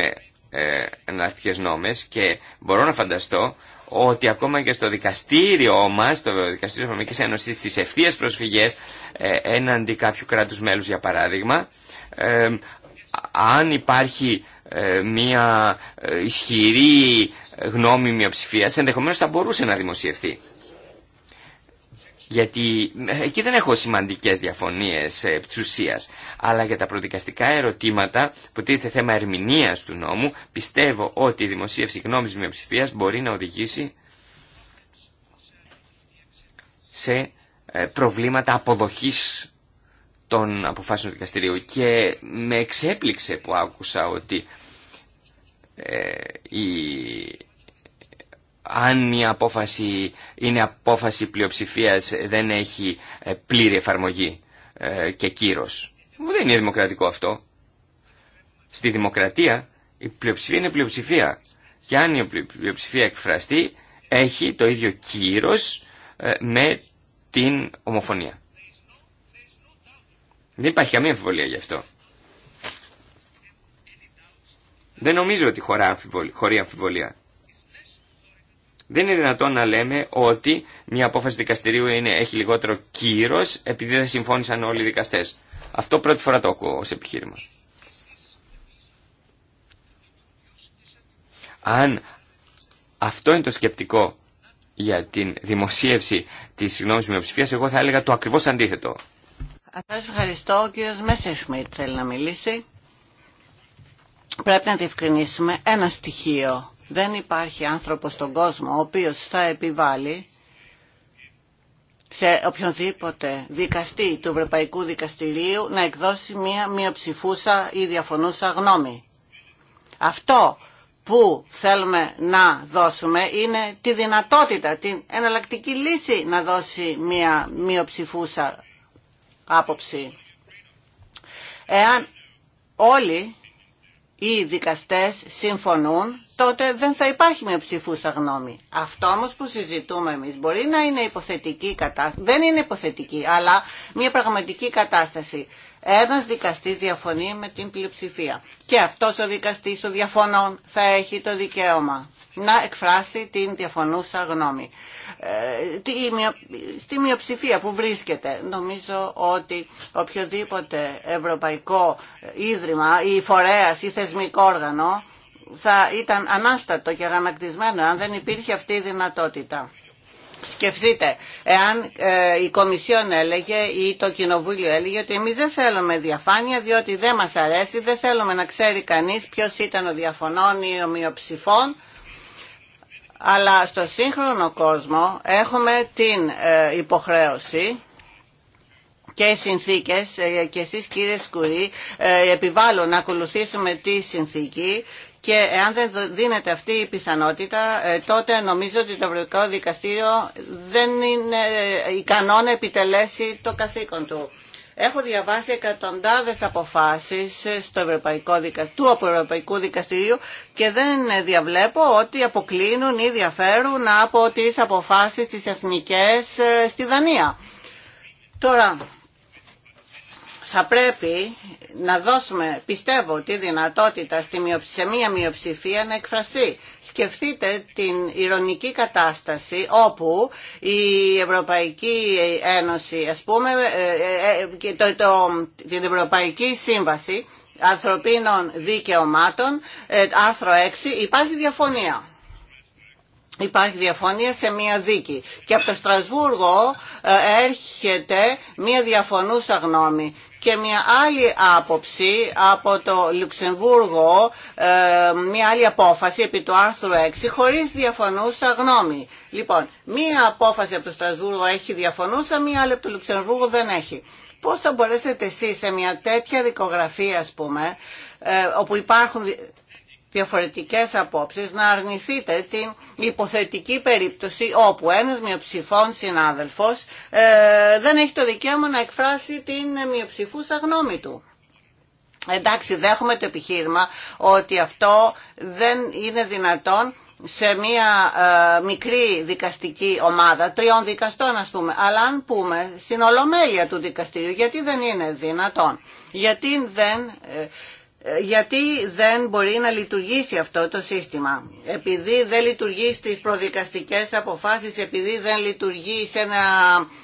ε, νόμες και μπορώ να φανταστώ ότι ακόμα και στο δικαστήριό μας, στο δικαστήριο της Ευρωπαϊκής Ένωσης, στις ευθείες προσφυγές ε, έναντι κάποιου κράτους μέλους για παράδειγμα, ε, αν υπάρχει ε, μια ε, ισχυρή γνώμη μειοψηφία, ενδεχομένως θα μπορούσε να δημοσιευθεί γιατί ε, εκεί δεν έχω σημαντικές διαφωνίες ε, αλλά για τα προδικαστικά ερωτήματα που τίθεται θέμα ερμηνείας του νόμου, πιστεύω ότι η δημοσίευση γνώμης μειοψηφία μπορεί να οδηγήσει σε ε, προβλήματα αποδοχής των αποφάσεων του δικαστηρίου και με εξέπληξε που άκουσα ότι ε, η αν μια απόφαση είναι απόφαση πλειοψηφίας δεν έχει ε, πλήρη εφαρμογή ε, και κύρος. Δεν είναι δημοκρατικό αυτό. Στη δημοκρατία η πλειοψηφία είναι πλειοψηφία. Και αν η πλειοψηφία εκφραστεί έχει το ίδιο κύρος ε, με την ομοφωνία. Δεν υπάρχει καμία αμφιβολία γι' αυτό. Δεν νομίζω ότι χωρά Χωρεί αμφιβολία. Δεν είναι δυνατόν να λέμε ότι μια απόφαση δικαστηρίου είναι, έχει λιγότερο κύρος επειδή δεν συμφώνησαν όλοι οι δικαστές. Αυτό πρώτη φορά το ακούω ως επιχείρημα. Αν αυτό είναι το σκεπτικό για την δημοσίευση της συγγνώμης μειοψηφία, εγώ θα έλεγα το ακριβώς αντίθετο. σα ευχαριστώ. Ο κύριος Μέσερσμιτ θέλει να μιλήσει. Πρέπει να διευκρινίσουμε ένα στοιχείο δεν υπάρχει άνθρωπος στον κόσμο ο οποίος θα επιβάλλει σε οποιονδήποτε δικαστή του Ευρωπαϊκού Δικαστηρίου να εκδώσει μία μειοψηφούσα ή διαφωνούσα γνώμη. Αυτό που θέλουμε να δώσουμε είναι τη δυνατότητα, την εναλλακτική λύση να δώσει μία μειοψηφούσα άποψη. Εάν όλοι οι δικαστές συμφωνούν, τότε δεν θα υπάρχει μια ψηφούσα γνώμη. Αυτό όμω που συζητούμε εμείς μπορεί να είναι υποθετική κατάσταση, δεν είναι υποθετική, αλλά μια πραγματική κατάσταση ένας δικαστής διαφωνεί με την πλειοψηφία. Και αυτός ο δικαστής του διαφωνών θα έχει το δικαίωμα να εκφράσει την διαφωνούσα γνώμη. Ε, στη μειοψηφία που βρίσκεται, νομίζω ότι οποιοδήποτε ευρωπαϊκό ίδρυμα ή φορέας ή θεσμικό όργανο θα ήταν ανάστατο και αγανακτισμένο αν δεν υπήρχε αυτή η δυνατότητα. Σκεφτείτε, εάν ε, η Κομισιόν έλεγε ή το Κοινοβούλιο έλεγε ότι εμείς δεν θέλουμε διαφάνεια διότι δεν μας αρέσει, δεν θέλουμε να ξέρει κανείς ποιος ήταν ο διαφωνών ή ο μειοψηφών, αλλά στο σύγχρονο κόσμο έχουμε την ε, υποχρέωση και οι συνθήκες ε, και εσείς κύριε Σκουρή επιβάλλουν να ακολουθήσουμε τη συνθήκη και αν δεν δίνεται αυτή η πιθανότητα, ε, τότε νομίζω ότι το Ευρωπαϊκό Δικαστήριο δεν είναι ε, ικανό να επιτελέσει το καθήκον του. Έχω διαβάσει εκατοντάδες αποφάσεις ε, στο Ευρωπαϊκό του Ευρωπαϊκού Δικαστηρίου και δεν διαβλέπω ότι αποκλίνουν ή διαφέρουν από τις αποφάσεις τις εθνικές στη Δανία. Τώρα, θα πρέπει να δώσουμε, πιστεύω, τη δυνατότητα στη σε μία μειοψηφία να εκφραστεί. Σκεφτείτε την ηρωνική κατάσταση όπου η Ευρωπαϊκή Ένωση, ας πούμε, ε, ε, ε, το, την Ευρωπαϊκή Σύμβαση Ανθρωπίνων Δικαιωμάτων, άρθρο 6, υπάρχει διαφωνία. Υπάρχει διαφωνία σε μία δίκη. Και από το Στρασβούργο έρχεται μία διαφωνούσα γνώμη και μια άλλη άποψη από το Λουξεμβούργο, ε, μια άλλη απόφαση επί του άρθρου 6 χωρίς διαφωνούσα γνώμη. Λοιπόν, μια απόφαση από το Στρασβούργο έχει διαφωνούσα, μια άλλη από το Λουξεμβούργο δεν έχει. Πώς θα μπορέσετε εσείς σε μια τέτοια δικογραφία, ας πούμε, ε, όπου υπάρχουν διαφορετικές απόψεις να αρνηθείτε την υποθετική περίπτωση όπου ένας μειοψηφών συνάδελφος ε, δεν έχει το δικαίωμα να εκφράσει την μειοψηφούσα γνώμη του. Εντάξει, δέχομαι το επιχείρημα ότι αυτό δεν είναι δυνατόν σε μία ε, μικρή δικαστική ομάδα, τριών δικαστών ας πούμε, αλλά αν πούμε στην ολομέλεια του δικαστηρίου, γιατί δεν είναι δυνατόν, γιατί δεν... Ε, ε, γιατί δεν μπορεί να λειτουργήσει αυτό το σύστημα. Επειδή δεν λειτουργεί στις προδικαστικές αποφάσεις, επειδή δεν λειτουργεί σε ένα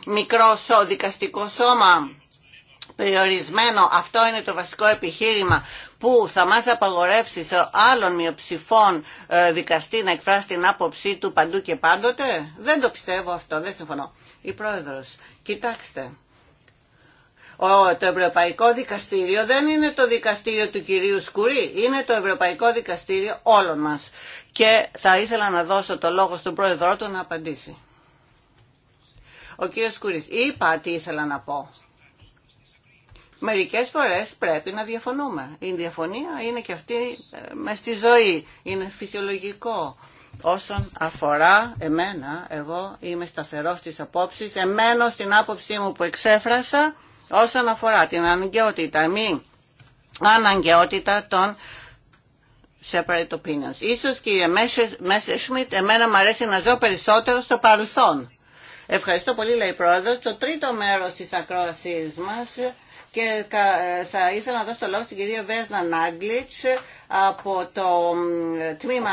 μικρό δικαστικό σώμα περιορισμένο, αυτό είναι το βασικό επιχείρημα που θα μας απαγορεύσει σε άλλων μειοψηφών ε, δικαστή να εκφράσει την άποψή του παντού και πάντοτε. Δεν το πιστεύω αυτό, δεν συμφωνώ. Η Πρόεδρος, κοιτάξτε το Ευρωπαϊκό Δικαστήριο δεν είναι το δικαστήριο του κυρίου Σκουρί, είναι το Ευρωπαϊκό Δικαστήριο όλων μας. Και θα ήθελα να δώσω το λόγο στον πρόεδρό του να απαντήσει. Ο κύριος Σκουρής, είπα τι ήθελα να πω. Μερικές φορές πρέπει να διαφωνούμε. Η διαφωνία είναι και αυτή ε, με στη ζωή. Είναι φυσιολογικό. Όσον αφορά εμένα, εγώ είμαι σταθερός στις απόψεις. Εμένα στην άποψή μου που εξέφρασα όσον αφορά την αναγκαιότητα, μη αναγκαιότητα των separate opinions. Ίσως κύριε Μέσσεσμιτ, εμένα μου αρέσει να ζω περισσότερο στο παρελθόν. Ευχαριστώ πολύ λέει η Πρόεδρος. Το τρίτο μέρος της ακρόασής μας και θα ήθελα να δώσω το λόγο στην κυρία Βέσνα Νάγκλιτς από το τμήμα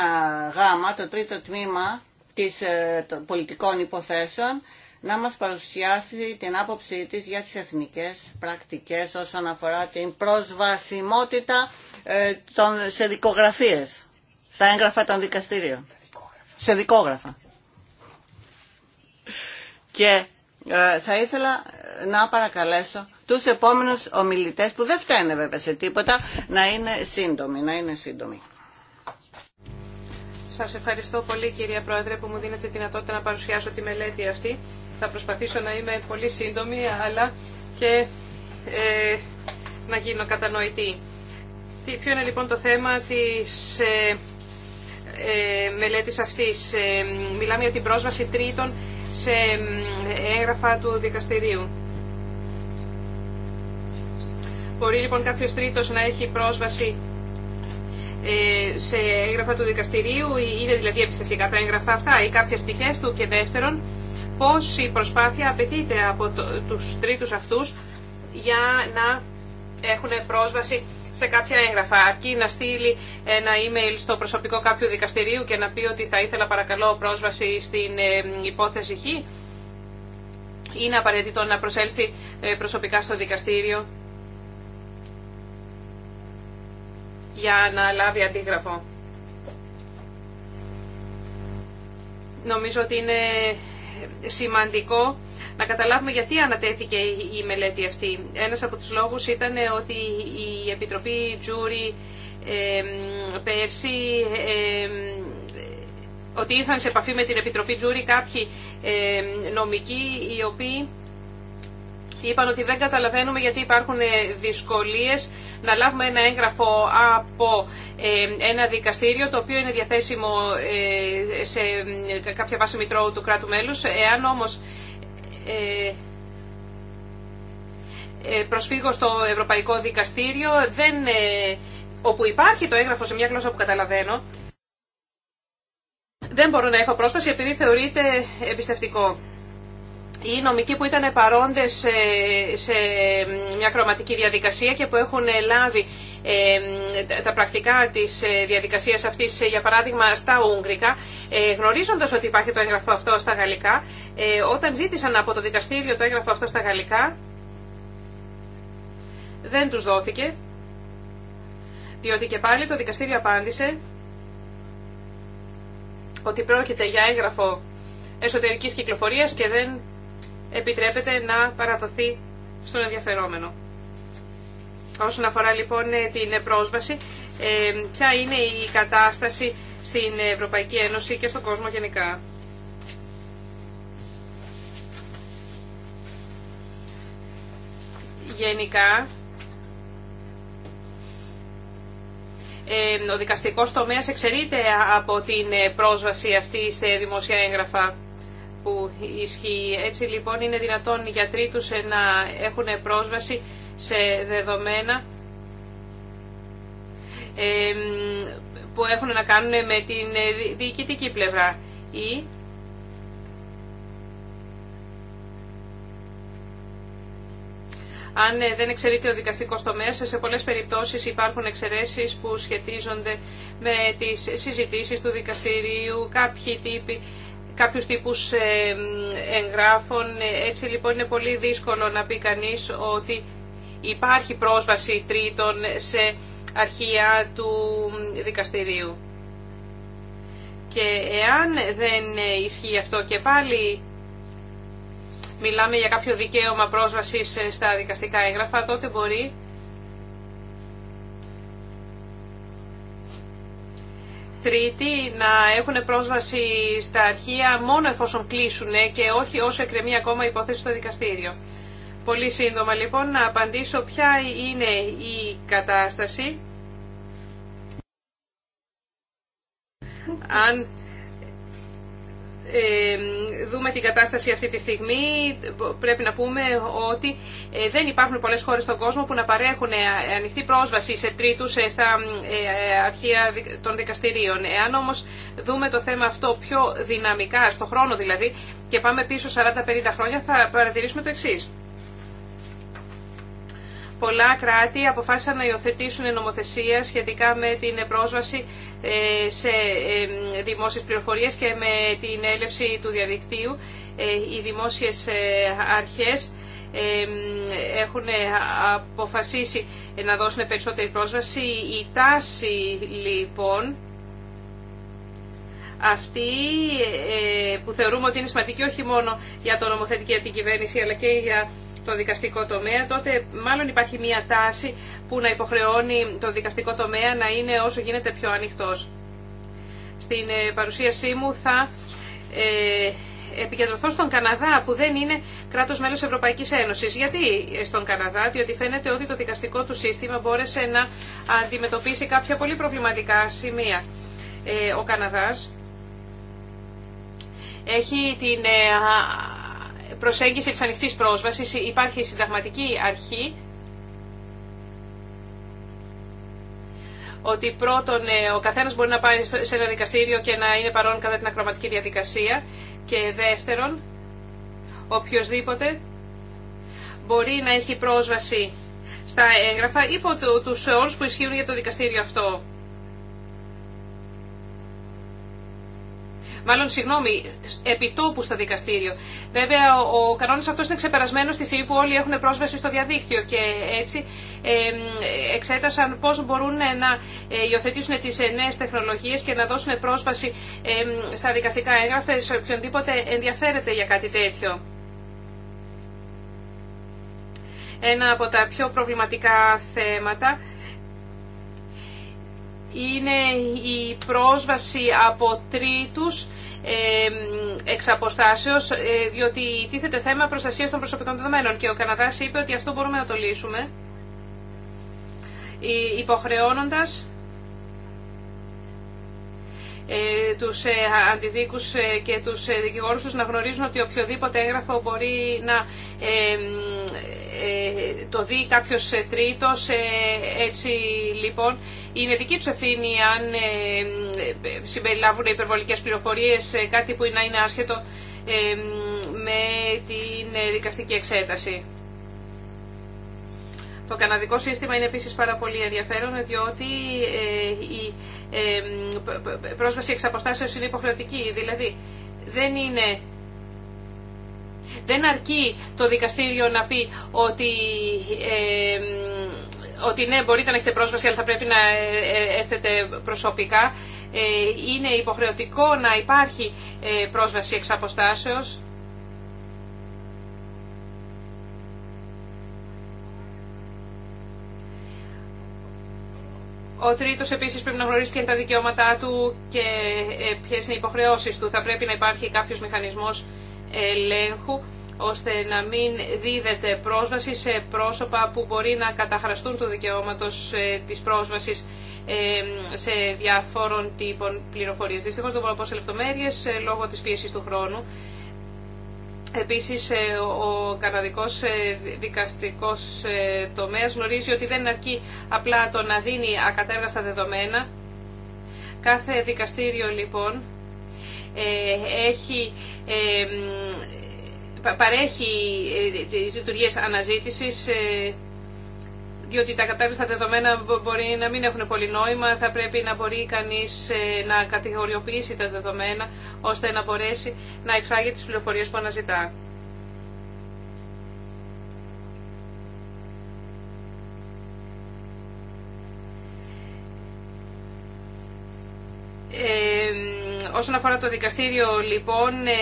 γάμα το τρίτο τμήμα της ε, πολιτικών υποθέσεων να μας παρουσιάσει την άποψή της για τις εθνικές πρακτικές όσον αφορά την προσβασιμότητα ε, των, σε δικογραφίες, στα έγγραφα των δικαστηρίων. Σε δικόγραφα. Και ε, θα ήθελα ε, να παρακαλέσω τους επόμενους ομιλητές που δεν φταίνε βέβαια σε τίποτα να είναι σύντομοι, να είναι σύντομοι. Σας ευχαριστώ πολύ κυρία Πρόεδρε που μου δίνετε τη δυνατότητα να παρουσιάσω τη μελέτη αυτή. Θα προσπαθήσω να είμαι πολύ σύντομη αλλά και ε, να γίνω κατανοητή. Τι, ποιο είναι λοιπόν το θέμα της ε, ε, μελέτης αυτής. Ε, μιλάμε για την πρόσβαση τρίτων σε έγγραφα του δικαστηρίου. Μπορεί λοιπόν κάποιος τρίτος να έχει πρόσβαση ε, σε έγγραφα του δικαστηρίου, είναι δηλαδή εμπιστευτικά τα έγγραφα αυτά ή κάποιες πτυχές του και δεύτερον πώς η προσπάθεια απαιτείται από το, τους τρίτους αυτούς για να έχουν πρόσβαση σε κάποια έγγραφα. Αρκεί να στείλει ένα email στο προσωπικό κάποιου δικαστηρίου και να πει ότι θα ήθελα παρακαλώ πρόσβαση στην ε, υπόθεση Χ. Είναι απαραίτητο να προσέλθει ε, προσωπικά στο δικαστήριο για να λάβει αντίγραφο. Νομίζω ότι είναι σημαντικό να καταλάβουμε γιατί ανατέθηκε η μελέτη αυτή. Ένας από τους λόγους ήταν ότι η Επιτροπή Τζούρι πέρσι ότι ήρθαν σε επαφή με την Επιτροπή Τζούρι κάποιοι ε, νομικοί οι οποίοι είπαν ότι δεν καταλαβαίνουμε γιατί υπάρχουν ε, δυσκολίες να λάβουμε ένα έγγραφο από ε, ένα δικαστήριο το οποίο είναι διαθέσιμο ε, σε κάποια βάση μητρώου του κράτου μέλους. Εάν όμως προσφύγω στο Ευρωπαϊκό Δικαστήριο δεν, όπου υπάρχει το έγγραφο σε μια γλώσσα που καταλαβαίνω δεν μπορώ να έχω πρόσβαση επειδή θεωρείται εμπιστευτικό οι νομικοί που ήταν παρόντες σε μια κροματική διαδικασία και που έχουν λάβει τα πρακτικά της ε, διαδικασίας αυτής, ε, για παράδειγμα στα Ουγγρικά, ε, γνωρίζοντας ότι υπάρχει το έγγραφο αυτό στα γαλλικά, όταν ζήτησαν από το δικαστήριο το έγγραφο αυτό στα γαλλικά, δεν τους δόθηκε, διότι και πάλι το δικαστήριο απάντησε ότι πρόκειται για έγγραφο εσωτερικής κυκλοφορίας και δεν επιτρέπεται να παραδοθεί στον ενδιαφερόμενο. Όσον αφορά λοιπόν ε, την πρόσβαση, ε, ποια είναι η κατάσταση στην Ευρωπαϊκή Ένωση και στον κόσμο γενικά. Γενικά, ε, ο δικαστικός τομέας εξαιρείται από την πρόσβαση αυτή σε δημοσία έγγραφα που ισχύει. Έτσι λοιπόν είναι δυνατόν οι γιατροί τους ε, να έχουν πρόσβαση σε δεδομένα που έχουν να κάνουν με την ε, διοικητική πλευρά. Ή αν ε, δεν εξαιρείται ο δικαστικός τομέας, σε πολλές περιπτώσεις υπάρχουν εξαιρέσεις που σχετίζονται με τις συζητήσεις του δικαστηρίου, κάποιοι τύποι κάποιους τύπους ε, εγγράφων. Ε, έτσι λοιπόν είναι πολύ δύσκολο να πει κανείς ότι υπάρχει πρόσβαση τρίτων σε αρχεία του δικαστηρίου. Και εάν δεν ισχύει αυτό και πάλι μιλάμε για κάποιο δικαίωμα πρόσβασης ε, στα δικαστικά έγγραφα, τότε μπορεί Τρίτη, να έχουν πρόσβαση στα αρχεία μόνο εφόσον κλείσουν ε, και όχι όσο εκκρεμεί ακόμα υπόθεση στο δικαστήριο. Πολύ σύντομα λοιπόν να απαντήσω ποια είναι η κατάσταση. Αν δούμε την κατάσταση αυτή τη στιγμή, πρέπει να πούμε ότι ε, δεν υπάρχουν πολλές χώρες στον κόσμο που να παρέχουν ε, ανοιχτή πρόσβαση σε τρίτους ε, στα αρχεία των δικαστηρίων. Εάν όμως δούμε το θέμα αυτό πιο δυναμικά, στο χρόνο δηλαδή, και πάμε πίσω 40-50 χρόνια, θα παρατηρήσουμε το εξής πολλά κράτη αποφάσισαν να υιοθετήσουν νομοθεσία σχετικά με την πρόσβαση ε, σε ε, δημόσιες πληροφορίες και με την έλευση του διαδικτύου. Ε, οι δημόσιες αρχές έχουν αποφασίσει να δώσουν περισσότερη πρόσβαση. Η τάση λοιπόν αυτή που θεωρούμε ότι είναι σημαντική όχι μόνο για το νομοθετική κυβέρνηση, αλλά και για το δικαστικό τομέα, τότε μάλλον υπάρχει μια τάση που να υποχρεώνει το δικαστικό τομέα να είναι όσο γίνεται πιο ανοιχτός. Στην ε, παρουσίασή μου θα ε, επικεντρωθώ στον Καναδά που δεν είναι κράτος μέλος Ευρωπαϊκής Ένωσης. Γιατί ε, στον Καναδά, διότι φαίνεται ότι το δικαστικό του σύστημα μπόρεσε να αντιμετωπίσει κάποια πολύ προβληματικά σημεία. ο Καναδάς έχει την προσέγγιση της ανοιχτής πρόσβασης. Υπάρχει συνταγματική αρχή ότι πρώτον ε, ο καθένας μπορεί να πάει σε ένα δικαστήριο και να είναι παρόν κατά την ακροματική διαδικασία και δεύτερον οποιοδήποτε μπορεί να έχει πρόσβαση στα έγγραφα υπό τους όρους που ισχύουν για το δικαστήριο αυτό. μάλλον συγγνώμη, επιτόπου στο δικαστήριο. Βέβαια, ο κανόνα αυτό είναι ξεπερασμένο στη στιγμή που όλοι έχουν πρόσβαση στο διαδίκτυο και έτσι εξέτασαν πώ μπορούν να ε, υιοθετήσουν τι ε, νέε τεχνολογίε και να δώσουν πρόσβαση στα δικαστικά έγγραφα σε οποιονδήποτε ενδιαφέρεται για κάτι τέτοιο. Ένα από τα πιο προβληματικά θέματα είναι η πρόσβαση από τρίτους εξ αποστάσεως, ε, διότι τίθεται θέμα προστασίας των προσωπικών δεδομένων και ο Καναδάς είπε ότι αυτό μπορούμε να το λύσουμε ε, υποχρεώνοντας ε, τους ε, αντιδίκους ε, και τους δικηγόρους τους να γνωρίζουν ότι οποιοδήποτε έγγραφο μπορεί να το δει κάποιος τρίτος. Έτσι λοιπόν είναι δική τους ευθύνη αν συμπεριλάβουν υπερβολικές πληροφορίες, κάτι που να είναι άσχετο με την δικαστική εξέταση. Το καναδικό σύστημα είναι επίσης πάρα πολύ ενδιαφέρον διότι η πρόσβαση εξ αποστάσεως είναι υποχρεωτική. Δηλαδή δεν είναι... Δεν αρκεί το δικαστήριο να πει ότι, ότι ναι μπορείτε να έχετε πρόσβαση αλλά θα πρέπει να ε, ε, έρθετε προσωπικά. Ε, είναι υποχρεωτικό να υπάρχει πρόσβαση εξ Ο τρίτος επίσης πρέπει να γνωρίζει ποια είναι τα δικαιώματά του και ε, ποιες είναι οι υποχρεώσεις του. Θα πρέπει να υπάρχει κάποιος μηχανισμός ελέγχου ώστε να μην δίδεται πρόσβαση σε πρόσωπα που μπορεί να καταχραστούν του δικαιώματος ε, της πρόσβασης ε, σε διαφόρων τύπων πληροφορίες. Δυστυχώς δεν μπορώ να πω σε λεπτομέρειες λόγω της πίεσης του χρόνου. Επίσης, ε, ο καναδικός ε, δικαστικός ε, τομέας γνωρίζει ότι δεν αρκεί απλά το να δίνει ακατέργαστα δεδομένα. Κάθε δικαστήριο, λοιπόν, έχει παρέχει τις λειτουργίες αναζήτησης διότι τα κατάρτιστα δεδομένα μπορεί να μην έχουν πολύ νόημα, θα πρέπει να μπορεί κανείς ε, να κατηγοριοποιήσει τα δεδομένα, ώστε να μπορέσει να εξάγει τις πληροφορίες που αναζητά. Ε, όσον αφορά το δικαστήριο, λοιπόν, ε,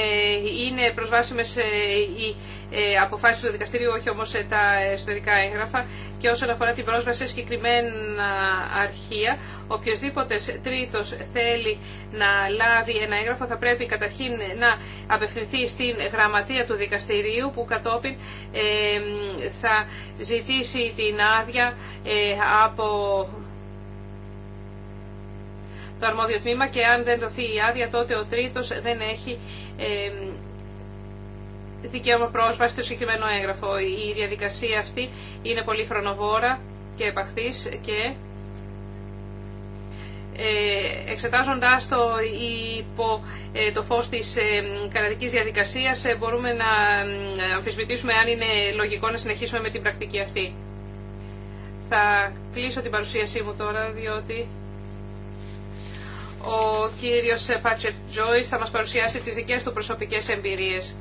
είναι προσβάσιμες ε, οι ε, αποφάσεις του δικαστηρίου, όχι όμως ε, τα εσωτερικά έγγραφα. Και όσον αφορά την πρόσβαση σε συγκεκριμένα αρχεία, οποιοδήποτε τρίτος θέλει να λάβει ένα έγγραφο θα πρέπει καταρχήν να απευθυνθεί στην γραμματεία του δικαστηρίου που κατόπιν ε, θα ζητήσει την άδεια από το αρμόδιο τμήμα και αν δεν δοθεί η άδεια τότε ο τρίτος δεν έχει δικαίωμα πρόσβαση στο συγκεκριμένο έγγραφο. Η διαδικασία αυτή είναι πολύ χρονοβόρα και επαχθής και ε, εξετάζοντάς το υπό ε, το φως της ε, καναδικής διαδικασίας μπορούμε να αμφισβητήσουμε αν είναι λογικό να συνεχίσουμε με την πρακτική αυτή. Θα κλείσω την παρουσίασή μου τώρα διότι ο κύριος Πάτσερ Τζόις θα μας παρουσιάσει τις δικές του προσωπικές εμπειρίες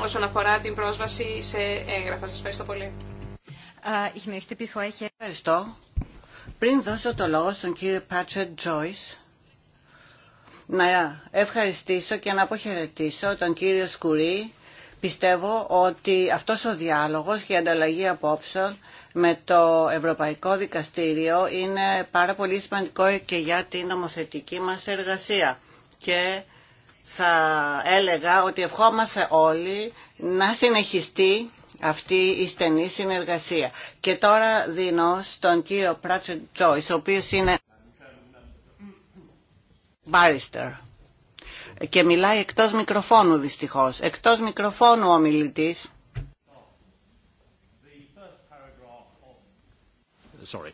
όσον αφορά την πρόσβαση σε έγγραφα. Σας ευχαριστώ πολύ. Ε, ευχαριστώ. Πριν δώσω το λόγο στον κύριο Πάτσερ Τζόις, να ευχαριστήσω και να αποχαιρετήσω τον κύριο Σκουρί. Πιστεύω ότι αυτός ο διάλογος και η ανταλλαγή απόψεων με το Ευρωπαϊκό Δικαστήριο είναι πάρα πολύ σημαντικό και για την νομοθετική μας εργασία. Και θα έλεγα ότι ευχόμαστε όλοι να συνεχιστεί αυτή η στενή συνεργασία. Και τώρα δίνω στον κύριο Πράτσετ Τζόις, ο οποίος είναι μπάριστερ και μιλάει εκτός μικροφώνου δυστυχώς. Εκτός μικροφώνου ο μιλητής. Sorry.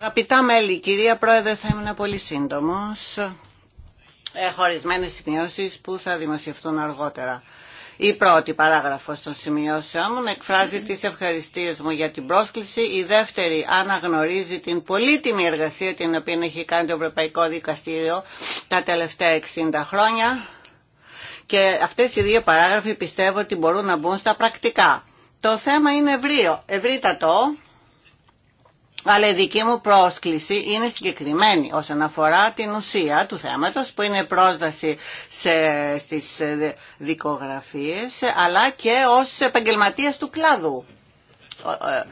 Αγαπητά μέλη, κυρία Πρόεδρε, θα ήμουν πολύ σύντομο. Έχω ε, ορισμένε σημειώσει που θα δημοσιευθούν αργότερα. Η πρώτη παράγραφος των σημειώσεων μου εκφράζει τις ευχαριστίες μου για την πρόσκληση. Η δεύτερη αναγνωρίζει την πολύτιμη εργασία την οποία έχει κάνει το Ευρωπαϊκό Δικαστήριο τα τελευταία 60 χρόνια. Και αυτές οι δύο παράγραφοι πιστεύω ότι μπορούν να μπουν στα πρακτικά. Το θέμα είναι ευρύο, ευρύτατο, αλλά η δική μου πρόσκληση είναι συγκεκριμένη όσον αφορά την ουσία του θέματος που είναι πρόσβαση σε, στις δικογραφίες αλλά και ως επαγγελματίας του κλάδου ε,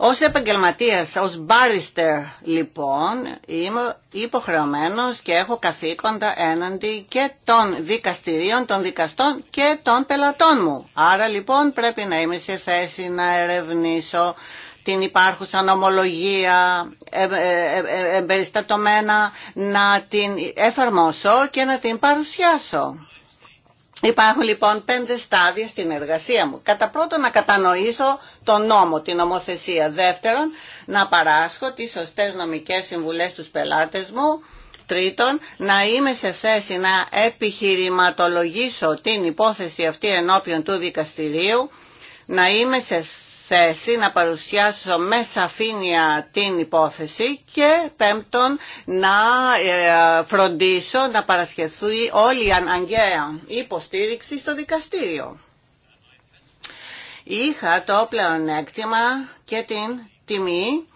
ως επαγγελματίας, ως μπάριστερ λοιπόν, είμαι υποχρεωμένος και έχω καθήκοντα έναντι και των δικαστηρίων, των δικαστών και των πελατών μου. Άρα λοιπόν πρέπει να είμαι σε θέση να ερευνήσω την υπάρχουσα νομολογία ε, ε, ε, εμπεριστατωμένα, να την εφαρμόσω και να την παρουσιάσω. Υπάρχουν λοιπόν πέντε στάδια στην εργασία μου. Κατά πρώτον να κατανοήσω τον νόμο, την νομοθεσία. Δεύτερον, να παράσχω τις σωστές νομικές συμβουλές στους πελάτες μου. Τρίτον, να είμαι σε θέση να επιχειρηματολογήσω την υπόθεση αυτή ενώπιον του δικαστηρίου. Να είμαι σε εσύ να παρουσιάσω με σαφήνεια την υπόθεση και πέμπτον να ε, φροντίσω να παρασχεθεί όλη η αναγκαία υποστήριξη στο δικαστήριο. Είχα το πλεονέκτημα και την τιμή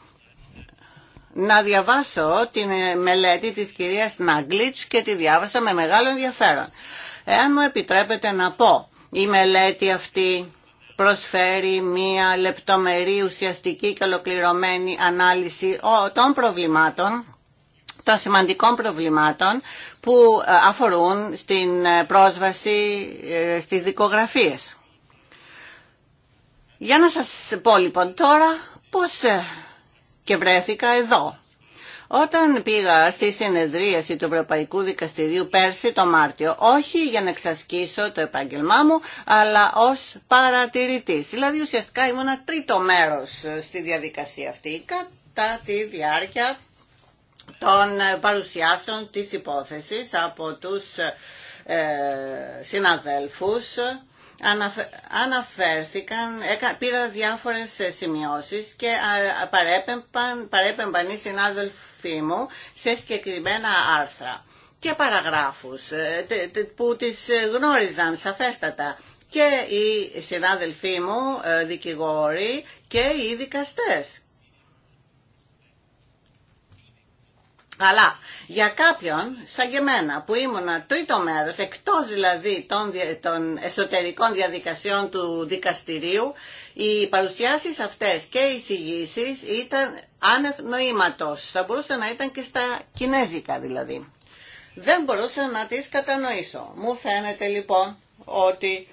να διαβάσω την ε, μελέτη της κυρίας Ναγκλίτς και τη διάβασα με μεγάλο ενδιαφέρον. Εάν μου επιτρέπετε να πω, η μελέτη αυτή προσφέρει μία λεπτομερή, ουσιαστική και ολοκληρωμένη ανάλυση των προβλημάτων των σημαντικών προβλημάτων που ε, αφορούν στην ε, πρόσβαση ε, στις δικογραφίες. Για να σας πω λοιπόν τώρα πώς και βρέθηκα εδώ. Όταν πήγα στη συνεδρίαση του Ευρωπαϊκού Δικαστηρίου πέρσι το Μάρτιο, όχι για να εξασκήσω το επάγγελμά μου, αλλά ως παρατηρητής. Δηλαδή ουσιαστικά ήμουν ένα τρίτο μέρος στη διαδικασία αυτή, κατά τη διάρκεια των παρουσιάσεων της υπόθεσης από τους ε, συναδέλφους αναφέρθηκαν, πήρα διάφορες ε, σημειώσεις και παρέπεμπαν, παρέπεμπαν οι συνάδελφοί μου σε συγκεκριμένα άρθρα και παραγράφους ε, που τις ε, γνώριζαν σαφέστατα και οι συνάδελφοί μου δικηγόροι και οι δικαστές. Αλλά για κάποιον, σαν και εμένα, που ήμουνα τρίτο μέρος, εκτός δηλαδή των, εσωτερικών διαδικασιών του δικαστηρίου, οι παρουσιάσεις αυτές και οι εισηγήσει ήταν άνευ νοήματος. Θα μπορούσε να ήταν και στα κινέζικα δηλαδή. Δεν μπορούσα να τις κατανοήσω. Μου φαίνεται λοιπόν ότι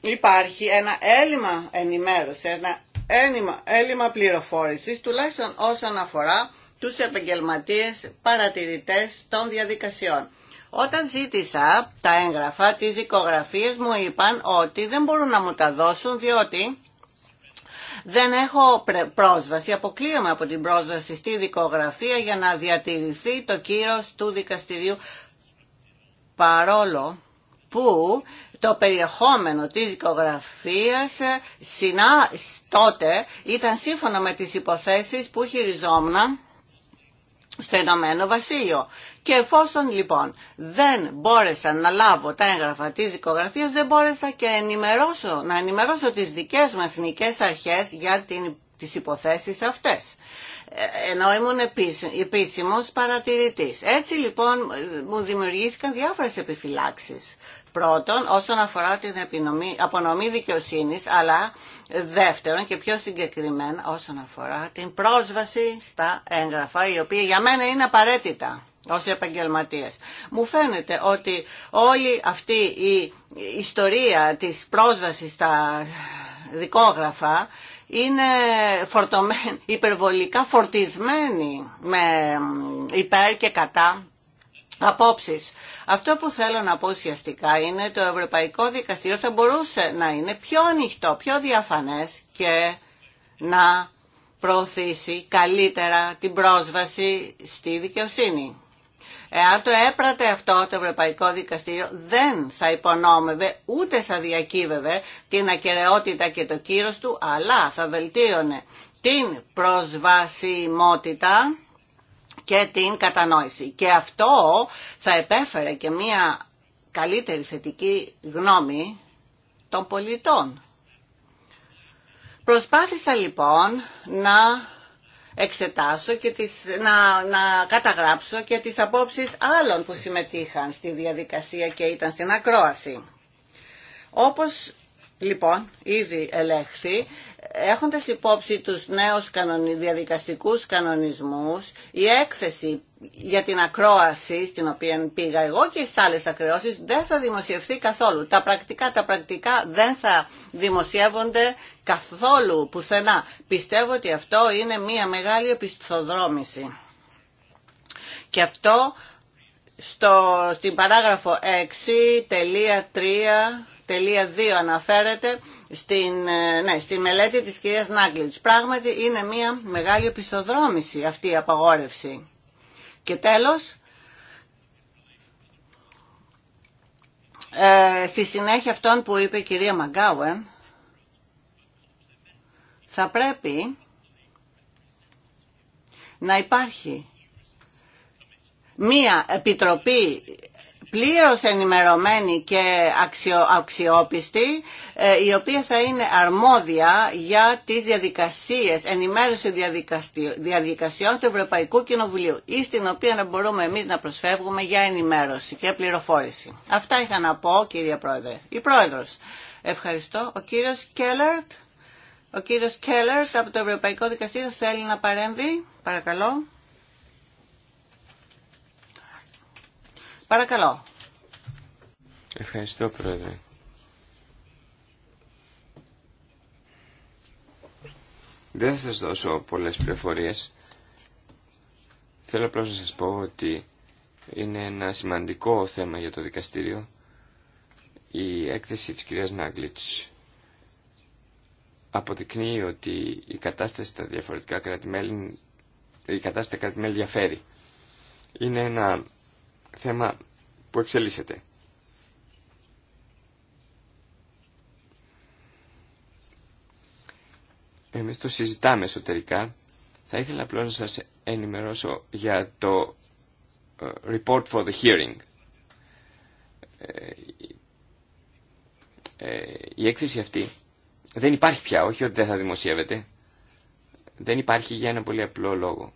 υπάρχει ένα έλλειμμα ενημέρωση, ένα έλλειμμα, έλλειμμα πληροφόρησης, τουλάχιστον όσον αφορά τους επαγγελματίες παρατηρητές των διαδικασιών. Όταν ζήτησα τα έγγραφα, τις δικογραφίες μου είπαν ότι δεν μπορούν να μου τα δώσουν διότι δεν έχω πρόσβαση, αποκλείομαι από την πρόσβαση στη δικογραφία για να διατηρηθεί το κύρος του δικαστηρίου παρόλο που το περιεχόμενο της δικογραφίας ε, συνά, τότε ήταν σύμφωνα με τις υποθέσεις που χειριζόμουν στο Ηνωμένο Βασίλειο. Και εφόσον λοιπόν δεν μπόρεσα να λάβω τα έγγραφα της δικογραφίας, δεν μπόρεσα και ενημερώσω, να ενημερώσω τις δικές μου εθνικές αρχές για την, τις υποθέσεις αυτές. Ε, ενώ ήμουν επίσημος παρατηρητής. Έτσι λοιπόν ε, μου δημιουργήθηκαν διάφορες επιφυλάξεις. Πρώτον, όσον αφορά την απονομή δικαιοσύνης, αλλά δεύτερον και πιο συγκεκριμένα όσον αφορά την πρόσβαση στα έγγραφα, η οποία για μένα είναι απαραίτητα ως επαγγελματίες. Μου φαίνεται ότι όλη αυτή η ιστορία της πρόσβασης στα δικόγραφα είναι φορτωμένη, υπερβολικά φορτισμένη με υπέρ και κατά απόψεις. Αυτό που θέλω να πω ουσιαστικά είναι το Ευρωπαϊκό Δικαστήριο θα μπορούσε να είναι πιο ανοιχτό, πιο διαφανές και να προωθήσει καλύτερα την πρόσβαση στη δικαιοσύνη. Εάν το έπρατε αυτό το Ευρωπαϊκό Δικαστήριο δεν θα υπονόμευε ούτε θα διακύβευε την ακαιρεότητα και το κύρος του αλλά θα βελτίωνε την προσβασιμότητα και την κατανόηση. Και αυτό θα επέφερε και μια καλύτερη θετική γνώμη των πολιτών. Προσπάθησα λοιπόν να εξετάσω και τις, να, να καταγράψω και τις απόψεις άλλων που συμμετείχαν στη διαδικασία και ήταν στην ακρόαση. Όπως Λοιπόν, ήδη ελέγχθη, έχοντας υπόψη τους νέους διαδικαστικούς κανονισμούς, η έκθεση για την ακρόαση στην οποία πήγα εγώ και στις άλλες ακρεώσεις δεν θα δημοσιευθεί καθόλου. Τα πρακτικά, τα πρακτικά δεν θα δημοσιεύονται καθόλου πουθενά. Πιστεύω ότι αυτό είναι μια μεγάλη επιστοδρόμηση. Και αυτό στο, στην παράγραφο 6.3 τελεία 2 αναφέρεται στην, ε, ναι, στην μελέτη της κυρίας Νάγκλιτς. Πράγματι είναι μια μεγάλη επιστοδρόμηση αυτή η απαγόρευση. Και τέλος, ε, στη συνέχεια αυτών που είπε η κυρία Μαγκάουεν, θα πρέπει να υπάρχει μία επιτροπή πλήρως ενημερωμένη και αξιο, αξιόπιστη, ε, η οποία θα είναι αρμόδια για τις διαδικασίες, ενημέρωση διαδικασιών του Ευρωπαϊκού Κοινοβουλίου ή στην οποία να μπορούμε εμείς να προσφεύγουμε για ενημέρωση και πληροφόρηση. Αυτά είχα να πω, κύριε Πρόεδρε. Η Πρόεδρος. Ευχαριστώ. Ο κύριος Κέλλερτ. Ο κύριος Κέλλερτ από το Ευρωπαϊκό Δικαστήριο θέλει να παρέμβει. Παρακαλώ. Παρακαλώ. Ευχαριστώ, Πρόεδρε. Δεν θα σας δώσω πολλές πληροφορίες. Θέλω απλώς να σας πω ότι είναι ένα σημαντικό θέμα για το δικαστήριο η έκθεση της κυρίας Νάγκλητς. αποδεικνύει ότι η κατάσταση στα διαφορετικά κράτη-μέλη η κατάσταση στα κρατη διαφέρει. Είναι ένα θέμα που εξελίσσεται. Εμείς το συζητάμε εσωτερικά. Θα ήθελα απλώς να σας ενημερώσω για το ε, report for the hearing. Ε, ε, η έκθεση αυτή δεν υπάρχει πια, όχι ότι δεν θα δημοσιεύεται. Δεν υπάρχει για ένα πολύ απλό λόγο.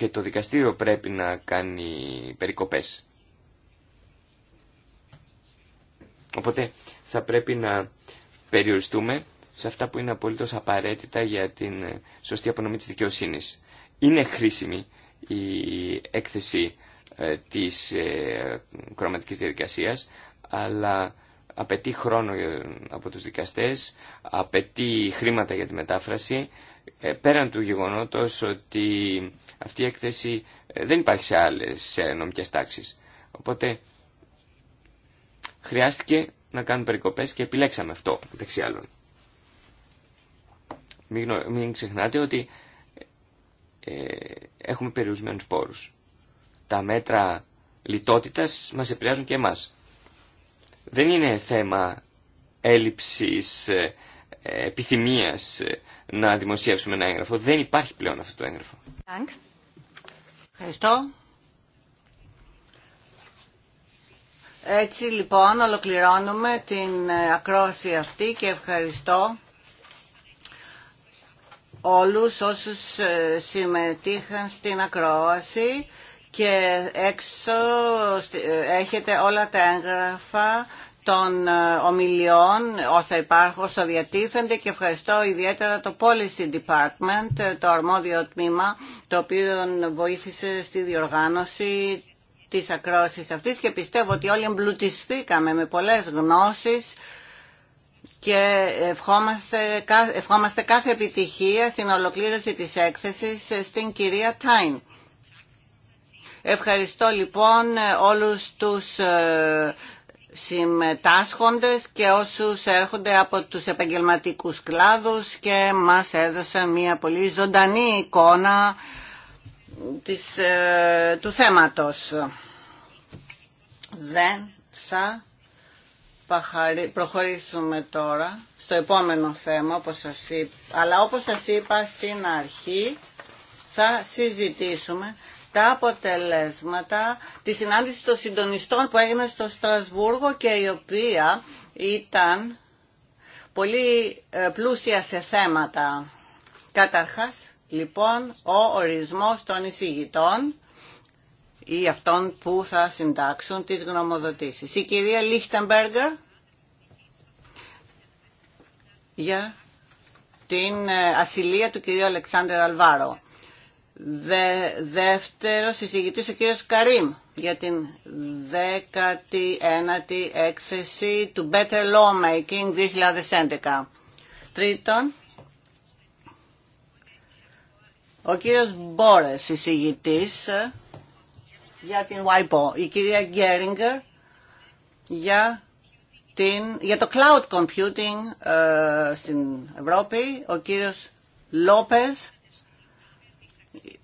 και το δικαστήριο πρέπει να κάνει περικοπές. Οπότε θα πρέπει να περιοριστούμε σε αυτά που είναι απολύτως απαραίτητα για την σωστή απονομή της δικαιοσύνης. Είναι χρήσιμη η έκθεση ε, της ε, κροματικής διαδικασίας, αλλά απαιτεί χρόνο ε, από τους δικαστές, απαιτεί χρήματα για τη μετάφραση, ε, πέραν του γεγονότος ότι αυτή η έκθεση ε, δεν υπάρχει σε άλλες σε νομικές τάξεις. Οπότε χρειάστηκε να κάνουν περικοπές και επιλέξαμε αυτό, μεταξύ άλλων. Μην ξεχνάτε ότι ε, έχουμε περιορισμένους πόρους. Τα μέτρα λιτότητας μας επηρεάζουν και εμάς. Δεν είναι θέμα έλλειψης επιθυμίας να δημοσιεύσουμε ένα έγγραφο. Δεν υπάρχει πλέον αυτό το έγγραφο. Ευχαριστώ. Έτσι λοιπόν ολοκληρώνουμε την ε, ακρόαση αυτή και ευχαριστώ όλους όσους ε, συμμετείχαν στην ακρόαση και έξω ε, έχετε όλα τα έγγραφα των ε, ομιλιών όσα υπάρχουν, όσα διατίθενται και ευχαριστώ ιδιαίτερα το Policy Department, ε, το αρμόδιο τμήμα, το οποίο βοήθησε στη διοργάνωση της ακρόσης αυτής και πιστεύω ότι όλοι εμπλουτιστήκαμε με πολλές γνώσεις και ευχόμαστε, κάθε επιτυχία στην ολοκλήρωση της έκθεσης ε, στην κυρία Τάιν. Ευχαριστώ λοιπόν όλους τους συμμετάσχοντες και όσους έρχονται από τους επαγγελματικούς κλάδους και μας έδωσαν μια πολύ ζωντανή εικόνα της, ε, του θέματος. Δεν θα προχωρήσουμε τώρα στο επόμενο θέμα, όπως σας είπα. αλλά όπως σας είπα στην αρχή θα συζητήσουμε τα αποτελέσματα της συνάντησης των συντονιστών που έγινε στο Στρασβούργο και η οποία ήταν πολύ ε, πλούσια σε θέματα. Καταρχάς, λοιπόν, ο ορισμός των εισηγητών ή αυτών που θα συντάξουν τις γνωμοδοτήσεις. Η κυρία Λίχτεμπεργκερ για την ε, ασυλία του κυρίου Αλεξάνδρου Αλβάρο. Δε, δεύτερος εισηγητής ο κύριος Καρίμ για την 19η έκθεση του Better Lawmaking 2011. Τρίτον, ο κύριος Μπόρες εισηγητής για την WIPO, η κυρία Γκέριγκερ για, την, για το cloud computing ε, στην Ευρώπη, ο κύριος Λόπεζ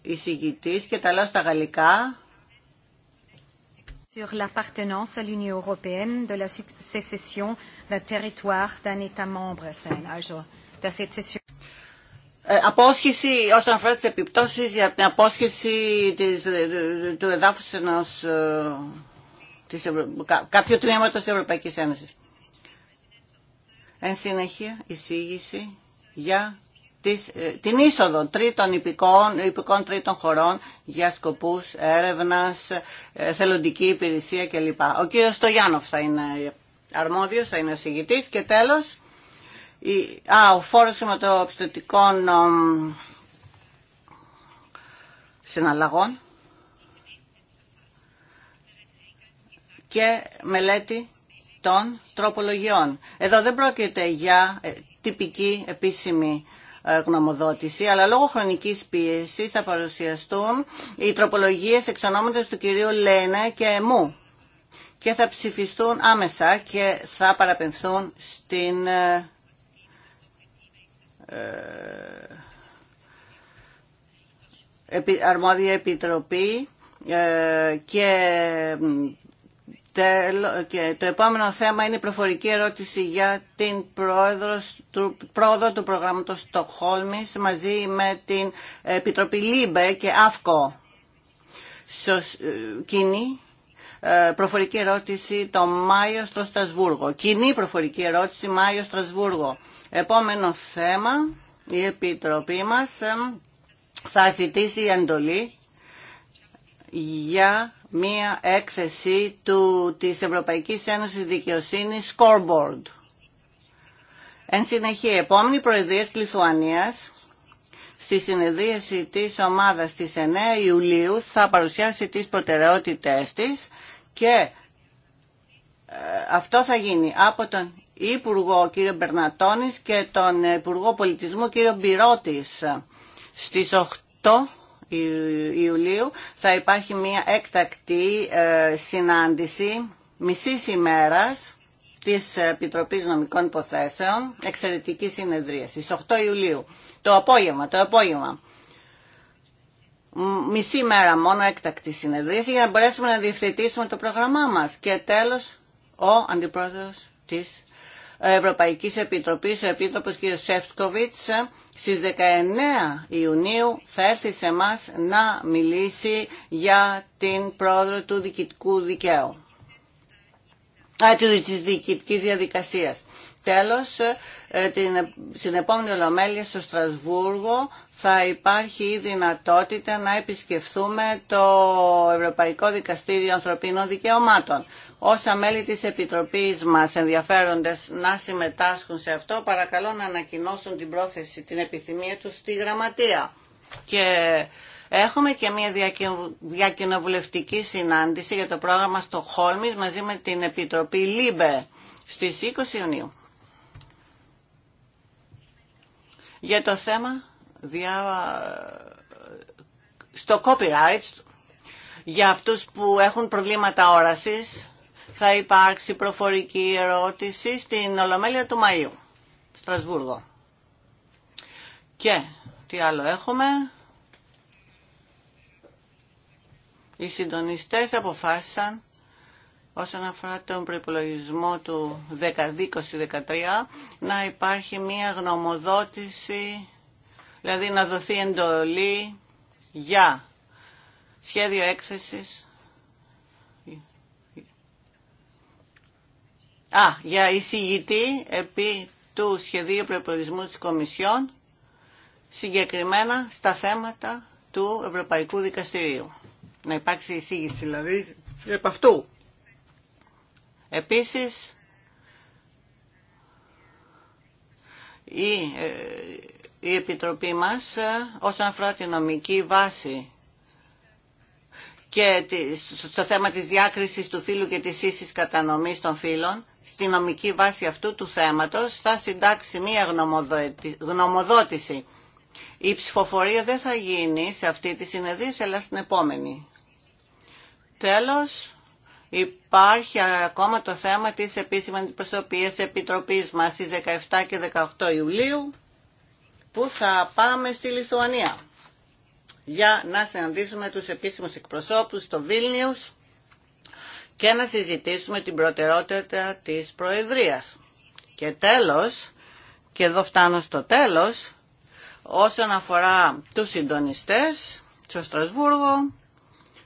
εισηγητής και τα λέω στα γαλλικά. Sur l'appartenance à l'Union européenne de la sécession d'un territoire d'un État membre. c'est un Also, der Sezession ε, απόσχεση όσον αφορά τις επιπτώσεις για την απόσχεση της, ε, ε, του εδάφους ενός της κάποιου τμήματος της Ευρωπαϊκής Ένωσης. Εν συνεχεία, εισήγηση για ε, την είσοδο τρίτων υπηκών, υπηκών τρίτων χωρών για σκοπούς έρευνας, ε, θελοντική υπηρεσία κλπ. Ο κύριος Στογιάνοφ θα είναι αρμόδιος, θα είναι ο συγητής και τέλος η, α, ο φόρος χρηματοπιστωτικών συναλλαγών και μελέτη των τροπολογιών. Εδώ δεν πρόκειται για ε, τυπική επίσημη ε, γνωμοδότηση, αλλά λόγω χρονικής πίεσης θα παρουσιαστούν οι τροπολογίες εξονόματος του κυρίου Λένα και μου και θα ψηφιστούν άμεσα και θα παραπενθούν στην ε, ε, αρμόδια επιτροπή και το επόμενο θέμα είναι η προφορική ερώτηση για την του, πρόοδο του προγράμματος Στοκχόλμης μαζί με την Επιτροπή Λίμπε και ΑΦΚΟ. Ε, κοινή ε, προφορική ερώτηση το Μάιο στο Στρασβούργο. Κοινή προφορική ερώτηση Μάιο Στρασβούργο. Επόμενο θέμα, η Επιτροπή μας ε, θα ζητήσει εντολή για μία έκθεση του, της Ευρωπαϊκής Ένωσης Δικαιοσύνης Scoreboard. Εν συνεχεία, η επόμενη Προεδρία της Λιθουανίας στη συνεδρίαση της ομάδας της 9 Ιουλίου θα παρουσιάσει τις προτεραιότητές της και ε, αυτό θα γίνει από τον Υπουργό κ. Μπερνατώνης και τον Υπουργό Πολιτισμού κ. Μπυρώτης στις 8 Ιουλίου θα υπάρχει μια έκτακτη ε, συνάντηση μισής ημέρας της Επιτροπής Νομικών Υποθέσεων, εξαιρετική συνεδρία, στις 8 Ιουλίου, το απόγευμα, το απόγευμα. Μισή μέρα μόνο έκτακτη συνεδρίαση για να μπορέσουμε να διευθετήσουμε το πρόγραμμά μας. Και τέλος, ο Αντιπρόεδρος της Ευρωπαϊκής Επιτροπής, ο Επίτροπος κ. Σεφτκοβιτς, στις 19 Ιουνίου θα έρθει σε εμά να μιλήσει για την πρόοδο του διοικητικού δικαίου. Α, της διοικητικής διαδικασίας. Τέλος, ε, την, στην επόμενη Ολομέλεια στο Στρασβούργο θα υπάρχει η δυνατότητα να επισκεφθούμε το Ευρωπαϊκό Δικαστήριο Ανθρωπίνων Δικαιωμάτων. Όσα μέλη της Επιτροπής μας ενδιαφέροντες να συμμετάσχουν σε αυτό, παρακαλώ να ανακοινώσουν την πρόθεση, την επιθυμία τους στη γραμματεία. Και Έχουμε και μια διακοινοβουλευτική συνάντηση για το πρόγραμμα στο Χόλμης μαζί με την Επιτροπή ΛΥΜΠΕ στις 20 Ιουνίου. Για το θέμα δια... στο copyright, για αυτούς που έχουν προβλήματα όρασης, θα υπάρξει προφορική ερώτηση στην Ολομέλεια του Μαΐου, Στρασβούργο. Και τι άλλο έχουμε. Οι συντονιστές αποφάσισαν όσον αφορά τον προϋπολογισμό του 2013 να υπάρχει μία γνωμοδότηση, δηλαδή να δοθεί εντολή για σχέδιο έκθεσης Α, για εισηγητή επί του σχεδίου προπολογισμού της Κομισιόν συγκεκριμένα στα θέματα του Ευρωπαϊκού Δικαστηρίου. Να υπάρξει εισήγηση δηλαδή επ' αυτού. Επίσης, η, ε, η Επιτροπή μας ε, όσον αφορά τη νομική βάση και στο θέμα της διάκρισης του φύλου και της ίσης κατανομής των φύλων στη νομική βάση αυτού του θέματος θα συντάξει μία γνωμοδότηση. Η ψηφοφορία δεν θα γίνει σε αυτή τη συνεδρία, αλλά στην επόμενη. Τέλος, υπάρχει ακόμα το θέμα της επίσημης αντιπροσωπείας Επιτροπής μας στις 17 και 18 Ιουλίου, που θα πάμε στη Λιθουανία για να συναντήσουμε τους επίσημους εκπροσώπους στο Βίλνιους και να συζητήσουμε την προτεραιότητα της Προεδρίας. Και τέλος, και εδώ φτάνω στο τέλος, όσον αφορά τους συντονιστές στο Στρασβούργο,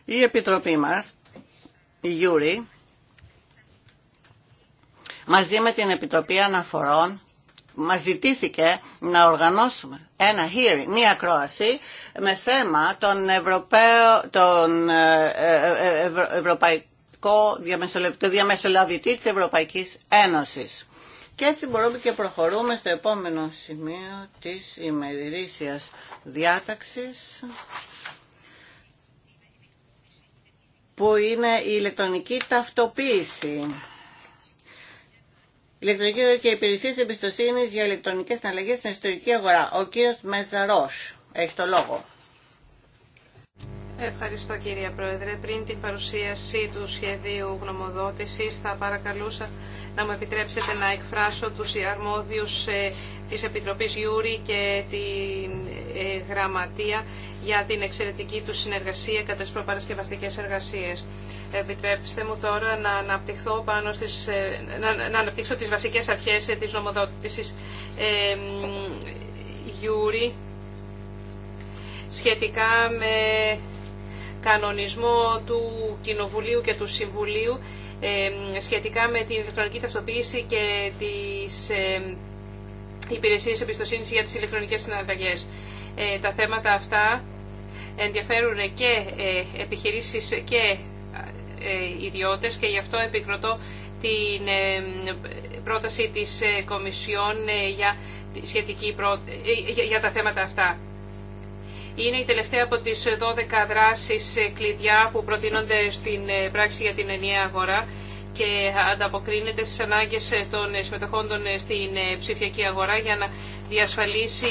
η Επιτροπή μας, η Γιούρη, μαζί με την Επιτροπή Αναφορών, μας ζητήθηκε να οργανώσουμε ένα hearing, μία ακρόαση με θέμα των Ευρωπαίο, τον ε, ε, ε, το διαμεσολαβητή της Ευρωπαϊκής Ένωσης. Και έτσι μπορούμε και προχωρούμε στο επόμενο σημείο της ημερησίας διάταξης που είναι η ηλεκτρονική ταυτοποίηση. Ηλεκτρονική και υπηρεσίες εμπιστοσύνης για ηλεκτρονικές συναλλαγές στην ιστορική αγορά. Ο κύριος Μεζαρός έχει το λόγο. Ευχαριστώ κύριε Πρόεδρε. Πριν την παρουσίαση του σχεδίου γνωμοδότησης θα παρακαλούσα να μου επιτρέψετε να εκφράσω τους αρμόδιους ε, της Επιτροπής Γιούρη και τη ε, Γραμματεία για την εξαιρετική του συνεργασία κατά τις προπαρασκευαστικές εργασίες. Επιτρέψτε μου τώρα να αναπτυχθώ πάνω στις, ε, να, να αναπτύξω τις βασικές αρχές της νομοδότησης ε, Γιούρη σχετικά με κανονισμό του Κοινοβουλίου και του Συμβουλίου σχετικά με την ηλεκτρονική ταυτοποίηση και τις υπηρεσίες εμπιστοσύνη για τις ηλεκτρονικές συναλλαγές. Ε, τα θέματα αυτά ενδιαφέρουν και ε, επιχειρήσεις και ε, ιδιώτες και γι' αυτό επικροτώ την πρόταση της Κομισιόν για, σχετική, για τα θέματα αυτά είναι η τελευταία από τις 12 δράσεις ε, κλειδιά που προτείνονται στην ε, πράξη για την ενιαία αγορά και ανταποκρίνεται στις ανάγκες ε, των των στην ψηφιακή αγορά για να διασφαλίσει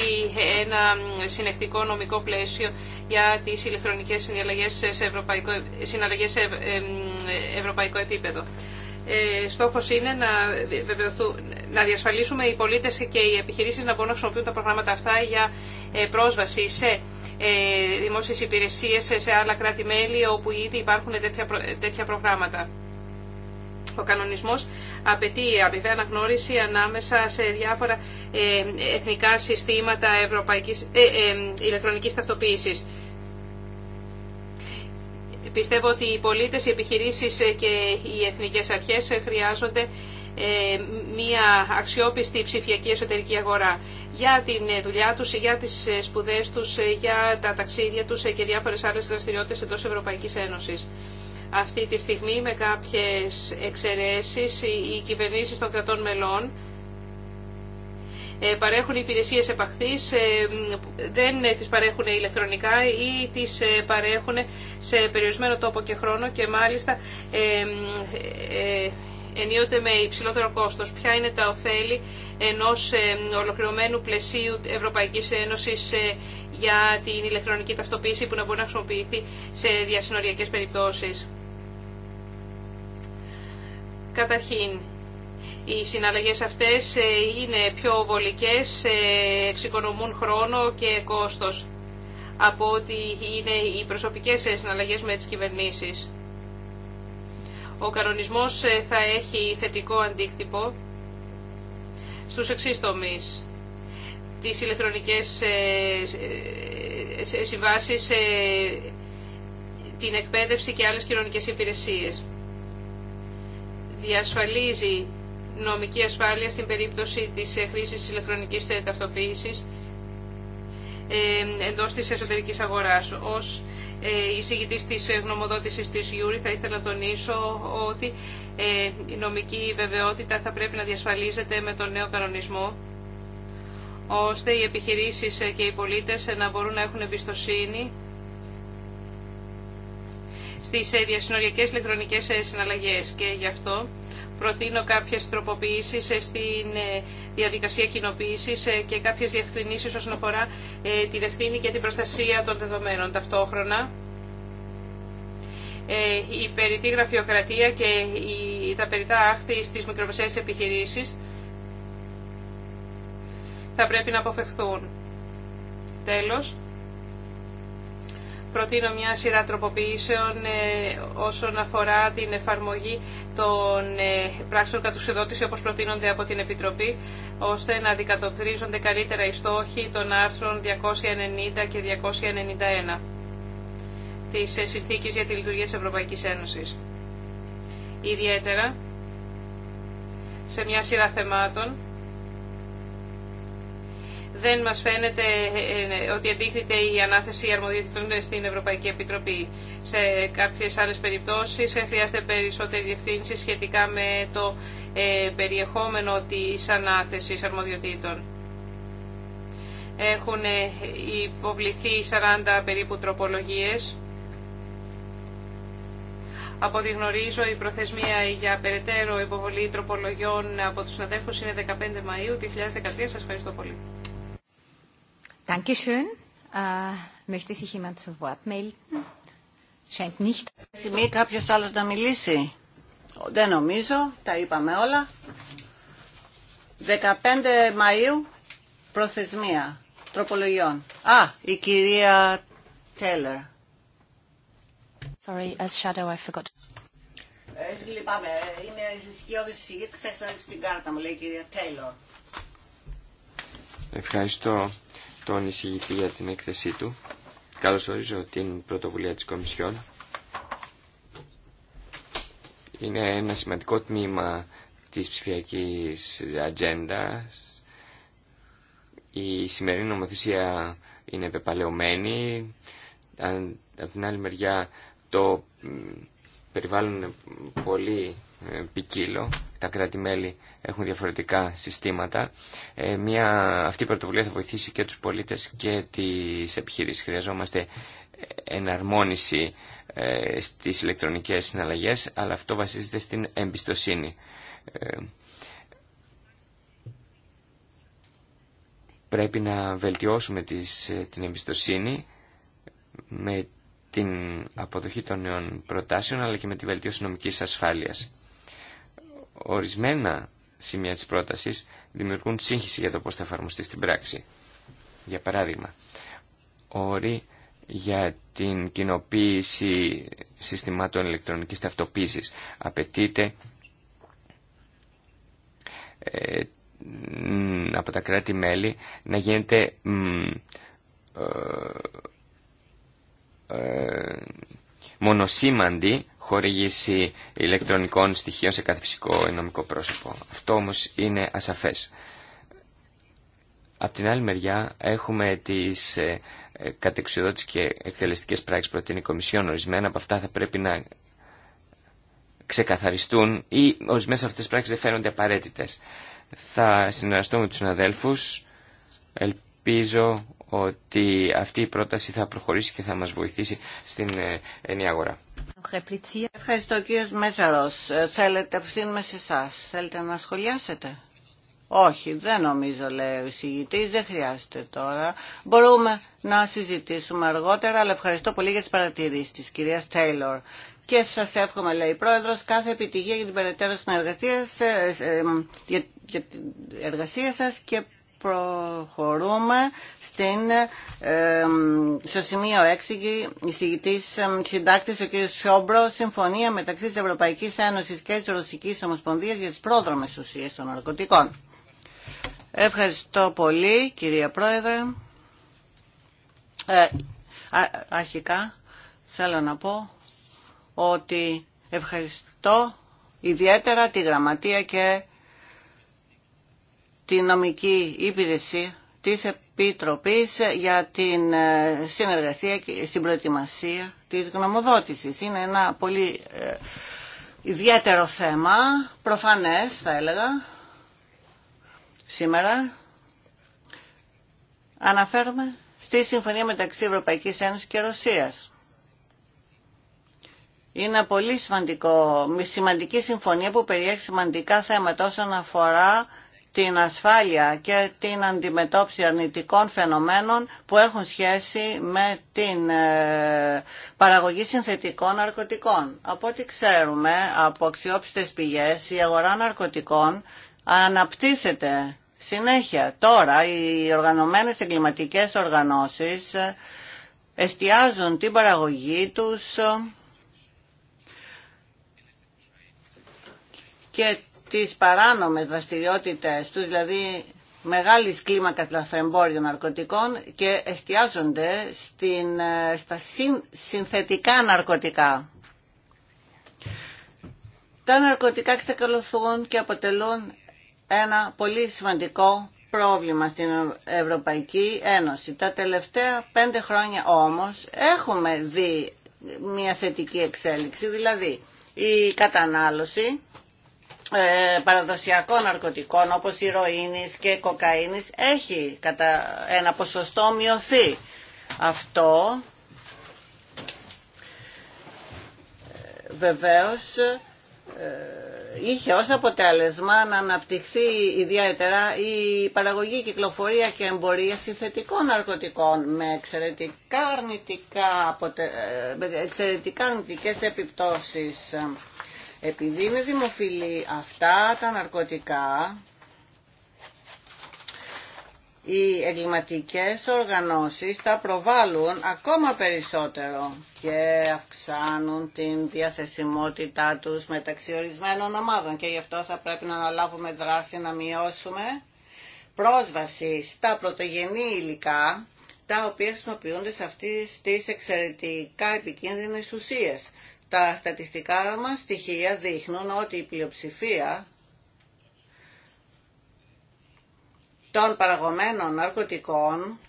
ένα συνεχτικό νομικό πλαίσιο για τις ηλεκτρονικές συναλλαγές σε ευρωπαϊκό, συναλλαγές σε ευρωπαϊκό επίπεδο. Ε, στόχος είναι να, να διασφαλίσουμε οι πολίτες και οι επιχειρήσεις να μπορούν να χρησιμοποιούν τα προγράμματα αυτά για ε, πρόσβαση σε ε, δημόσιες υπηρεσίες σε άλλα κράτη-μέλη όπου ήδη υπάρχουν τέτοια, προγράμματα. Ο κανονισμός απαιτεί αμοιβαία αναγνώριση ανάμεσα σε διάφορα εθνικά συστήματα ευρωπαϊκής, ε, ηλεκτρονικής ταυτοποίησης. Πιστεύω ότι οι πολίτες, οι επιχειρήσεις και οι εθνικές αρχές χρειάζονται ε, μια αξιόπιστη ψηφιακή εσωτερική αγορά για την δουλειά τους, για τις σπουδές τους, για τα ταξίδια τους και διάφορες άλλες δραστηριότητες εντός Ευρωπαϊκής Ένωσης. Αυτή τη στιγμή με κάποιες εξαιρέσεις οι κυβερνήσεις των κρατών μελών ε, παρέχουν υπηρεσίες επαχθής, ε, δεν τις παρέχουν ηλεκτρονικά ή τις ε, παρέχουν σε περιορισμένο τόπο και χρόνο και μάλιστα ενίοτε με υψηλότερο κόστος. Ποια είναι τα ωφέλη ενός ολοκληρωμένου πλαισίου Ευρωπαϊκής Ένωσης για την ηλεκτρονική ταυτοποίηση που να μπορεί να χρησιμοποιηθεί σε διασυνοριακές περιπτώσεις. Καταρχήν, οι συναλλαγές αυτές ε, είναι πιο βολικές, ε, εξοικονομούν χρόνο και κόστος από ότι είναι οι προσωπικές ε, συναλλαγές με τις κυβερνήσεις. Ο κανονισμός θα έχει θετικό αντίκτυπο στους εξής τομείς. Τις ηλεκτρονικές συμβάσεις, την εκπαίδευση και άλλες κοινωνικές υπηρεσίες. Διασφαλίζει νομική ασφάλεια στην περίπτωση της ε, χρήσης ηλεκτρονικής ε, ταυτοποίησης ε, εντός της εσωτερικής αγοράς. Ως εισηγητής τη γνωμοδότηση της Γιούρη θα ήθελα να τονίσω ότι η νομική βεβαιότητα θα πρέπει να διασφαλίζεται με τον νέο κανονισμό ώστε οι επιχειρήσεις και οι πολίτες να μπορούν να έχουν εμπιστοσύνη στις διασυνοριακές ηλεκτρονικές συναλλαγές και γι' αυτό προτείνω κάποιες τροποποιήσεις ε, στην ε, διαδικασία κοινοποίησης ε, και κάποιες διευκρινήσεις όσον αφορά τη ευθύνη και την προστασία των δεδομένων. Ταυτόχρονα, η περιττή γραφειοκρατία και τα περίτα άχθη στις μικρομεσαίες επιχειρήσεις θα πρέπει να αποφευθούν. Τέλος, προτείνω μια σειρά τροποποιήσεων ε, όσον αφορά την εφαρμογή των ε, πράξεων κατουσιοδότηση όπως προτείνονται από την Επιτροπή, ώστε να αντικατοπτρίζονται καλύτερα οι στόχοι των άρθρων 290 και 291 της ε, Συνθήκης για τη Λειτουργία της Ευρωπαϊκής Ένωσης. Ιδιαίτερα, σε μια σειρά θεμάτων, δεν μας φαίνεται ε, ε, ότι αντίθεται η ανάθεση αρμοδιοτήτων στην Ευρωπαϊκή Επιτροπή. Σε κάποιες άλλες περιπτώσεις ε, χρειάζεται περισσότερη διευθύνση σχετικά με το περιεχόμενο της ανάθεσης αρμοδιοτήτων. Έχουν υποβληθεί 40 περίπου τροπολογίες. Από ό,τι γνωρίζω, η προθεσμία για περαιτέρω υποβολή τροπολογιών από τους συναδέλφους είναι 15 Μαΐου 2013. Σας ευχαριστώ πολύ. Dankeschön. Äh, möchte sich jemand zu κάποιος άλλος να μιλήσει. Δεν νομίζω, τα είπαμε όλα. 15 Μαΐου προθεσμία τροπολογιών. Α, η κυρία Τέλερ. Sorry, as shadow I forgot. Ε, Ευχαριστώ τον εισηγητή για την έκθεσή του. ορίζω την πρωτοβουλία της Κομισιόν. Είναι ένα σημαντικό τμήμα της ψηφιακής ατζέντα. Η σημερινή νομοθεσία είναι πεπαλαιωμένη. Από την άλλη μεριά το περιβάλλον είναι πολύ ε, ποικίλο. Τα κρατη έχουν διαφορετικά συστήματα. Ε, μια, αυτή η πρωτοβουλία θα βοηθήσει και τους πολίτες και τις επιχειρήσεις. Χρειαζόμαστε εναρμόνιση ε, στις ηλεκτρονικές συναλλαγές, αλλά αυτό βασίζεται στην εμπιστοσύνη. Ε, πρέπει να βελτιώσουμε τις, την εμπιστοσύνη με την αποδοχή των νέων προτάσεων αλλά και με τη βελτίωση νομικής ασφάλειας. Ορισμένα σημεία της πρότασης δημιουργούν σύγχυση για το πώς θα εφαρμοστεί στην πράξη. Για παράδειγμα, όροι για την κοινοποίηση συστημάτων ηλεκτρονικής ταυτοποίησης. Απαιτείται ε, από τα κράτη-μέλη να γίνεται ε, ε, μονοσήμαντη χορήγηση ηλεκτρονικών στοιχείων σε κάθε φυσικό ή νομικό πρόσωπο. Αυτό όμως είναι ασαφές. Απ' την άλλη μεριά έχουμε τις ε, ε και εκτελεστικές πράξεις προτείνει η Κομισιόν. Ορισμένα από αυτά θα πρέπει να ξεκαθαριστούν ή ορισμένες αυτές τις πράξεις δεν φαίνονται απαραίτητες. Θα συνεργαστώ με τους συναδέλφους. Ελπίζω ότι αυτή η πρόταση θα προχωρήσει και θα μας βοηθήσει στην ε, ενιαία αγορά. Ευχαριστώ κύριο Μέτσαρος. Ε, θέλετε, ευθύνουμε σε εσά. Θέλετε να σχολιάσετε. Όχι, δεν νομίζω λέει ο εισηγητής, δεν χρειάζεται τώρα. Μπορούμε να συζητήσουμε αργότερα, αλλά ευχαριστώ πολύ για τις παρατηρήσεις τη, κυρία Τέιλορ. Και σα εύχομαι, λέει η Πρόεδρος, κάθε επιτυχία για την περαιτέρω συνεργασία, ε, ε σας και προχωρούμε στην, στο σημείο 6 εισηγητής συντάκτη ο κ. Σόμπρο συμφωνία μεταξύ της Ευρωπαϊκής Ένωση και της Ρωσική Ομοσπονδία για τις πρόδρομε ουσίε των ναρκωτικών. Ευχαριστώ πολύ κυρία Πρόεδρε. Ε, αρχικά θέλω να πω ότι ευχαριστώ ιδιαίτερα τη Γραμματεία και την νομική υπηρεσία της Επιτροπής για την ε, συνεργασία και στην προετοιμασία της γνωμοδότησης. Είναι ένα πολύ ε, ιδιαίτερο θέμα, προφανές θα έλεγα, σήμερα. Αναφέρομαι στη συμφωνία μεταξύ Ευρωπαϊκής Ένωσης και Ρωσίας. Είναι πολύ σημαντικό, σημαντική συμφωνία που περιέχει σημαντικά θέματα όσον αφορά την ασφάλεια και την αντιμετώπιση αρνητικών φαινομένων που έχουν σχέση με την ε, παραγωγή συνθετικών ναρκωτικών. Από ό,τι ξέρουμε από αξιόπιστες πηγές η αγορά ναρκωτικών αναπτύσσεται συνέχεια. Τώρα οι οργανωμένες εγκληματικές οργανώσεις ε, εστιάζουν την παραγωγή τους ε, και τις παράνομες δραστηριότητες τους, δηλαδή μεγάλης κλίμακας λαθρεμπόριων ναρκωτικών και εστιάζονται στην, ε, στα συν, συνθετικά ναρκωτικά. Τα ναρκωτικά ξεκαλωθούν και αποτελούν ένα πολύ σημαντικό πρόβλημα στην Ευρωπαϊκή Ένωση. Τα τελευταία πέντε χρόνια όμως έχουμε δει μια θετική εξέλιξη, δηλαδή η κατανάλωση ε, παραδοσιακών ναρκωτικών όπως ηρωίνης και κοκαίνης έχει κατά ένα ποσοστό μειωθεί. Αυτό ε, βεβαίως ε, είχε ως αποτέλεσμα να αναπτυχθεί ιδιαίτερα η παραγωγή, κυκλοφορία και εμπορία συνθετικών ναρκωτικών με εξαιρετικά, αρνητικά, με επιπτώσεις επειδή είναι δημοφιλή αυτά τα ναρκωτικά, οι εγκληματικές οργανώσεις τα προβάλλουν ακόμα περισσότερο και αυξάνουν την διαθεσιμότητά τους μεταξύ ορισμένων ομάδων και γι' αυτό θα πρέπει να αναλάβουμε δράση να μειώσουμε πρόσβαση στα πρωτογενή υλικά τα οποία χρησιμοποιούνται σε αυτές τις εξαιρετικά επικίνδυνες ουσίες. Τα στατιστικά μας στοιχεία δείχνουν ότι η πλειοψηφία των παραγωμένων ναρκωτικών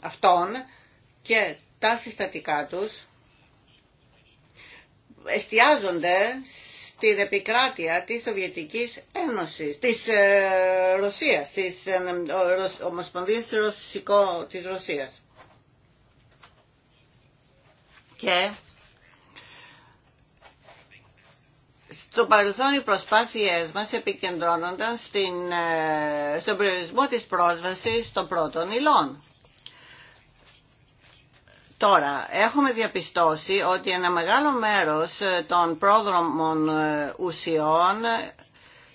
αυτών και τα συστατικά τους εστιάζονται στην επικράτεια της Σοβιετικής Ένωσης, της ε, Ρωσίας, της ε, Ομοσπονδίας Ρωσικό, της Ρωσίας. Και Στο παρελθόν οι προσπάθειές μας επικεντρώνονταν στην, ε, στον περιορισμό της πρόσβασης των πρώτων υλών. Τώρα, έχουμε διαπιστώσει ότι ένα μεγάλο μέρος ε, των πρόδρομων ε, ουσιών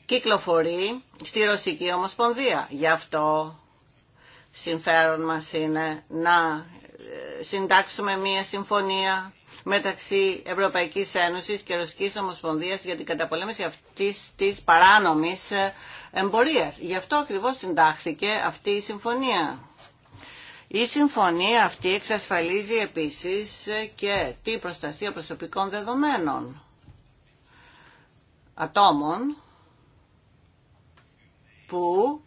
κυκλοφορεί στη Ρωσική Ομοσπονδία. Γι' αυτό συμφέρον μας είναι να συντάξουμε μία συμφωνία μεταξύ Ευρωπαϊκής Ένωσης και Ρωσικής Ομοσπονδίας για την καταπολέμηση αυτής της παράνομης ε, εμπορίας. Γι' αυτό ακριβώς συντάχθηκε αυτή η συμφωνία. Η συμφωνία αυτή εξασφαλίζει επίσης ε, και την προστασία προσωπικών δεδομένων ατόμων που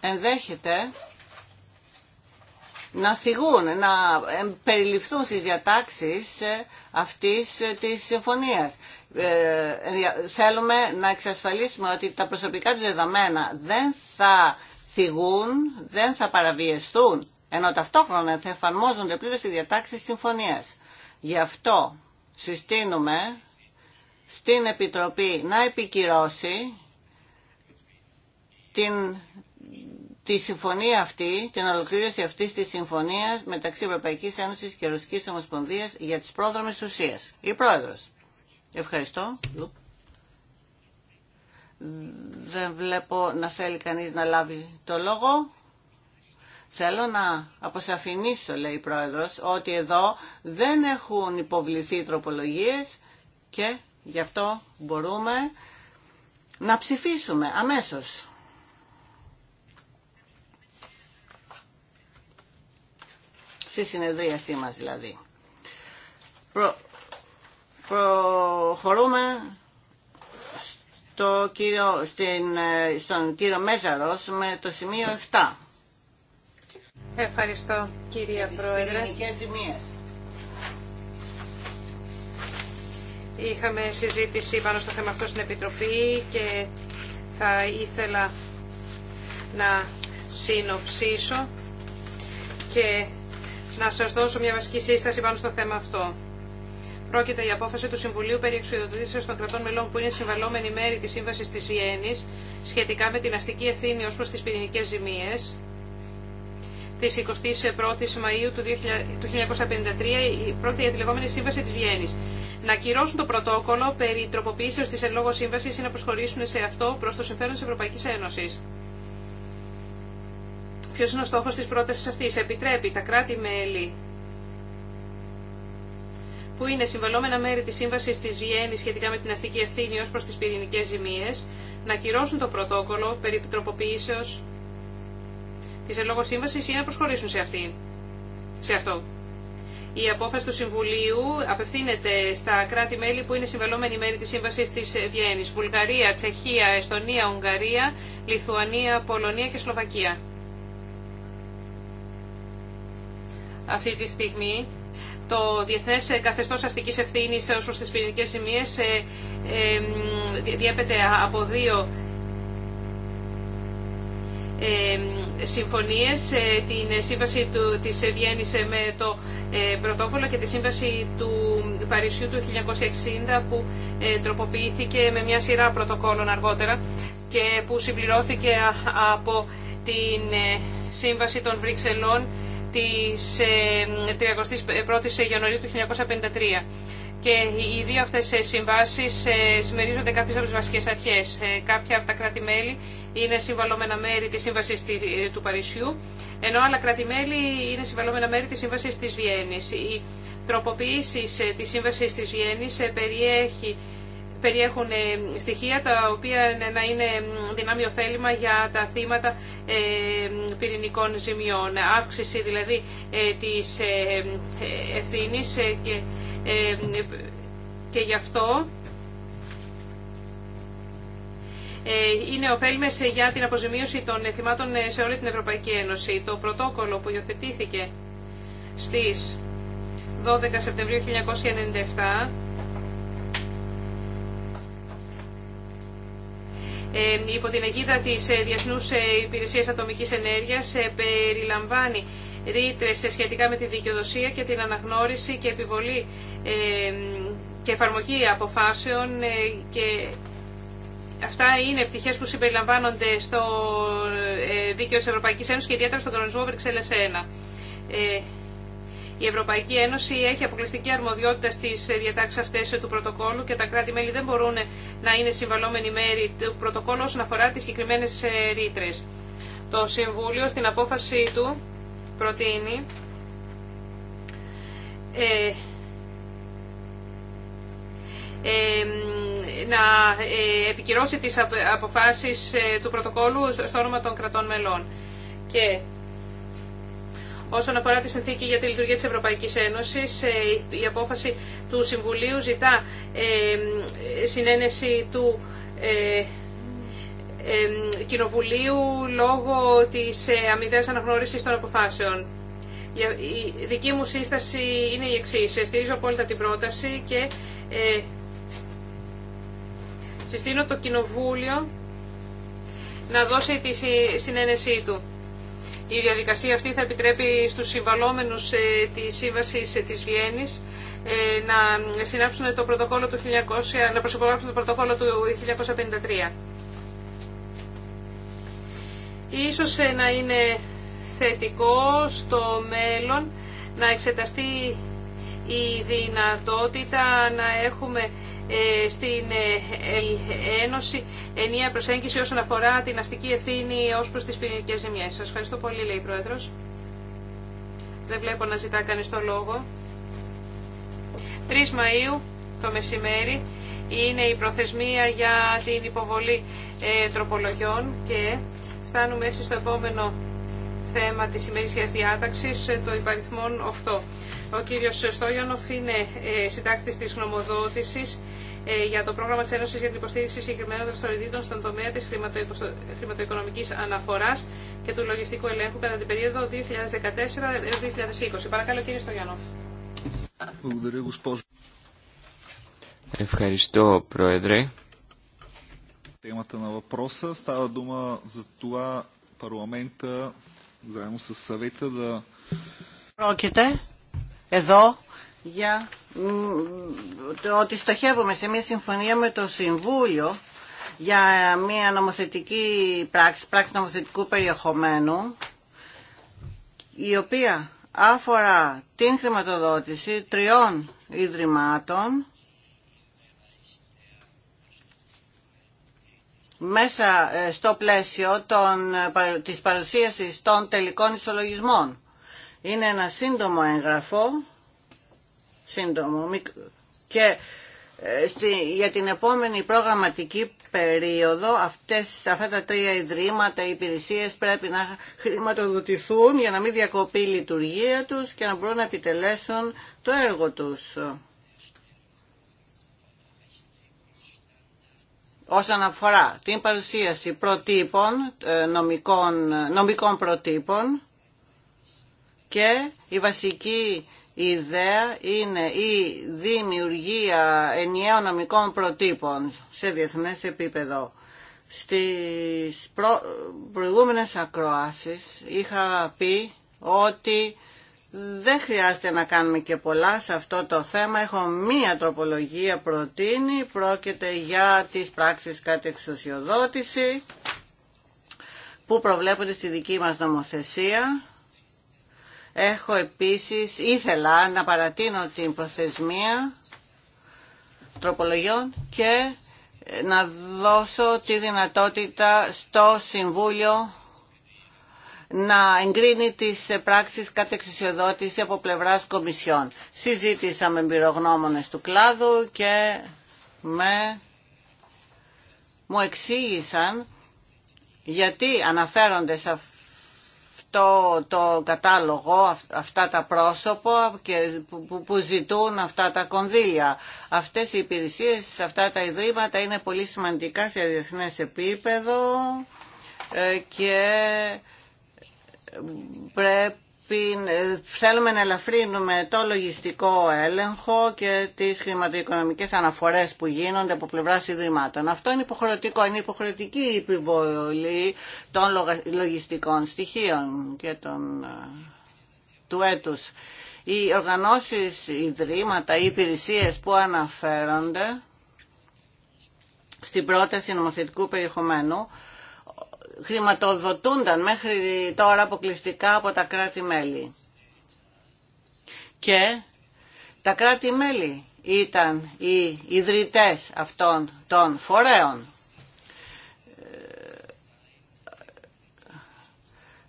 ενδέχεται να σιγούν, να ε, περιληφθούν στις διατάξεις ε, αυτής ε, της συμφωνίας. Θέλουμε να εξασφαλίσουμε ότι τα προσωπικά του δεδομένα δεν θα θυγούν, δεν θα παραβιεστούν, ενώ ταυτόχρονα θα εφαρμόζονται πλήρως οι διατάξεις συμφωνίας. Γι' αυτό συστήνουμε στην Επιτροπή να επικυρώσει την τη συμφωνία αυτή, την ολοκλήρωση αυτή τη συμφωνία μεταξύ Ευρωπαϊκή Ένωση και Ρωσική Ομοσπονδία για τι πρόδρομε ουσίε. Η πρόεδρο. Ευχαριστώ. Δεν βλέπω να θέλει κανείς να λάβει το λόγο. Θέλω να αποσαφηνίσω, λέει η Πρόεδρος, ότι εδώ δεν έχουν υποβληθεί τροπολογίες και γι' αυτό μπορούμε να ψηφίσουμε αμέσως. στη συνεδρίασή μας δηλαδή. Προ... Προχωρούμε στο στην, στον κύριο Μέζαρος με το σημείο 7. Ευχαριστώ κυρία Πρόεδρε. Είχαμε συζήτηση πάνω στο θέμα αυτό στην Επιτροπή και θα ήθελα να συνοψίσω και να σα δώσω μια βασική σύσταση πάνω στο θέμα αυτό. Πρόκειται η απόφαση του Συμβουλίου περί εξουδοτήσεω των κρατών μελών που είναι συμβαλόμενη μέρη τη Σύμβαση τη Βιέννη σχετικά με την αστική ευθύνη ω προ τι πυρηνικέ ζημίε τη 21η Μαου του 1953, η πρώτη τη λεγόμενη Σύμβαση τη Βιέννη. Να κυρώσουν το πρωτόκολλο περί τροποποίησεω τη εν λόγω σύμβαση ή να προσχωρήσουν σε αυτό προ το συμφέρον τη Ευρωπαϊκή Ένωση. Ποιο είναι ο στόχο τη πρόταση αυτή, Επιτρέπει τα κράτη-μέλη που είναι συμβαλόμενα μέρη τη σύμβαση τη Βιέννη σχετικά με την αστική ευθύνη ω προ τι πυρηνικέ ζημίε, να ακυρώσουν το πρωτόκολλο περί τη τη ελόγω σύμβασης ή να προσχωρήσουν σε, αυτή, σε αυτό. Η απόφαση του Συμβουλίου απευθύνεται στα κράτη-μέλη που είναι συμβαλόμενη μέρη της Σύμβασης της Βιέννης, Βουλγαρία, Τσεχία, Εστονία, Ουγγαρία, Λιθουανία, Πολωνία και Σλοβακία. αυτή τη στιγμή. Το διεθνές ε, καθεστώς αστικής ευθύνης ως προς τις πυρηνικές ζημίες ε, ε, διέπεται από δύο συμφωνίες, την σύμβαση του, της Βιέννης με το πρωτόκολλο και τη σύμβαση του Παρισιού του 1960 που τροποποιήθηκε με μια σειρά πρωτοκόλων αργότερα και που συμπληρώθηκε από την σύμβαση των Βρυξελών της 31ης ε, ε, Ιανουαρίου του 1953. Και οι δύο αυτές ε, συμβάσεις συμμερίζονται κάποιες από τις βασικές αρχές. Κάποια από τα κράτη-μέλη είναι συμβαλόμενα μέρη της Σύμβασης του Παρισιού, ενώ άλλα κράτη-μέλη είναι συμβαλόμενα μέρη της Σύμβασης της Βιέννης. Η τροποποίηση της Σύμβασης της Βιέννης περιέχει περιέχουν ε, στοιχεία τα οποία να είναι δυνάμει ωφέλιμα για τα θύματα ε, πυρηνικών ζημιών. Αύξηση δηλαδή ε, της ευθύνης και, και γι' αυτό είναι ωφέλιμες για την αποζημίωση των θυμάτων σε όλη την Ευρωπαϊκή Ένωση. Το πρωτόκολλο που υιοθετήθηκε στις 12 Σεπτεμβρίου 1997 υπό την αιγίδα της ε, Διεθνούς ε, Υπηρεσίας Ατομικής Ενέργειας ε, περιλαμβάνει ρήτρε σχετικά με τη δικαιοδοσία και την αναγνώριση και επιβολή και εφαρμογή αποφάσεων και Αυτά είναι πτυχές που συμπεριλαμβάνονται στο δίκαιο της Ευρωπαϊκής Ένωσης και ιδιαίτερα στον κανονισμό Βρυξέλλες 1. Η Ευρωπαϊκή Ένωση έχει αποκλειστική αρμοδιότητα στι διατάξει αυτέ του πρωτοκόλου και τα κράτη-μέλη δεν μπορούν να είναι συμβαλόμενοι μέρη του πρωτοκόλλου όσον αφορά τι συγκεκριμένε ε, ρήτρε. Το Συμβούλιο στην απόφαση του προτείνει ε, ε να ε, επικυρώσει τις αποφάσεις του πρωτοκόλου στο όνομα των κρατών μελών. Και Όσον αφορά τη συνθήκη για τη λειτουργία της Ευρωπαϊκής Ένωσης, ε, η απόφαση του Συμβουλίου ζητά ε, συνένεση του ε, Κοινοβουλίου λόγω της αμοιβαίας αναγνώρισης των αποφάσεων. Η δική μου σύσταση είναι η εξής. Στηρίζω απόλυτα την πρόταση και συστήνω το Κοινοβούλιο να δώσει τη συνένεσή του. Η διαδικασία αυτή θα επιτρέπει στους συμβαλόμενους ε, της Σύμβασης ε, της Βιέννης ε, να συνάψουν το πρωτοκόλλο του 1900, να προσυπογράψουν το πρωτοκόλλο του 1953. Ίσως να είναι θετικό στο μέλλον να εξεταστεί η δυνατότητα να έχουμε ε, στην ε, Ένωση ενία προσέγγιση όσον αφορά την αστική ευθύνη ως προς τις πυρηνικές ζημιές. Σας ευχαριστώ πολύ, λέει η πρόεδρο. Δεν βλέπω να ζητά κανείς το λόγο. 3 Μαΐου το μεσημέρι είναι η προθεσμία για την υποβολή ε, τροπολογιών και φτάνουμε έτσι στο επόμενο θέμα της ημερήσιας διάταξης, το υπαριθμόν 8. Ο κύριο Στόγιανοφ είναι ε, συντάκτη τη γνωμοδότηση ε, για το πρόγραμμα τη Ένωση για την υποστήριξη συγκεκριμένων δραστηριοτήτων στον τομέα τη χρηματοοικονομικής αναφορά και του λογιστικού ελέγχου κατά την περίοδο 2014 2020. Παρακαλώ κύριε Στογιανόφ. Ευχαριστώ Πρόεδρε. Πρόκειται εδώ για το ότι στοχεύουμε σε μια συμφωνία με το Συμβούλιο για μια νομοθετική πράξη, πράξη νομοθετικού περιεχομένου, η οποία αφορά την χρηματοδότηση τριών ιδρυμάτων μέσα ε, στο πλαίσιο των, ε, της παρουσίασης των τελικών ισολογισμών. Είναι ένα σύντομο έγγραφο σύντομο και ε, για την επόμενη προγραμματική περίοδο αυτές, αυτά τα τρία ιδρύματα, οι υπηρεσίες πρέπει να χρηματοδοτηθούν για να μην διακοπεί η λειτουργία τους και να μπορούν να επιτελέσουν το έργο τους. Όσον αφορά την παρουσίαση προτύπων, ε, νομικών, νομικών προτύπων, και η βασική ιδέα είναι η δημιουργία ενιαίων νομικών προτύπων σε διεθνές επίπεδο. Στις προ... προηγούμενες ακροάσεις είχα πει ότι δεν χρειάζεται να κάνουμε και πολλά σε αυτό το θέμα. Έχω μία τροπολογία προτείνει, πρόκειται για τις πράξεις κατεξουσιοδότηση που προβλέπονται στη δική μας νομοθεσία Έχω επίσης, ήθελα να παρατείνω την προθεσμία τροπολογιών και να δώσω τη δυνατότητα στο Συμβούλιο να εγκρίνει τις πράξεις κατ' εξουσιοδότηση από πλευράς κομισιών. Συζήτησα με εμπειρογνώμονες του κλάδου και με... μου εξήγησαν γιατί αναφέρονται σε αυτό το κατάλογο, αυτά τα πρόσωπα και που ζητούν αυτά τα κονδύλια. Αυτές οι υπηρεσίες, αυτά τα ιδρύματα είναι πολύ σημαντικά σε διεθνές επίπεδο ε, και ε, πρέπει ε, θέλουμε να ελαφρύνουμε το λογιστικό έλεγχο και τις χρηματοοικονομικές αναφορές που γίνονται από πλευράς ιδρυμάτων. Αυτό είναι υποχρεωτικό, είναι υποχρεωτική η επιβολή των λογιστικών στοιχείων και των, ε, του έτους. Οι οργανώσεις, ιδρύματα, οι υπηρεσίες που αναφέρονται στην πρόταση νομοθετικού περιεχομένου χρηματοδοτούνταν μέχρι τώρα αποκλειστικά από τα κράτη-μέλη. Και τα κράτη-μέλη ήταν οι ιδρυτές αυτών των φορέων.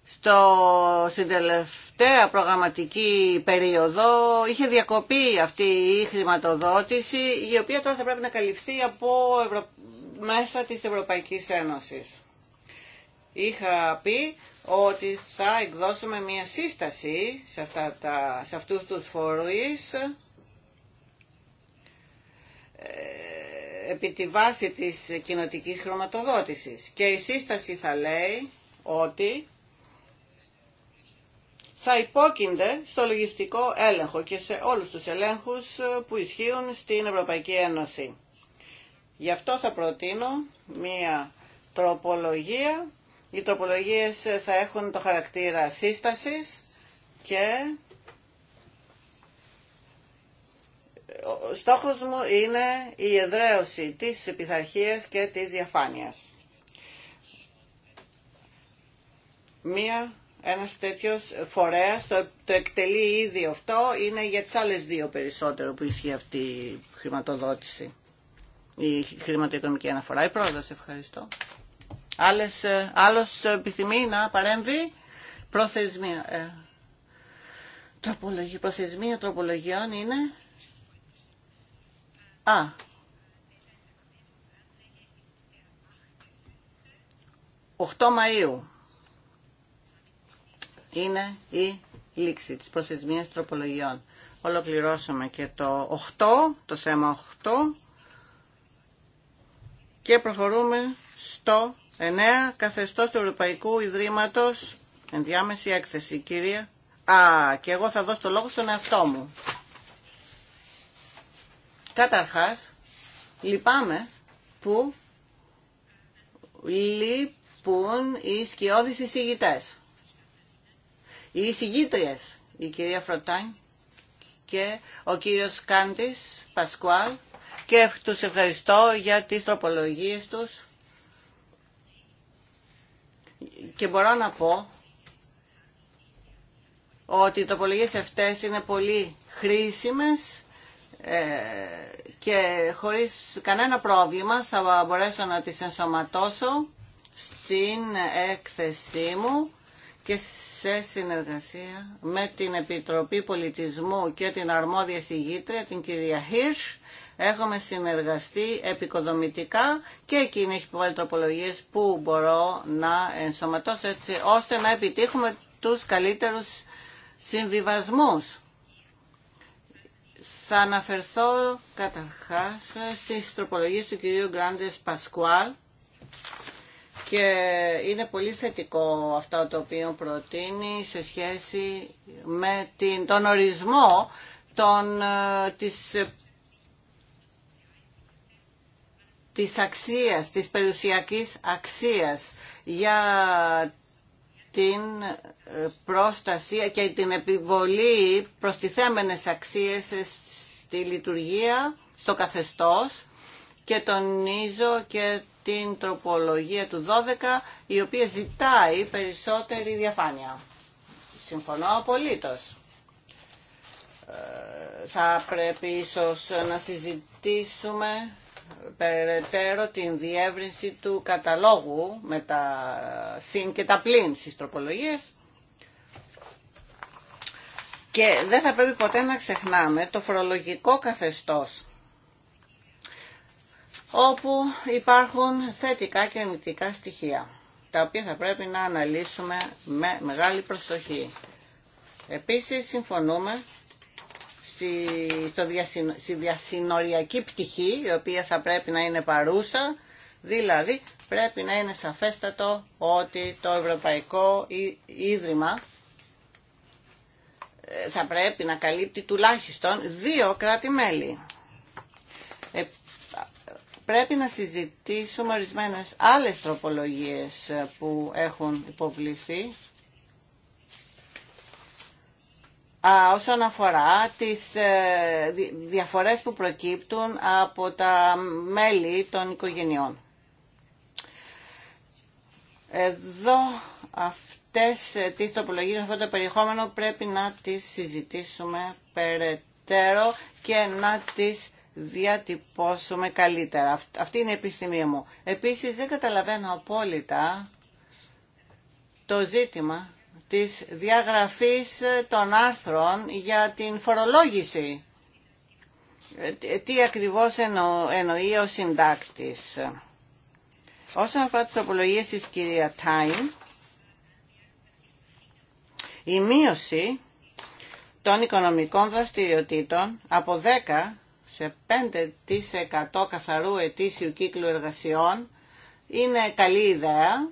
Στο, στην τελευταία προγραμματική περίοδο είχε διακοπεί αυτή η χρηματοδότηση η οποία τώρα θα πρέπει να καλυφθεί από μέσα της Ευρωπαϊκής Ένωσης είχα πει ότι θα εκδώσουμε μία σύσταση σε, αυτά τα, σε αυτούς τους φορείς ε, επί τη βάση της κοινοτικής χρωματοδότησης. Και η σύσταση θα λέει ότι θα υπόκεινται στο λογιστικό έλεγχο και σε όλους τους ελέγχους που ισχύουν στην Ευρωπαϊκή Ένωση. Γι' αυτό θα προτείνω μία τροπολογία οι τροπολογίες θα έχουν το χαρακτήρα σύστασης και ο στόχος μου είναι η εδραίωση της επιθαρχίας και της διαφάνειας. Μία, ένας τέτοιος φορέας, το, το εκτελεί ήδη αυτό, είναι για τις άλλες δύο περισσότερο που ισχύει αυτή η χρηματοδότηση, η χρηματοοικονομική αναφορά. Η πρόεδρος, ευχαριστώ. Άλλες, ε, άλλος επιθυμεί να παρέμβει προθεσμία. Ε, τροπολογιών είναι... Α, ...8 Μαΐου είναι η λήξη της προθεσμίας τροπολογιών. Ολοκληρώσαμε και το 8, το θέμα 8 και προχωρούμε στο 9. Καθεστώς του Ευρωπαϊκού Ιδρύματος. Ενδιάμεση έκθεση. Κυρία. Α, και εγώ θα δώσω το λόγο στον εαυτό μου. Καταρχάς, λυπάμαι που λείπουν οι σκιώδεις εισηγητέ. Οι εισηγήτριε, η κυρία Φροτάν και ο κύριος Κάντης Πασκουάλ και τους ευχαριστώ για τις τροπολογίες τους και μπορώ να πω ότι οι τοπολογίες αυτές είναι πολύ χρήσιμες ε, και χωρίς κανένα πρόβλημα θα μπορέσω να τις ενσωματώσω στην έκθεσή μου και σε συνεργασία με την Επιτροπή Πολιτισμού και την αρμόδια συγγήτρια, την κυρία Χίρς, Έχουμε συνεργαστεί επικοδομητικά και εκείνη έχει υποβάλει τροπολογίε που μπορώ να ενσωματώσω έτσι ώστε να επιτύχουμε τους καλύτερους συμβιβασμούς. Θα αναφερθώ καταρχάς στις τροπολογίες του κυρίου Γκράντε Πασκουάλ και είναι πολύ θετικό αυτό το οποίο προτείνει σε σχέση με την, τον ορισμό των, ε, της της αξίας, της περιουσιακής αξίας για την ε, πρόσταση και την επιβολή προστιθέμενες αξίες στη λειτουργία, στο καθεστώς και τονίζω και την τροπολογία του 12 η οποία ζητάει περισσότερη διαφάνεια. Συμφωνώ απολύτως. Ε, θα πρέπει ίσως να συζητήσουμε περαιτέρω την διεύρυνση του καταλόγου με τα συν και τα πλήν στις τροπολογίες και δεν θα πρέπει ποτέ να ξεχνάμε το φορολογικό καθεστώς όπου υπάρχουν θετικά και αρνητικά στοιχεία τα οποία θα πρέπει να αναλύσουμε με μεγάλη προσοχή. Επίσης συμφωνούμε στη, στο διασυνοριακή πτυχή, η οποία θα πρέπει να είναι παρούσα, δηλαδή πρέπει να είναι σαφέστατο ότι το Ευρωπαϊκό Ίδρυμα ε, θα πρέπει να καλύπτει τουλάχιστον δύο κράτη-μέλη. Ε, πρέπει να συζητήσουμε ορισμένες άλλες τροπολογίες που έχουν υποβληθεί όσον αφορά τις ε, διαφορές που προκύπτουν από τα μέλη των οικογενειών. Εδώ αυτές τις τοπολογίες, αυτό το περιεχόμενο πρέπει να τις συζητήσουμε περαιτέρω και να τις διατυπώσουμε καλύτερα. Αυτή είναι η επιστημία μου. Επίσης δεν καταλαβαίνω απόλυτα το ζήτημα της διαγραφής των άρθρων για την φορολόγηση. Ε, τι ακριβώς εννοεί ο συντάκτης. Όσον αφορά τις απολογίες της κυρία Τάιν, η μείωση των οικονομικών δραστηριοτήτων από 10 σε 5% καθαρού ετήσιου κύκλου εργασιών είναι καλή ιδέα,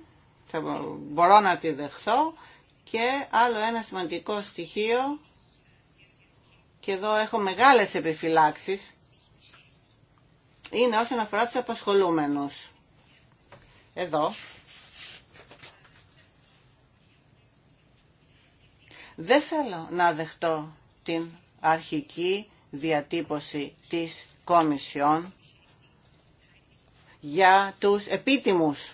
μπορώ να τη δεχθώ και άλλο ένα σημαντικό στοιχείο, και εδώ έχω μεγάλες επιφυλάξεις, είναι όσον αφορά τους απασχολούμενους. Εδώ. Δεν θέλω να δεχτώ την αρχική διατύπωση της Κομισιόν για τους επίτιμους,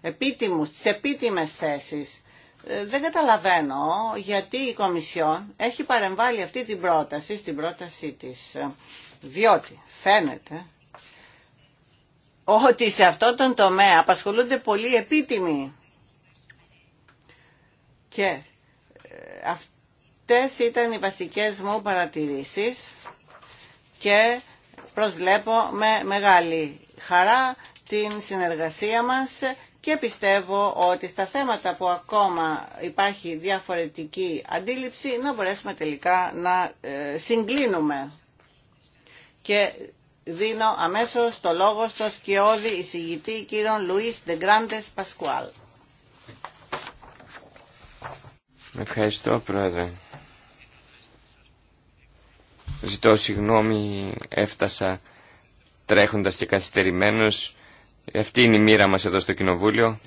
επίτιμους, τις επίτιμες θέσεις ε, δεν καταλαβαίνω γιατί η Κομισιόν έχει παρεμβάλει αυτή την πρόταση στην πρότασή της. Ε, διότι φαίνεται ότι σε αυτό τον τομέα απασχολούνται πολύ επίτιμοι. Και ε, αυτές ήταν οι βασικές μου παρατηρήσεις και προσβλέπω με μεγάλη χαρά την συνεργασία μας και πιστεύω ότι στα θέματα που ακόμα υπάρχει διαφορετική αντίληψη να μπορέσουμε τελικά να ε, συγκλίνουμε. Και δίνω αμέσως το λόγο στο σκιώδη εισηγητή κύριο Λουίς Ντεγκράντες Πασκουάλ. Ευχαριστώ πρόεδρε. Ζητώ συγγνώμη, έφτασα τρέχοντας και καθυστερημένος αυτή είναι η μοίρα μας εδώ στο Κοινοβούλιο.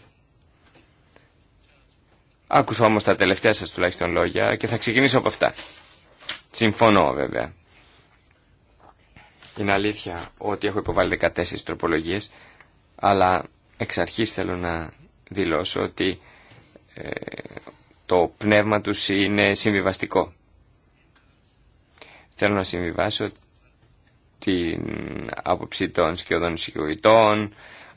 Άκουσα όμως τα τελευταία σας τουλάχιστον λόγια και θα ξεκινήσω από αυτά. Συμφωνώ βέβαια. Είναι αλήθεια ότι έχω υποβάλει 14 τροπολογίες, αλλά εξ αρχής θέλω να δηλώσω ότι ε, το πνεύμα τους είναι συμβιβαστικό. Θέλω να συμβιβάσω την άποψη των σκιωδών συγκοητών,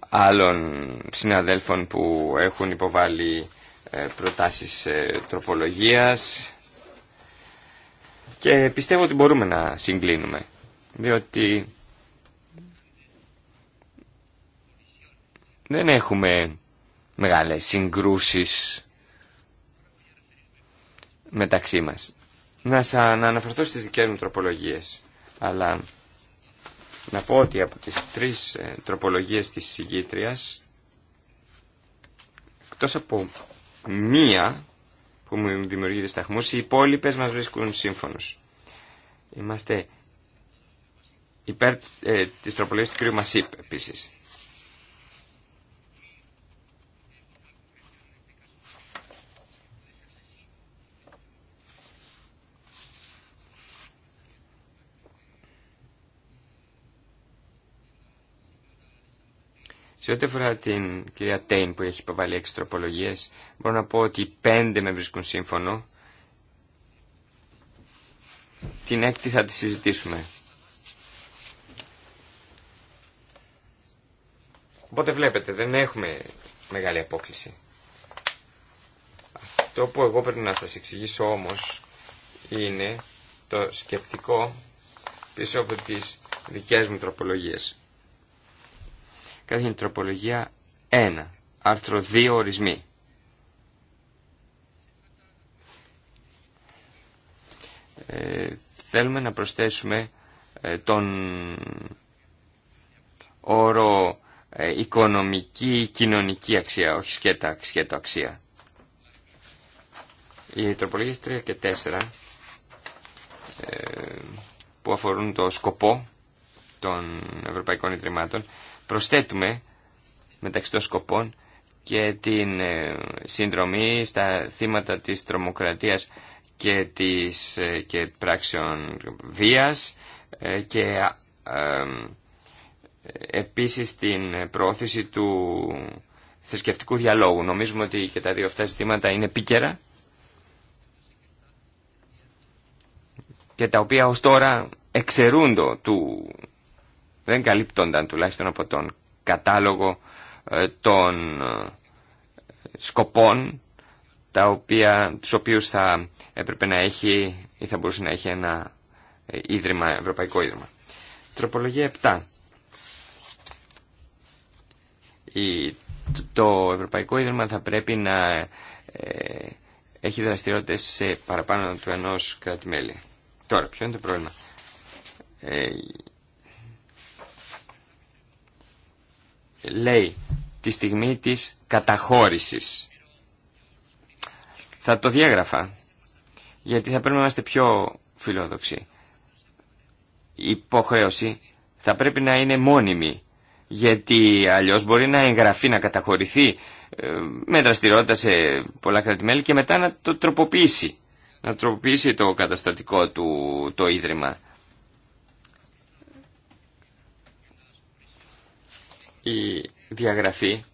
άλλων συναδέλφων που έχουν υποβάλει ε, προτάσεις ε, τροπολογίας και πιστεύω ότι μπορούμε να συγκλίνουμε διότι δεν έχουμε μεγάλες συγκρούσεις μεταξύ μας. Να σας αναφερθώ στις δικές μου τροπολογίες, αλλά να πω ότι από τις τρεις ε, τροπολογίες της συγκήτριας, εκτός από μία που μου δημιουργεί δισταχμούς, οι υπόλοιπε μας βρίσκουν σύμφωνος. Είμαστε υπέρ ε, της τροπολογίας του κ. Μασίπ επίσης. Σε ό,τι αφορά την κυρία Τέιν που έχει υποβάλει έξι τροπολογίε, μπορώ να πω ότι πέντε με βρίσκουν σύμφωνο. Την έκτη θα τη συζητήσουμε. Οπότε βλέπετε, δεν έχουμε μεγάλη απόκληση. Αυτό που εγώ πρέπει να σας εξηγήσω όμως είναι το σκεπτικό πίσω από τις δικές μου τροπολογίες. Καταρχήν τροπολογία 1. Άρθρο 2 ορισμοί. Ε, θέλουμε να προσθέσουμε ε, τον όρο ε, οικονομική κοινωνική αξία, όχι σκέτα, σκέτο αξία. Οι τροπολογίες 3 και 4 ε, που αφορούν το σκοπό των Ευρωπαϊκών Ιδρυμάτων Προσθέτουμε μεταξύ των σκοπών και την ε, συνδρομή στα θύματα της τρομοκρατίας και, της, ε, και πράξεων βίας ε, και επίσης την προώθηση του θρησκευτικού διαλόγου. Νομίζουμε ότι και τα δύο αυτά ζητήματα είναι επίκαιρα και τα οποία ως τώρα εξαιρούντο του δεν καλύπτονταν τουλάχιστον από τον κατάλογο ε, των ε, σκοπών τα οποία, τους οποίους θα έπρεπε να έχει ή θα μπορούσε να έχει ένα ε, ίδρυμα, ευρωπαϊκό ίδρυμα. Τροπολογία 7. Η, το Ευρωπαϊκό Ίδρυμα θα πρέπει να έχει δραστηριότητες σε παραπάνω του ενός κράτη-μέλη. Τώρα, ποιο είναι το πρόβλημα. Ε, λέει τη στιγμή της καταχώρησης. Θα το διέγραφα, γιατί θα πρέπει να είμαστε πιο φιλόδοξοι. Η υποχρέωση θα πρέπει να είναι μόνιμη, γιατί αλλιώς μπορεί να εγγραφεί, να καταχωρηθεί ε, με δραστηριότητα σε πολλά κρατημέλη και μετά να το τροποποιήσει, να τροποποιήσει το καταστατικό του το Ίδρυμα. η διαγραφή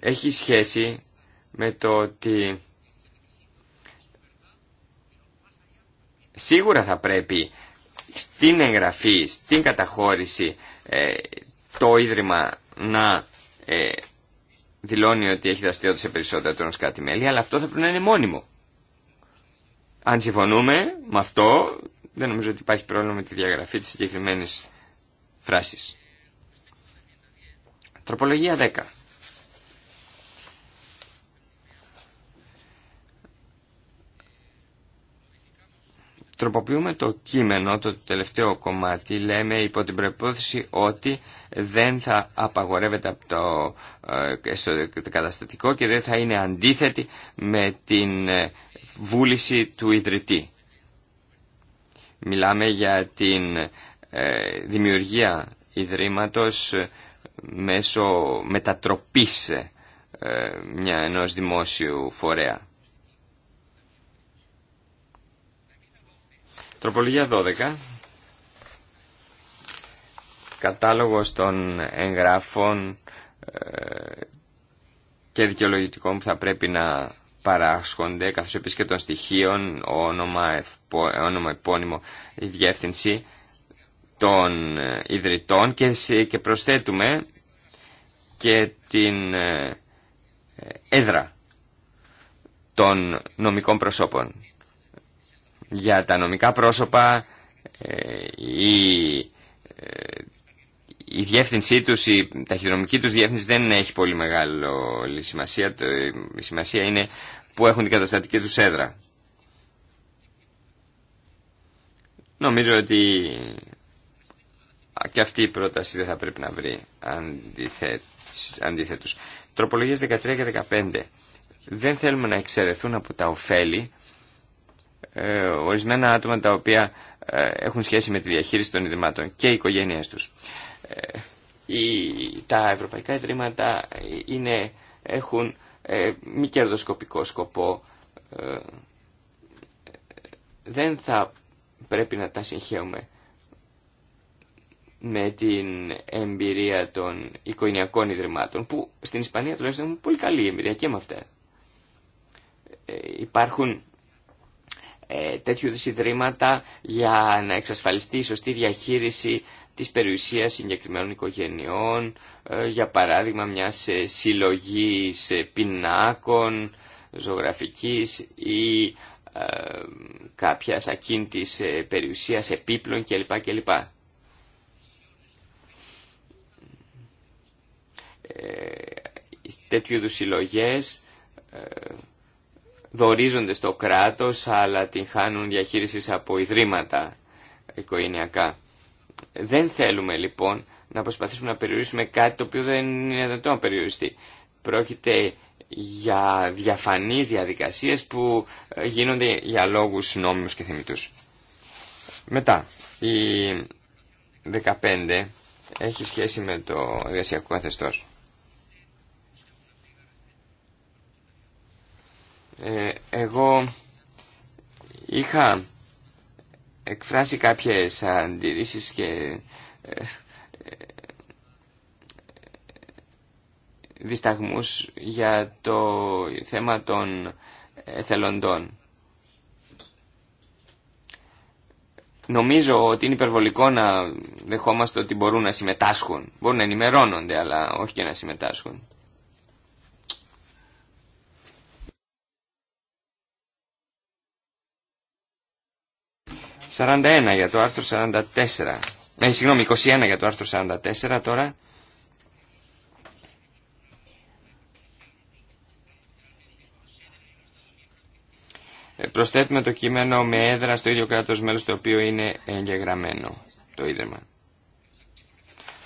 έχει σχέση με το ότι σίγουρα θα πρέπει στην εγγραφή, στην καταχώρηση ε, το Ίδρυμα να ε, δηλώνει ότι έχει δραστηριότητα σε περισσότερα τρόνους κάτι μελη αλλά αυτό θα πρέπει να είναι μόνιμο. Αν συμφωνούμε με αυτό, δεν νομίζω ότι υπάρχει πρόβλημα με τη διαγραφή της συγκεκριμένη φράσης. Τροπολογία 10. Τροποποιούμε το κείμενο, το τελευταίο κομμάτι, λέμε υπό την προπόθεση ότι δεν θα απαγορεύεται από το ε, καταστατικό και δεν θα είναι αντίθετη με την ε, βούληση του ιδρυτή. Μιλάμε για την ε, δημιουργία ιδρύματος ε, μέσω μετατροπής ε, μια, ενός δημόσιου φορέα. Τροπολογία 12. Κατάλογος των εγγράφων ε, και δικαιολογητικών που θα πρέπει να παράσχονται, καθώς επίσης και των στοιχείων, όνομα, όνομα επώνυμο, η διεύθυνση των ε, ιδρυτών και, και προσθέτουμε και την ε, ε, έδρα των νομικών προσώπων. Για τα νομικά πρόσωπα ή η διεύθυνσή του, η ταχυδρομική του διεύθυνση δεν έχει πολύ μεγάλη σημασία. Η σημασία είναι που έχουν την καταστατική του έδρα. Νομίζω ότι και αυτή η πρόταση δεν θα πρέπει να βρει αντίθετους. Τροπολογίες 13 και 15. Δεν θέλουμε να εξαιρεθούν από τα ωφέλη ε, ορισμένα άτομα τα οποία ε, έχουν σχέση με τη διαχείριση των ιδρυμάτων και οι οικογένειε του. Ε, τα ευρωπαϊκά ιδρύματα ε, είναι, έχουν ε, μη κερδοσκοπικό σκοπό. δεν θα πρέπει να τα συγχαίουμε με την εμπειρία των οικογενειακών ιδρυμάτων που στην Ισπανία τουλάχιστον έχουν πολύ καλή εμπειρία και με αυτά. υπάρχουν τέτοιου ιδρύματα για να εξασφαλιστεί η σωστή διαχείριση της περιουσίας συγκεκριμένων οικογενειών, ε, για παράδειγμα μιας ε, συλλογής ε, πινάκων ζωγραφικής ή κάποιας ακίνητης περιουσίας επίπλων κλπ. κλπ. τέτοιου είδους συλλογές δορίζονται στο κράτος αλλά την χάνουν διαχείρισης από ιδρύματα οικογενειακά. Δεν θέλουμε λοιπόν να προσπαθήσουμε να περιορίσουμε κάτι το οποίο δεν είναι δυνατό να περιοριστεί. Πρόκειται για διαφανείς διαδικασίες που ε, γίνονται για λόγους νόμιμους και θεμητούς. Μετά, η 15 έχει σχέση με το εργασιακό καθεστώς. Ε, εγώ είχα εκφράσει κάποιες αντιρρήσεις και ε, ε, δισταγμούς για το θέμα των εθελοντών. Νομίζω ότι είναι υπερβολικό να δεχόμαστε ότι μπορούν να συμμετάσχουν. Μπορούν να ενημερώνονται, αλλά όχι και να συμμετάσχουν. 41 για το άρθρο 44. Ε, συγγνώμη, 21 για το άρθρο 44 τώρα. Ε, προσθέτουμε το κείμενο με έδρα στο ίδιο κράτος μέλος το οποίο είναι εγγεγραμμένο το Ίδρυμα.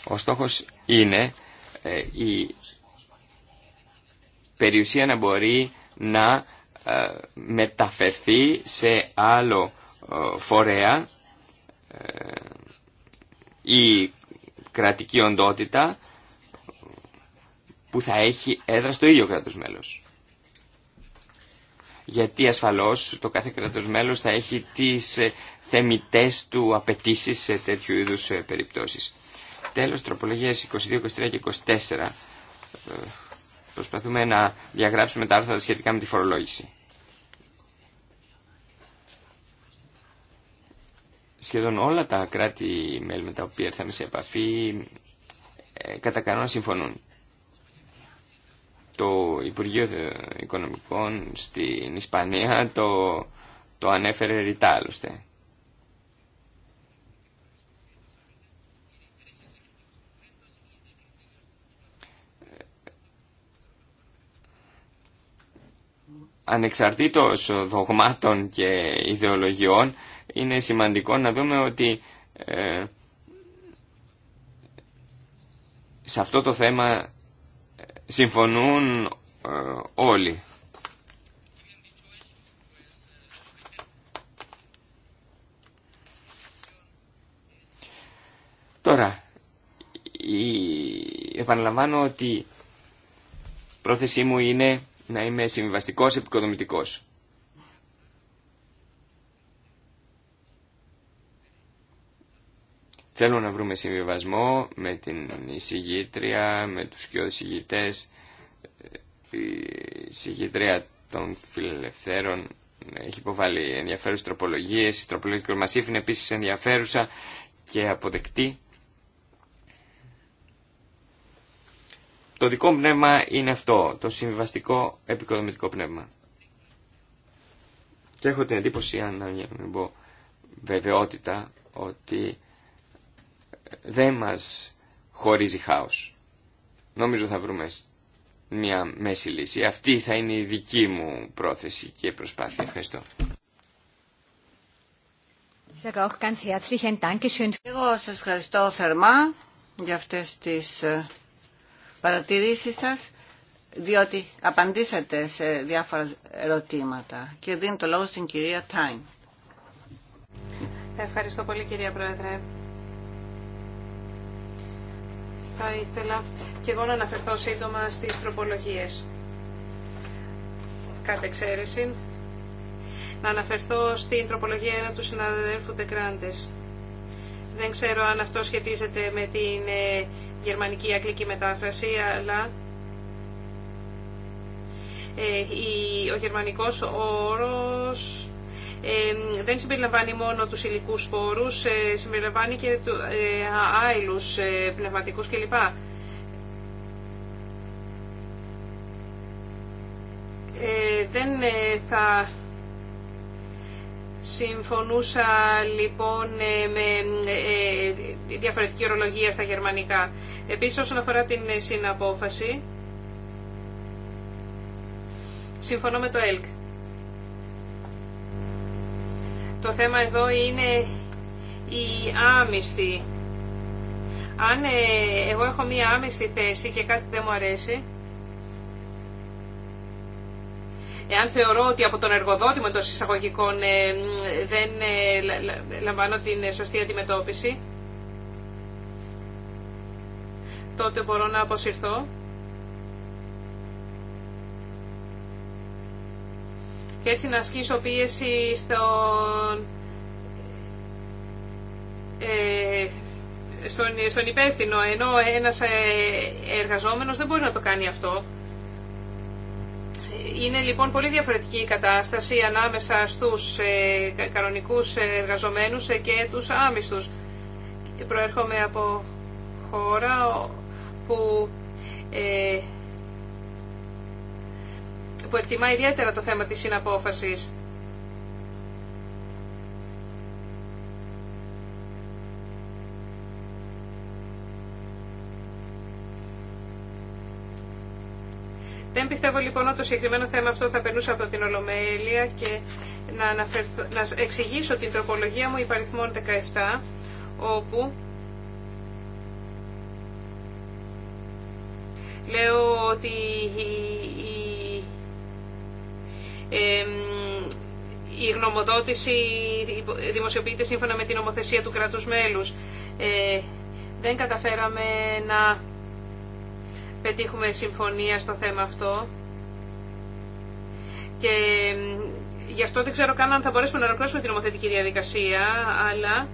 Ο στόχος είναι ε, η περιουσία να μπορεί να ε, μεταφερθεί σε άλλο φορέα ή ε, κρατική οντότητα που θα έχει έδρα στο ίδιο κράτος μέλος. Γιατί ασφαλώς το κάθε κράτος μέλος θα έχει τις ε, θεμητές του απαιτήσει σε τέτοιου είδους ε, περιπτώσεις. Τέλος, τροπολογίες 22, 23 και 24. Προσπαθούμε να διαγράψουμε τα άρθρα σχετικά με τη φορολόγηση. σχεδόν όλα τα κράτη-μέλη με τα οποία ήρθαμε σε επαφή ε, κατά κανόνα συμφωνούν. Το Υπουργείο Οικονομικών στην Ισπανία το, το ανέφερε ρητά άλλωστε. Ανεξαρτήτως δογμάτων και ιδεολογιών, είναι σημαντικό να δούμε ότι ε, σε αυτό το θέμα ε, συμφωνούν ε, όλοι. Τώρα, η... επαναλαμβάνω ότι πρόθεσή μου είναι να είμαι συμβιβαστικός, επικοδομητικός. θέλω να βρούμε συμβιβασμό με την εισηγήτρια, με τους και εισηγητές. Η εισηγήτρια των φιλελευθέρων έχει υποβάλει ενδιαφέρουσε τροπολογίες. Η τροπολογία του Κορμασίφ είναι επίσης ενδιαφέρουσα και αποδεκτή. Το δικό μου πνεύμα είναι αυτό, το συμβιβαστικό επικοδομητικό πνεύμα. Και έχω την εντύπωση, αν να μην πω βεβαιότητα, ότι δεν μας χωρίζει χάος. Νομίζω θα βρούμε μια μέση λύση. Αυτή θα είναι η δική μου πρόθεση και προσπάθεια. Ευχαριστώ. Εγώ σας ευχαριστώ θερμά για αυτές τις ε, παρατηρήσεις σας, διότι απαντήσατε σε διάφορα ερωτήματα και δίνω το λόγο στην κυρία Τάιν. Ευχαριστώ πολύ κυρία Πρόεδρε θα ήθελα και εγώ να αναφερθώ σύντομα στις τροπολογίες. Κατ' εξαίρεση, να αναφερθώ στην τροπολογία ενα του συναδέλφου Τεκράντες. Δεν ξέρω αν αυτό σχετίζεται με την ε, γερμανική αγγλική μετάφραση, αλλά ε, ο γερμανικός όρος δεν συμπεριλαμβάνει μόνο τους υλικούς σπόρους, ε, συμπεριλαμβάνει και ε, άειλους, ε, πνευματικούς κλπ. Δεν θα συμφωνούσα λοιπόν με διαφορετική ορολογία στα γερμανικά. Επίσης όσον αφορά την συναπόφαση, συμφωνώ με το ΕΛΚ το θέμα εδώ είναι η άμυστη. Αν ε, εγώ έχω μία άμυστη θέση και κάτι δεν μου αρέσει, εάν θεωρώ ότι από τον εργοδότη μου εντός εισαγωγικών ε, δεν ε, λαμβάνω την σωστή αντιμετώπιση, τότε μπορώ να αποσυρθώ. και έτσι να ασκήσω πίεση στον, ε, στον, υπεύθυνο, ενώ ένας ε, εργαζόμενος δεν μπορεί να το κάνει αυτό. Είναι λοιπόν πολύ διαφορετική η κατάσταση ανάμεσα στους ε, κανονικούς εργαζομένους ε, και τους άμυστους. Προέρχομαι από χώρα που που εκτιμά ιδιαίτερα το θέμα της συναπόφασης. Δεν πιστεύω λοιπόν ότι το συγκεκριμένο θέμα αυτό θα περνούσε από την Ολομέλεια και να, εξηγήσω την τροπολογία μου υπαριθμών 17, όπου λέω ότι η η γνωμοδότηση δημοσιοποιείται σύμφωνα με την νομοθεσία του κράτους μέλους. Ε, δεν καταφέραμε να πετύχουμε συμφωνία στο θέμα αυτό και γι' αυτό δεν ξέρω καν αν θα μπορέσουμε να ολοκληρώσουμε την νομοθετική διαδικασία, αλλά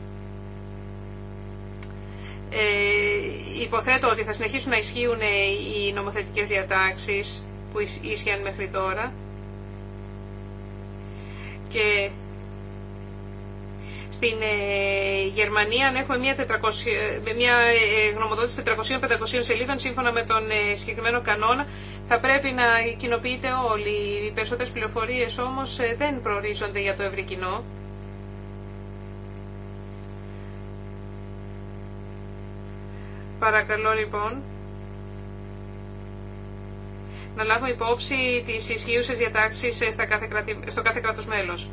ε, υποθέτω ότι θα συνεχίσουν να ισχύουν οι νομοθετικές διατάξεις που ίσχυαν μέχρι τώρα και στην ε, Γερμανία αν έχουμε μια, 400, ε, μια ε, γνωμοδότηση 400-500 σελίδων σύμφωνα με τον συγκεκριμένο κανόνα θα πρέπει να κοινοποιείται όλοι. Οι περισσότερες πληροφορίες όμως δεν προορίζονται για το ευρύ Παρακαλώ λοιπόν να λάβουμε υπόψη τις ισχύουσε διατάξει ε, στο κάθε κράτος μέλος.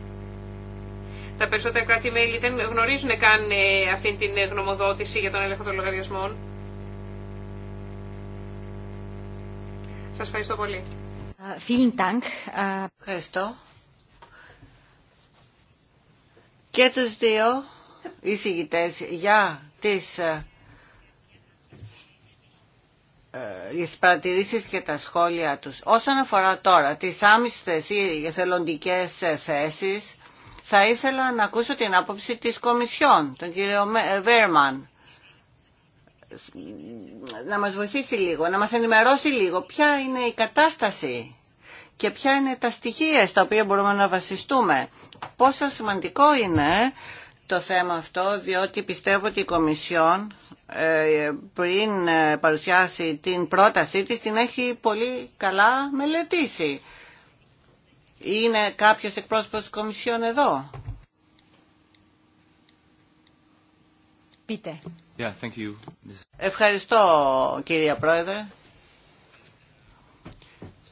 Τα περισσότερα κράτη-μέλη δεν γνωρίζουν καν ε, αυτήν την γνωμοδότηση για τον έλεγχο των λογαριασμών. Σας ευχαριστώ πολύ. Ε, ευχαριστώ. Και τους δύο εισηγητές για τις ε, τις παρατηρήσεις και τα σχόλια τους. Όσον αφορά τώρα τις άμυστες ή εθελοντικές θέσει, θα ήθελα να ακούσω την άποψη της Κομισιόν, τον κύριο ε, Βέρμαν, να μας βοηθήσει λίγο, να μας ενημερώσει λίγο ποια είναι η κατάσταση και ποια είναι τα στοιχεία στα οποία μπορούμε να βασιστούμε. Πόσο σημαντικό είναι το θέμα αυτό, διότι πιστεύω ότι η Κομισιόν ε, πριν ε, παρουσιάσει την πρότασή της την έχει πολύ καλά μελετήσει. Είναι κάποιος εκπρόσωπος της Κομισιόν εδώ. Πείτε. Yeah, thank you. Ευχαριστώ κυρία Πρόεδρε.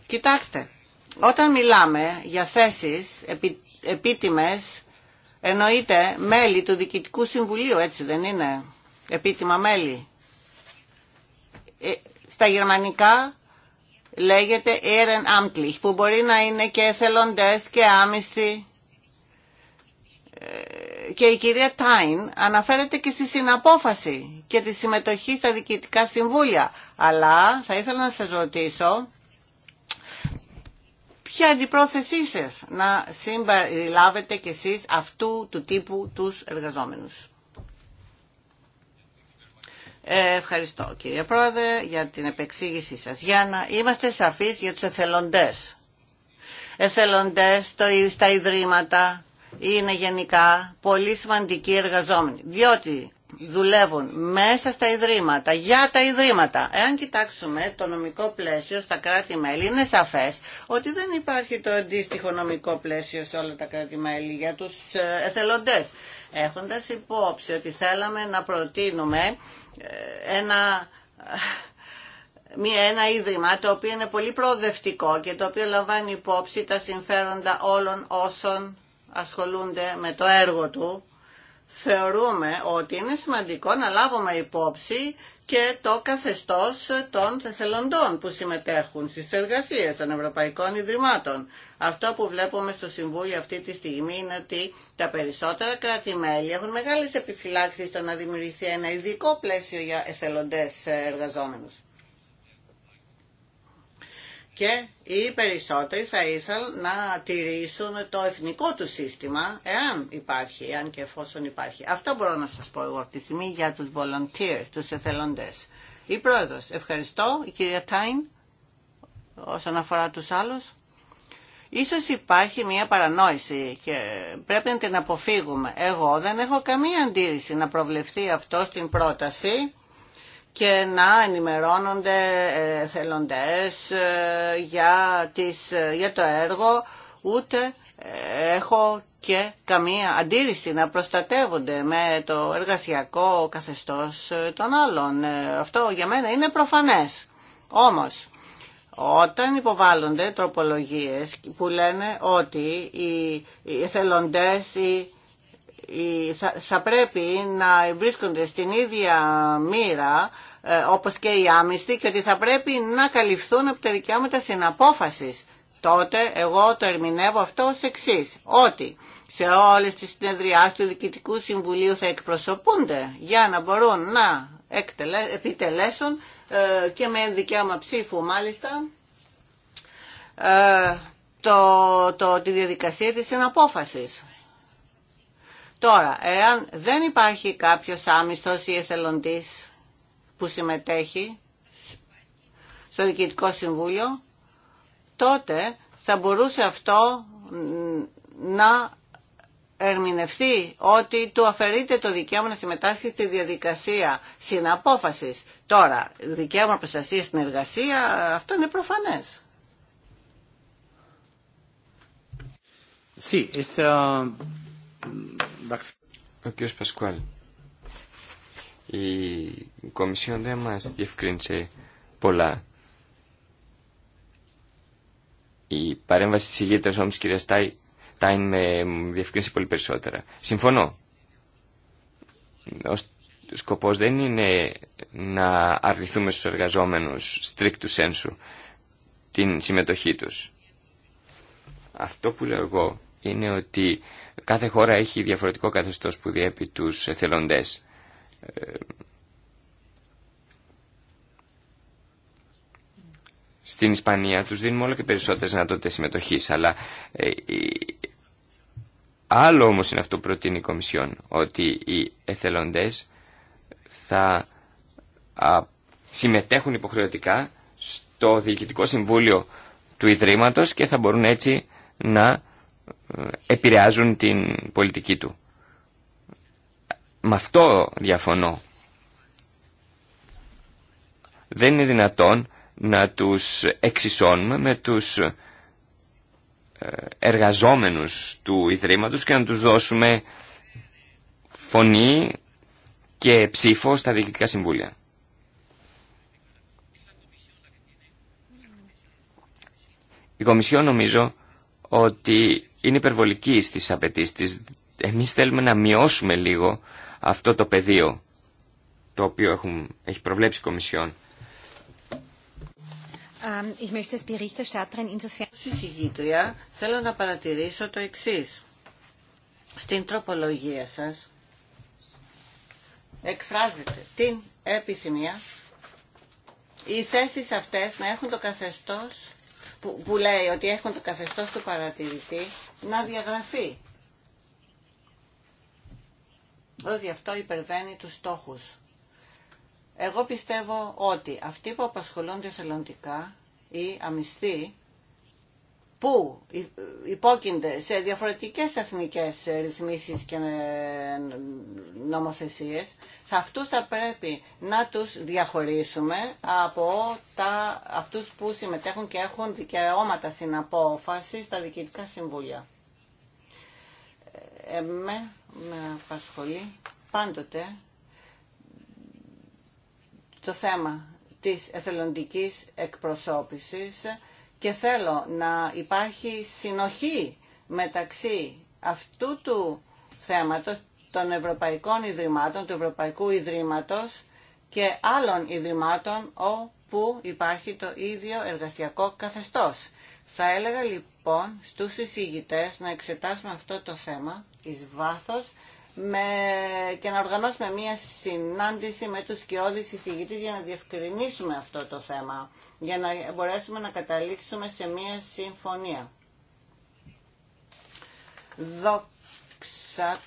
Κοιτάξτε, όταν μιλάμε για θέσεις επί, επίτιμες, εννοείται μέλη του Διοικητικού Συμβουλίου, έτσι δεν είναι επίτιμα μέλη. Ε, στα γερμανικά λέγεται Ehrenamtlich, που μπορεί να είναι και εθελοντές και άμυστοι. Ε, και η κυρία Τάιν αναφέρεται και στη συναπόφαση και τη συμμετοχή στα διοικητικά συμβούλια. Αλλά θα ήθελα να σας ρωτήσω ποια αντιπρόθεση η σας να συμπεριλάβετε κι εσείς αυτού του τύπου τους εργαζόμενους ευχαριστώ κύριε Πρόεδρε για την επεξήγησή σας. Για να είμαστε σαφείς για τους εθελοντές. Εθελοντές στα ιδρύματα είναι γενικά πολύ σημαντικοί εργαζόμενοι, διότι δουλεύουν μέσα στα ιδρύματα, για τα ιδρύματα. Εάν κοιτάξουμε το νομικό πλαίσιο στα κράτη-μέλη, είναι σαφές ότι δεν υπάρχει το αντίστοιχο νομικό πλαίσιο σε όλα τα κράτη-μέλη για τους ε, εθελοντές. Έχοντας υπόψη ότι θέλαμε να προτείνουμε ε, ένα... Ε, ένα ίδρυμα το οποίο είναι πολύ προοδευτικό και το οποίο λαμβάνει υπόψη τα συμφέροντα όλων όσων ασχολούνται με το έργο του θεωρούμε ότι είναι σημαντικό να λάβουμε υπόψη και το καθεστώς των θεσελοντών που συμμετέχουν στις εργασίες των Ευρωπαϊκών Ιδρυμάτων. Αυτό που βλέπουμε στο Συμβούλιο αυτή τη στιγμή είναι ότι τα περισσότερα κράτη-μέλη έχουν μεγάλες επιφυλάξεις στο να δημιουργηθεί ένα ειδικό πλαίσιο για εθελοντές εργαζόμενους και οι περισσότεροι θα ήθελαν να τηρήσουν το εθνικό του σύστημα, εάν υπάρχει, εάν και εφόσον υπάρχει. Αυτό μπορώ να σας πω εγώ από τη στιγμή για τους volunteers, τους εθελοντές. Η Πρόεδρος, ευχαριστώ, η κυρία Τάιν, όσον αφορά τους άλλους. Ίσως υπάρχει μια παρανόηση και πρέπει να την αποφύγουμε. Εγώ δεν έχω καμία αντίρρηση να προβλεφθεί αυτό στην πρόταση και να ενημερώνονται ε, θελοντές ε, για, τις, ε, για το έργο ούτε έχω και καμία αντίρρηση να προστατεύονται με το εργασιακό καθεστώς των άλλων. Αυτό για μένα είναι προφανές. Όμως, όταν υποβάλλονται τροπολογίες που λένε ότι οι εθελοντές, οι θα πρέπει να βρίσκονται στην ίδια μοίρα ε, όπως και οι άμυστοι και ότι θα πρέπει να καλυφθούν από τα δικαιώματα συναπόφασης. Τότε εγώ το ερμηνεύω αυτό ως εξή ότι σε όλες τις συνεδριάς του Διοικητικού Συμβουλίου θα εκπροσωπούνται για να μπορούν να επιτελέσουν ε, και με δικαίωμα ψήφου μάλιστα ε, το, το, τη διαδικασία της συναπόφασης. Τώρα, εάν δεν υπάρχει κάποιος άμυστος ή εθελοντής που συμμετέχει στο Διοικητικό Συμβούλιο, τότε θα μπορούσε αυτό να ερμηνευτεί ότι του αφαιρείται το δικαίωμα να συμμετάσχει στη διαδικασία συναπόφασης. Τώρα, δικαίωμα προστασία στην εργασία, αυτό είναι προφανές. Sí, ο κ. Πασκουάλ. Η Κομισιόν δεν μας διευκρίνησε πολλά. Η παρέμβαση της ηγήτρας όμως κυρία Στάι, Τάιν με διευκρίνησε πολύ περισσότερα. Συμφωνώ. Ο σκοπός δεν είναι να αρνηθούμε στους εργαζόμενους στρίκτου σένσου την συμμετοχή τους. Αυτό που λέω εγώ είναι ότι κάθε χώρα έχει διαφορετικό καθεστώς που διέπει τους εθελοντές. Στην Ισπανία τους δίνουμε όλο και περισσότερες δυνατότητες συμμετοχής, αλλά ε, άλλο όμως είναι αυτό που προτείνει η Κομισιόν, ότι οι εθελοντές θα συμμετέχουν υποχρεωτικά στο Διοικητικό Συμβούλιο του Ιδρύματος και θα μπορούν έτσι να ε, επηρεάζουν την πολιτική του. Με αυτό διαφωνώ. Δεν είναι δυνατόν να τους εξισώνουμε με τους ε, εργαζόμενους του Ιδρύματος και να τους δώσουμε φωνή και ψήφο στα διοικητικά συμβούλια. Η Κομισιόν νομίζω ότι είναι υπερβολική στις απαιτήσει Εμείς θέλουμε να μειώσουμε λίγο αυτό το πεδίο το οποίο έχουν, έχει προβλέψει η Κομισιόν. Συζητήτρια, θέλω να παρατηρήσω το εξής. Στην τροπολογία σας εκφράζεται την επισημία οι θέσει αυτές να έχουν το καθεστώς που, λέει ότι έχουν το καθεστώς του παρατηρητή να διαγραφεί. Ως αυτό υπερβαίνει τους στόχους. Εγώ πιστεύω ότι αυτοί που απασχολούνται θελοντικά ή αμυστοί που υπόκεινται σε διαφορετικές εθνικές ρυθμίσεις και ε, νομοθεσίες, σε αυτούς θα πρέπει να τους διαχωρίσουμε από τα, αυτούς που συμμετέχουν και έχουν δικαιώματα στην απόφαση στα διοικητικά συμβούλια. Εμέ με απασχολεί πάντοτε το θέμα της εθελοντικής εκπροσώπησης και θέλω να υπάρχει συνοχή μεταξύ αυτού του θέματος των Ευρωπαϊκών Ιδρυμάτων, του Ευρωπαϊκού Ιδρύματος και άλλων Ιδρυμάτων όπου υπάρχει το ίδιο εργασιακό καθεστώς. Θα έλεγα λοιπόν στους εισηγητές να εξετάσουμε αυτό το θέμα εις βάθος με, και να οργανώσουμε μία συνάντηση με τους σκιώδεις εισηγητής για να διευκρινίσουμε αυτό το θέμα, για να μπορέσουμε να καταλήξουμε σε μία συμφωνία. Δόξα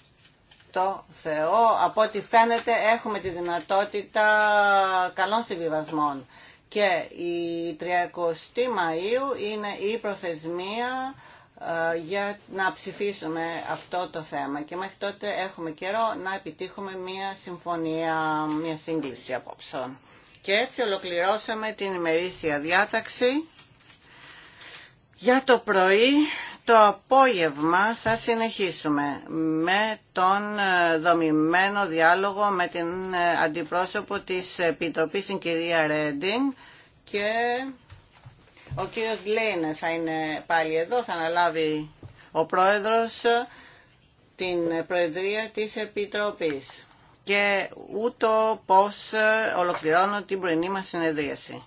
το Θεό, από ό,τι φαίνεται έχουμε τη δυνατότητα καλών συμβιβασμών. Και η 30 Μαΐου είναι η προθεσμία ε, για να ψηφίσουμε αυτό το θέμα και μέχρι τότε έχουμε καιρό να επιτύχουμε μια συμφωνία, μια σύγκληση απόψεων. Και έτσι ολοκληρώσαμε την ημερήσια διάταξη. Για το πρωί, το απόγευμα θα συνεχίσουμε με τον ε, δομημένο διάλογο με την ε, αντιπρόσωπο της Επιτροπής, την κυρία Ρέντινγκ και ο κύριος Λέιν θα είναι πάλι εδώ, θα αναλάβει ο πρόεδρος ε, την Προεδρία της Επιτροπής και ούτω πώς ε, ολοκληρώνω την πρωινή μας συνεδρίαση.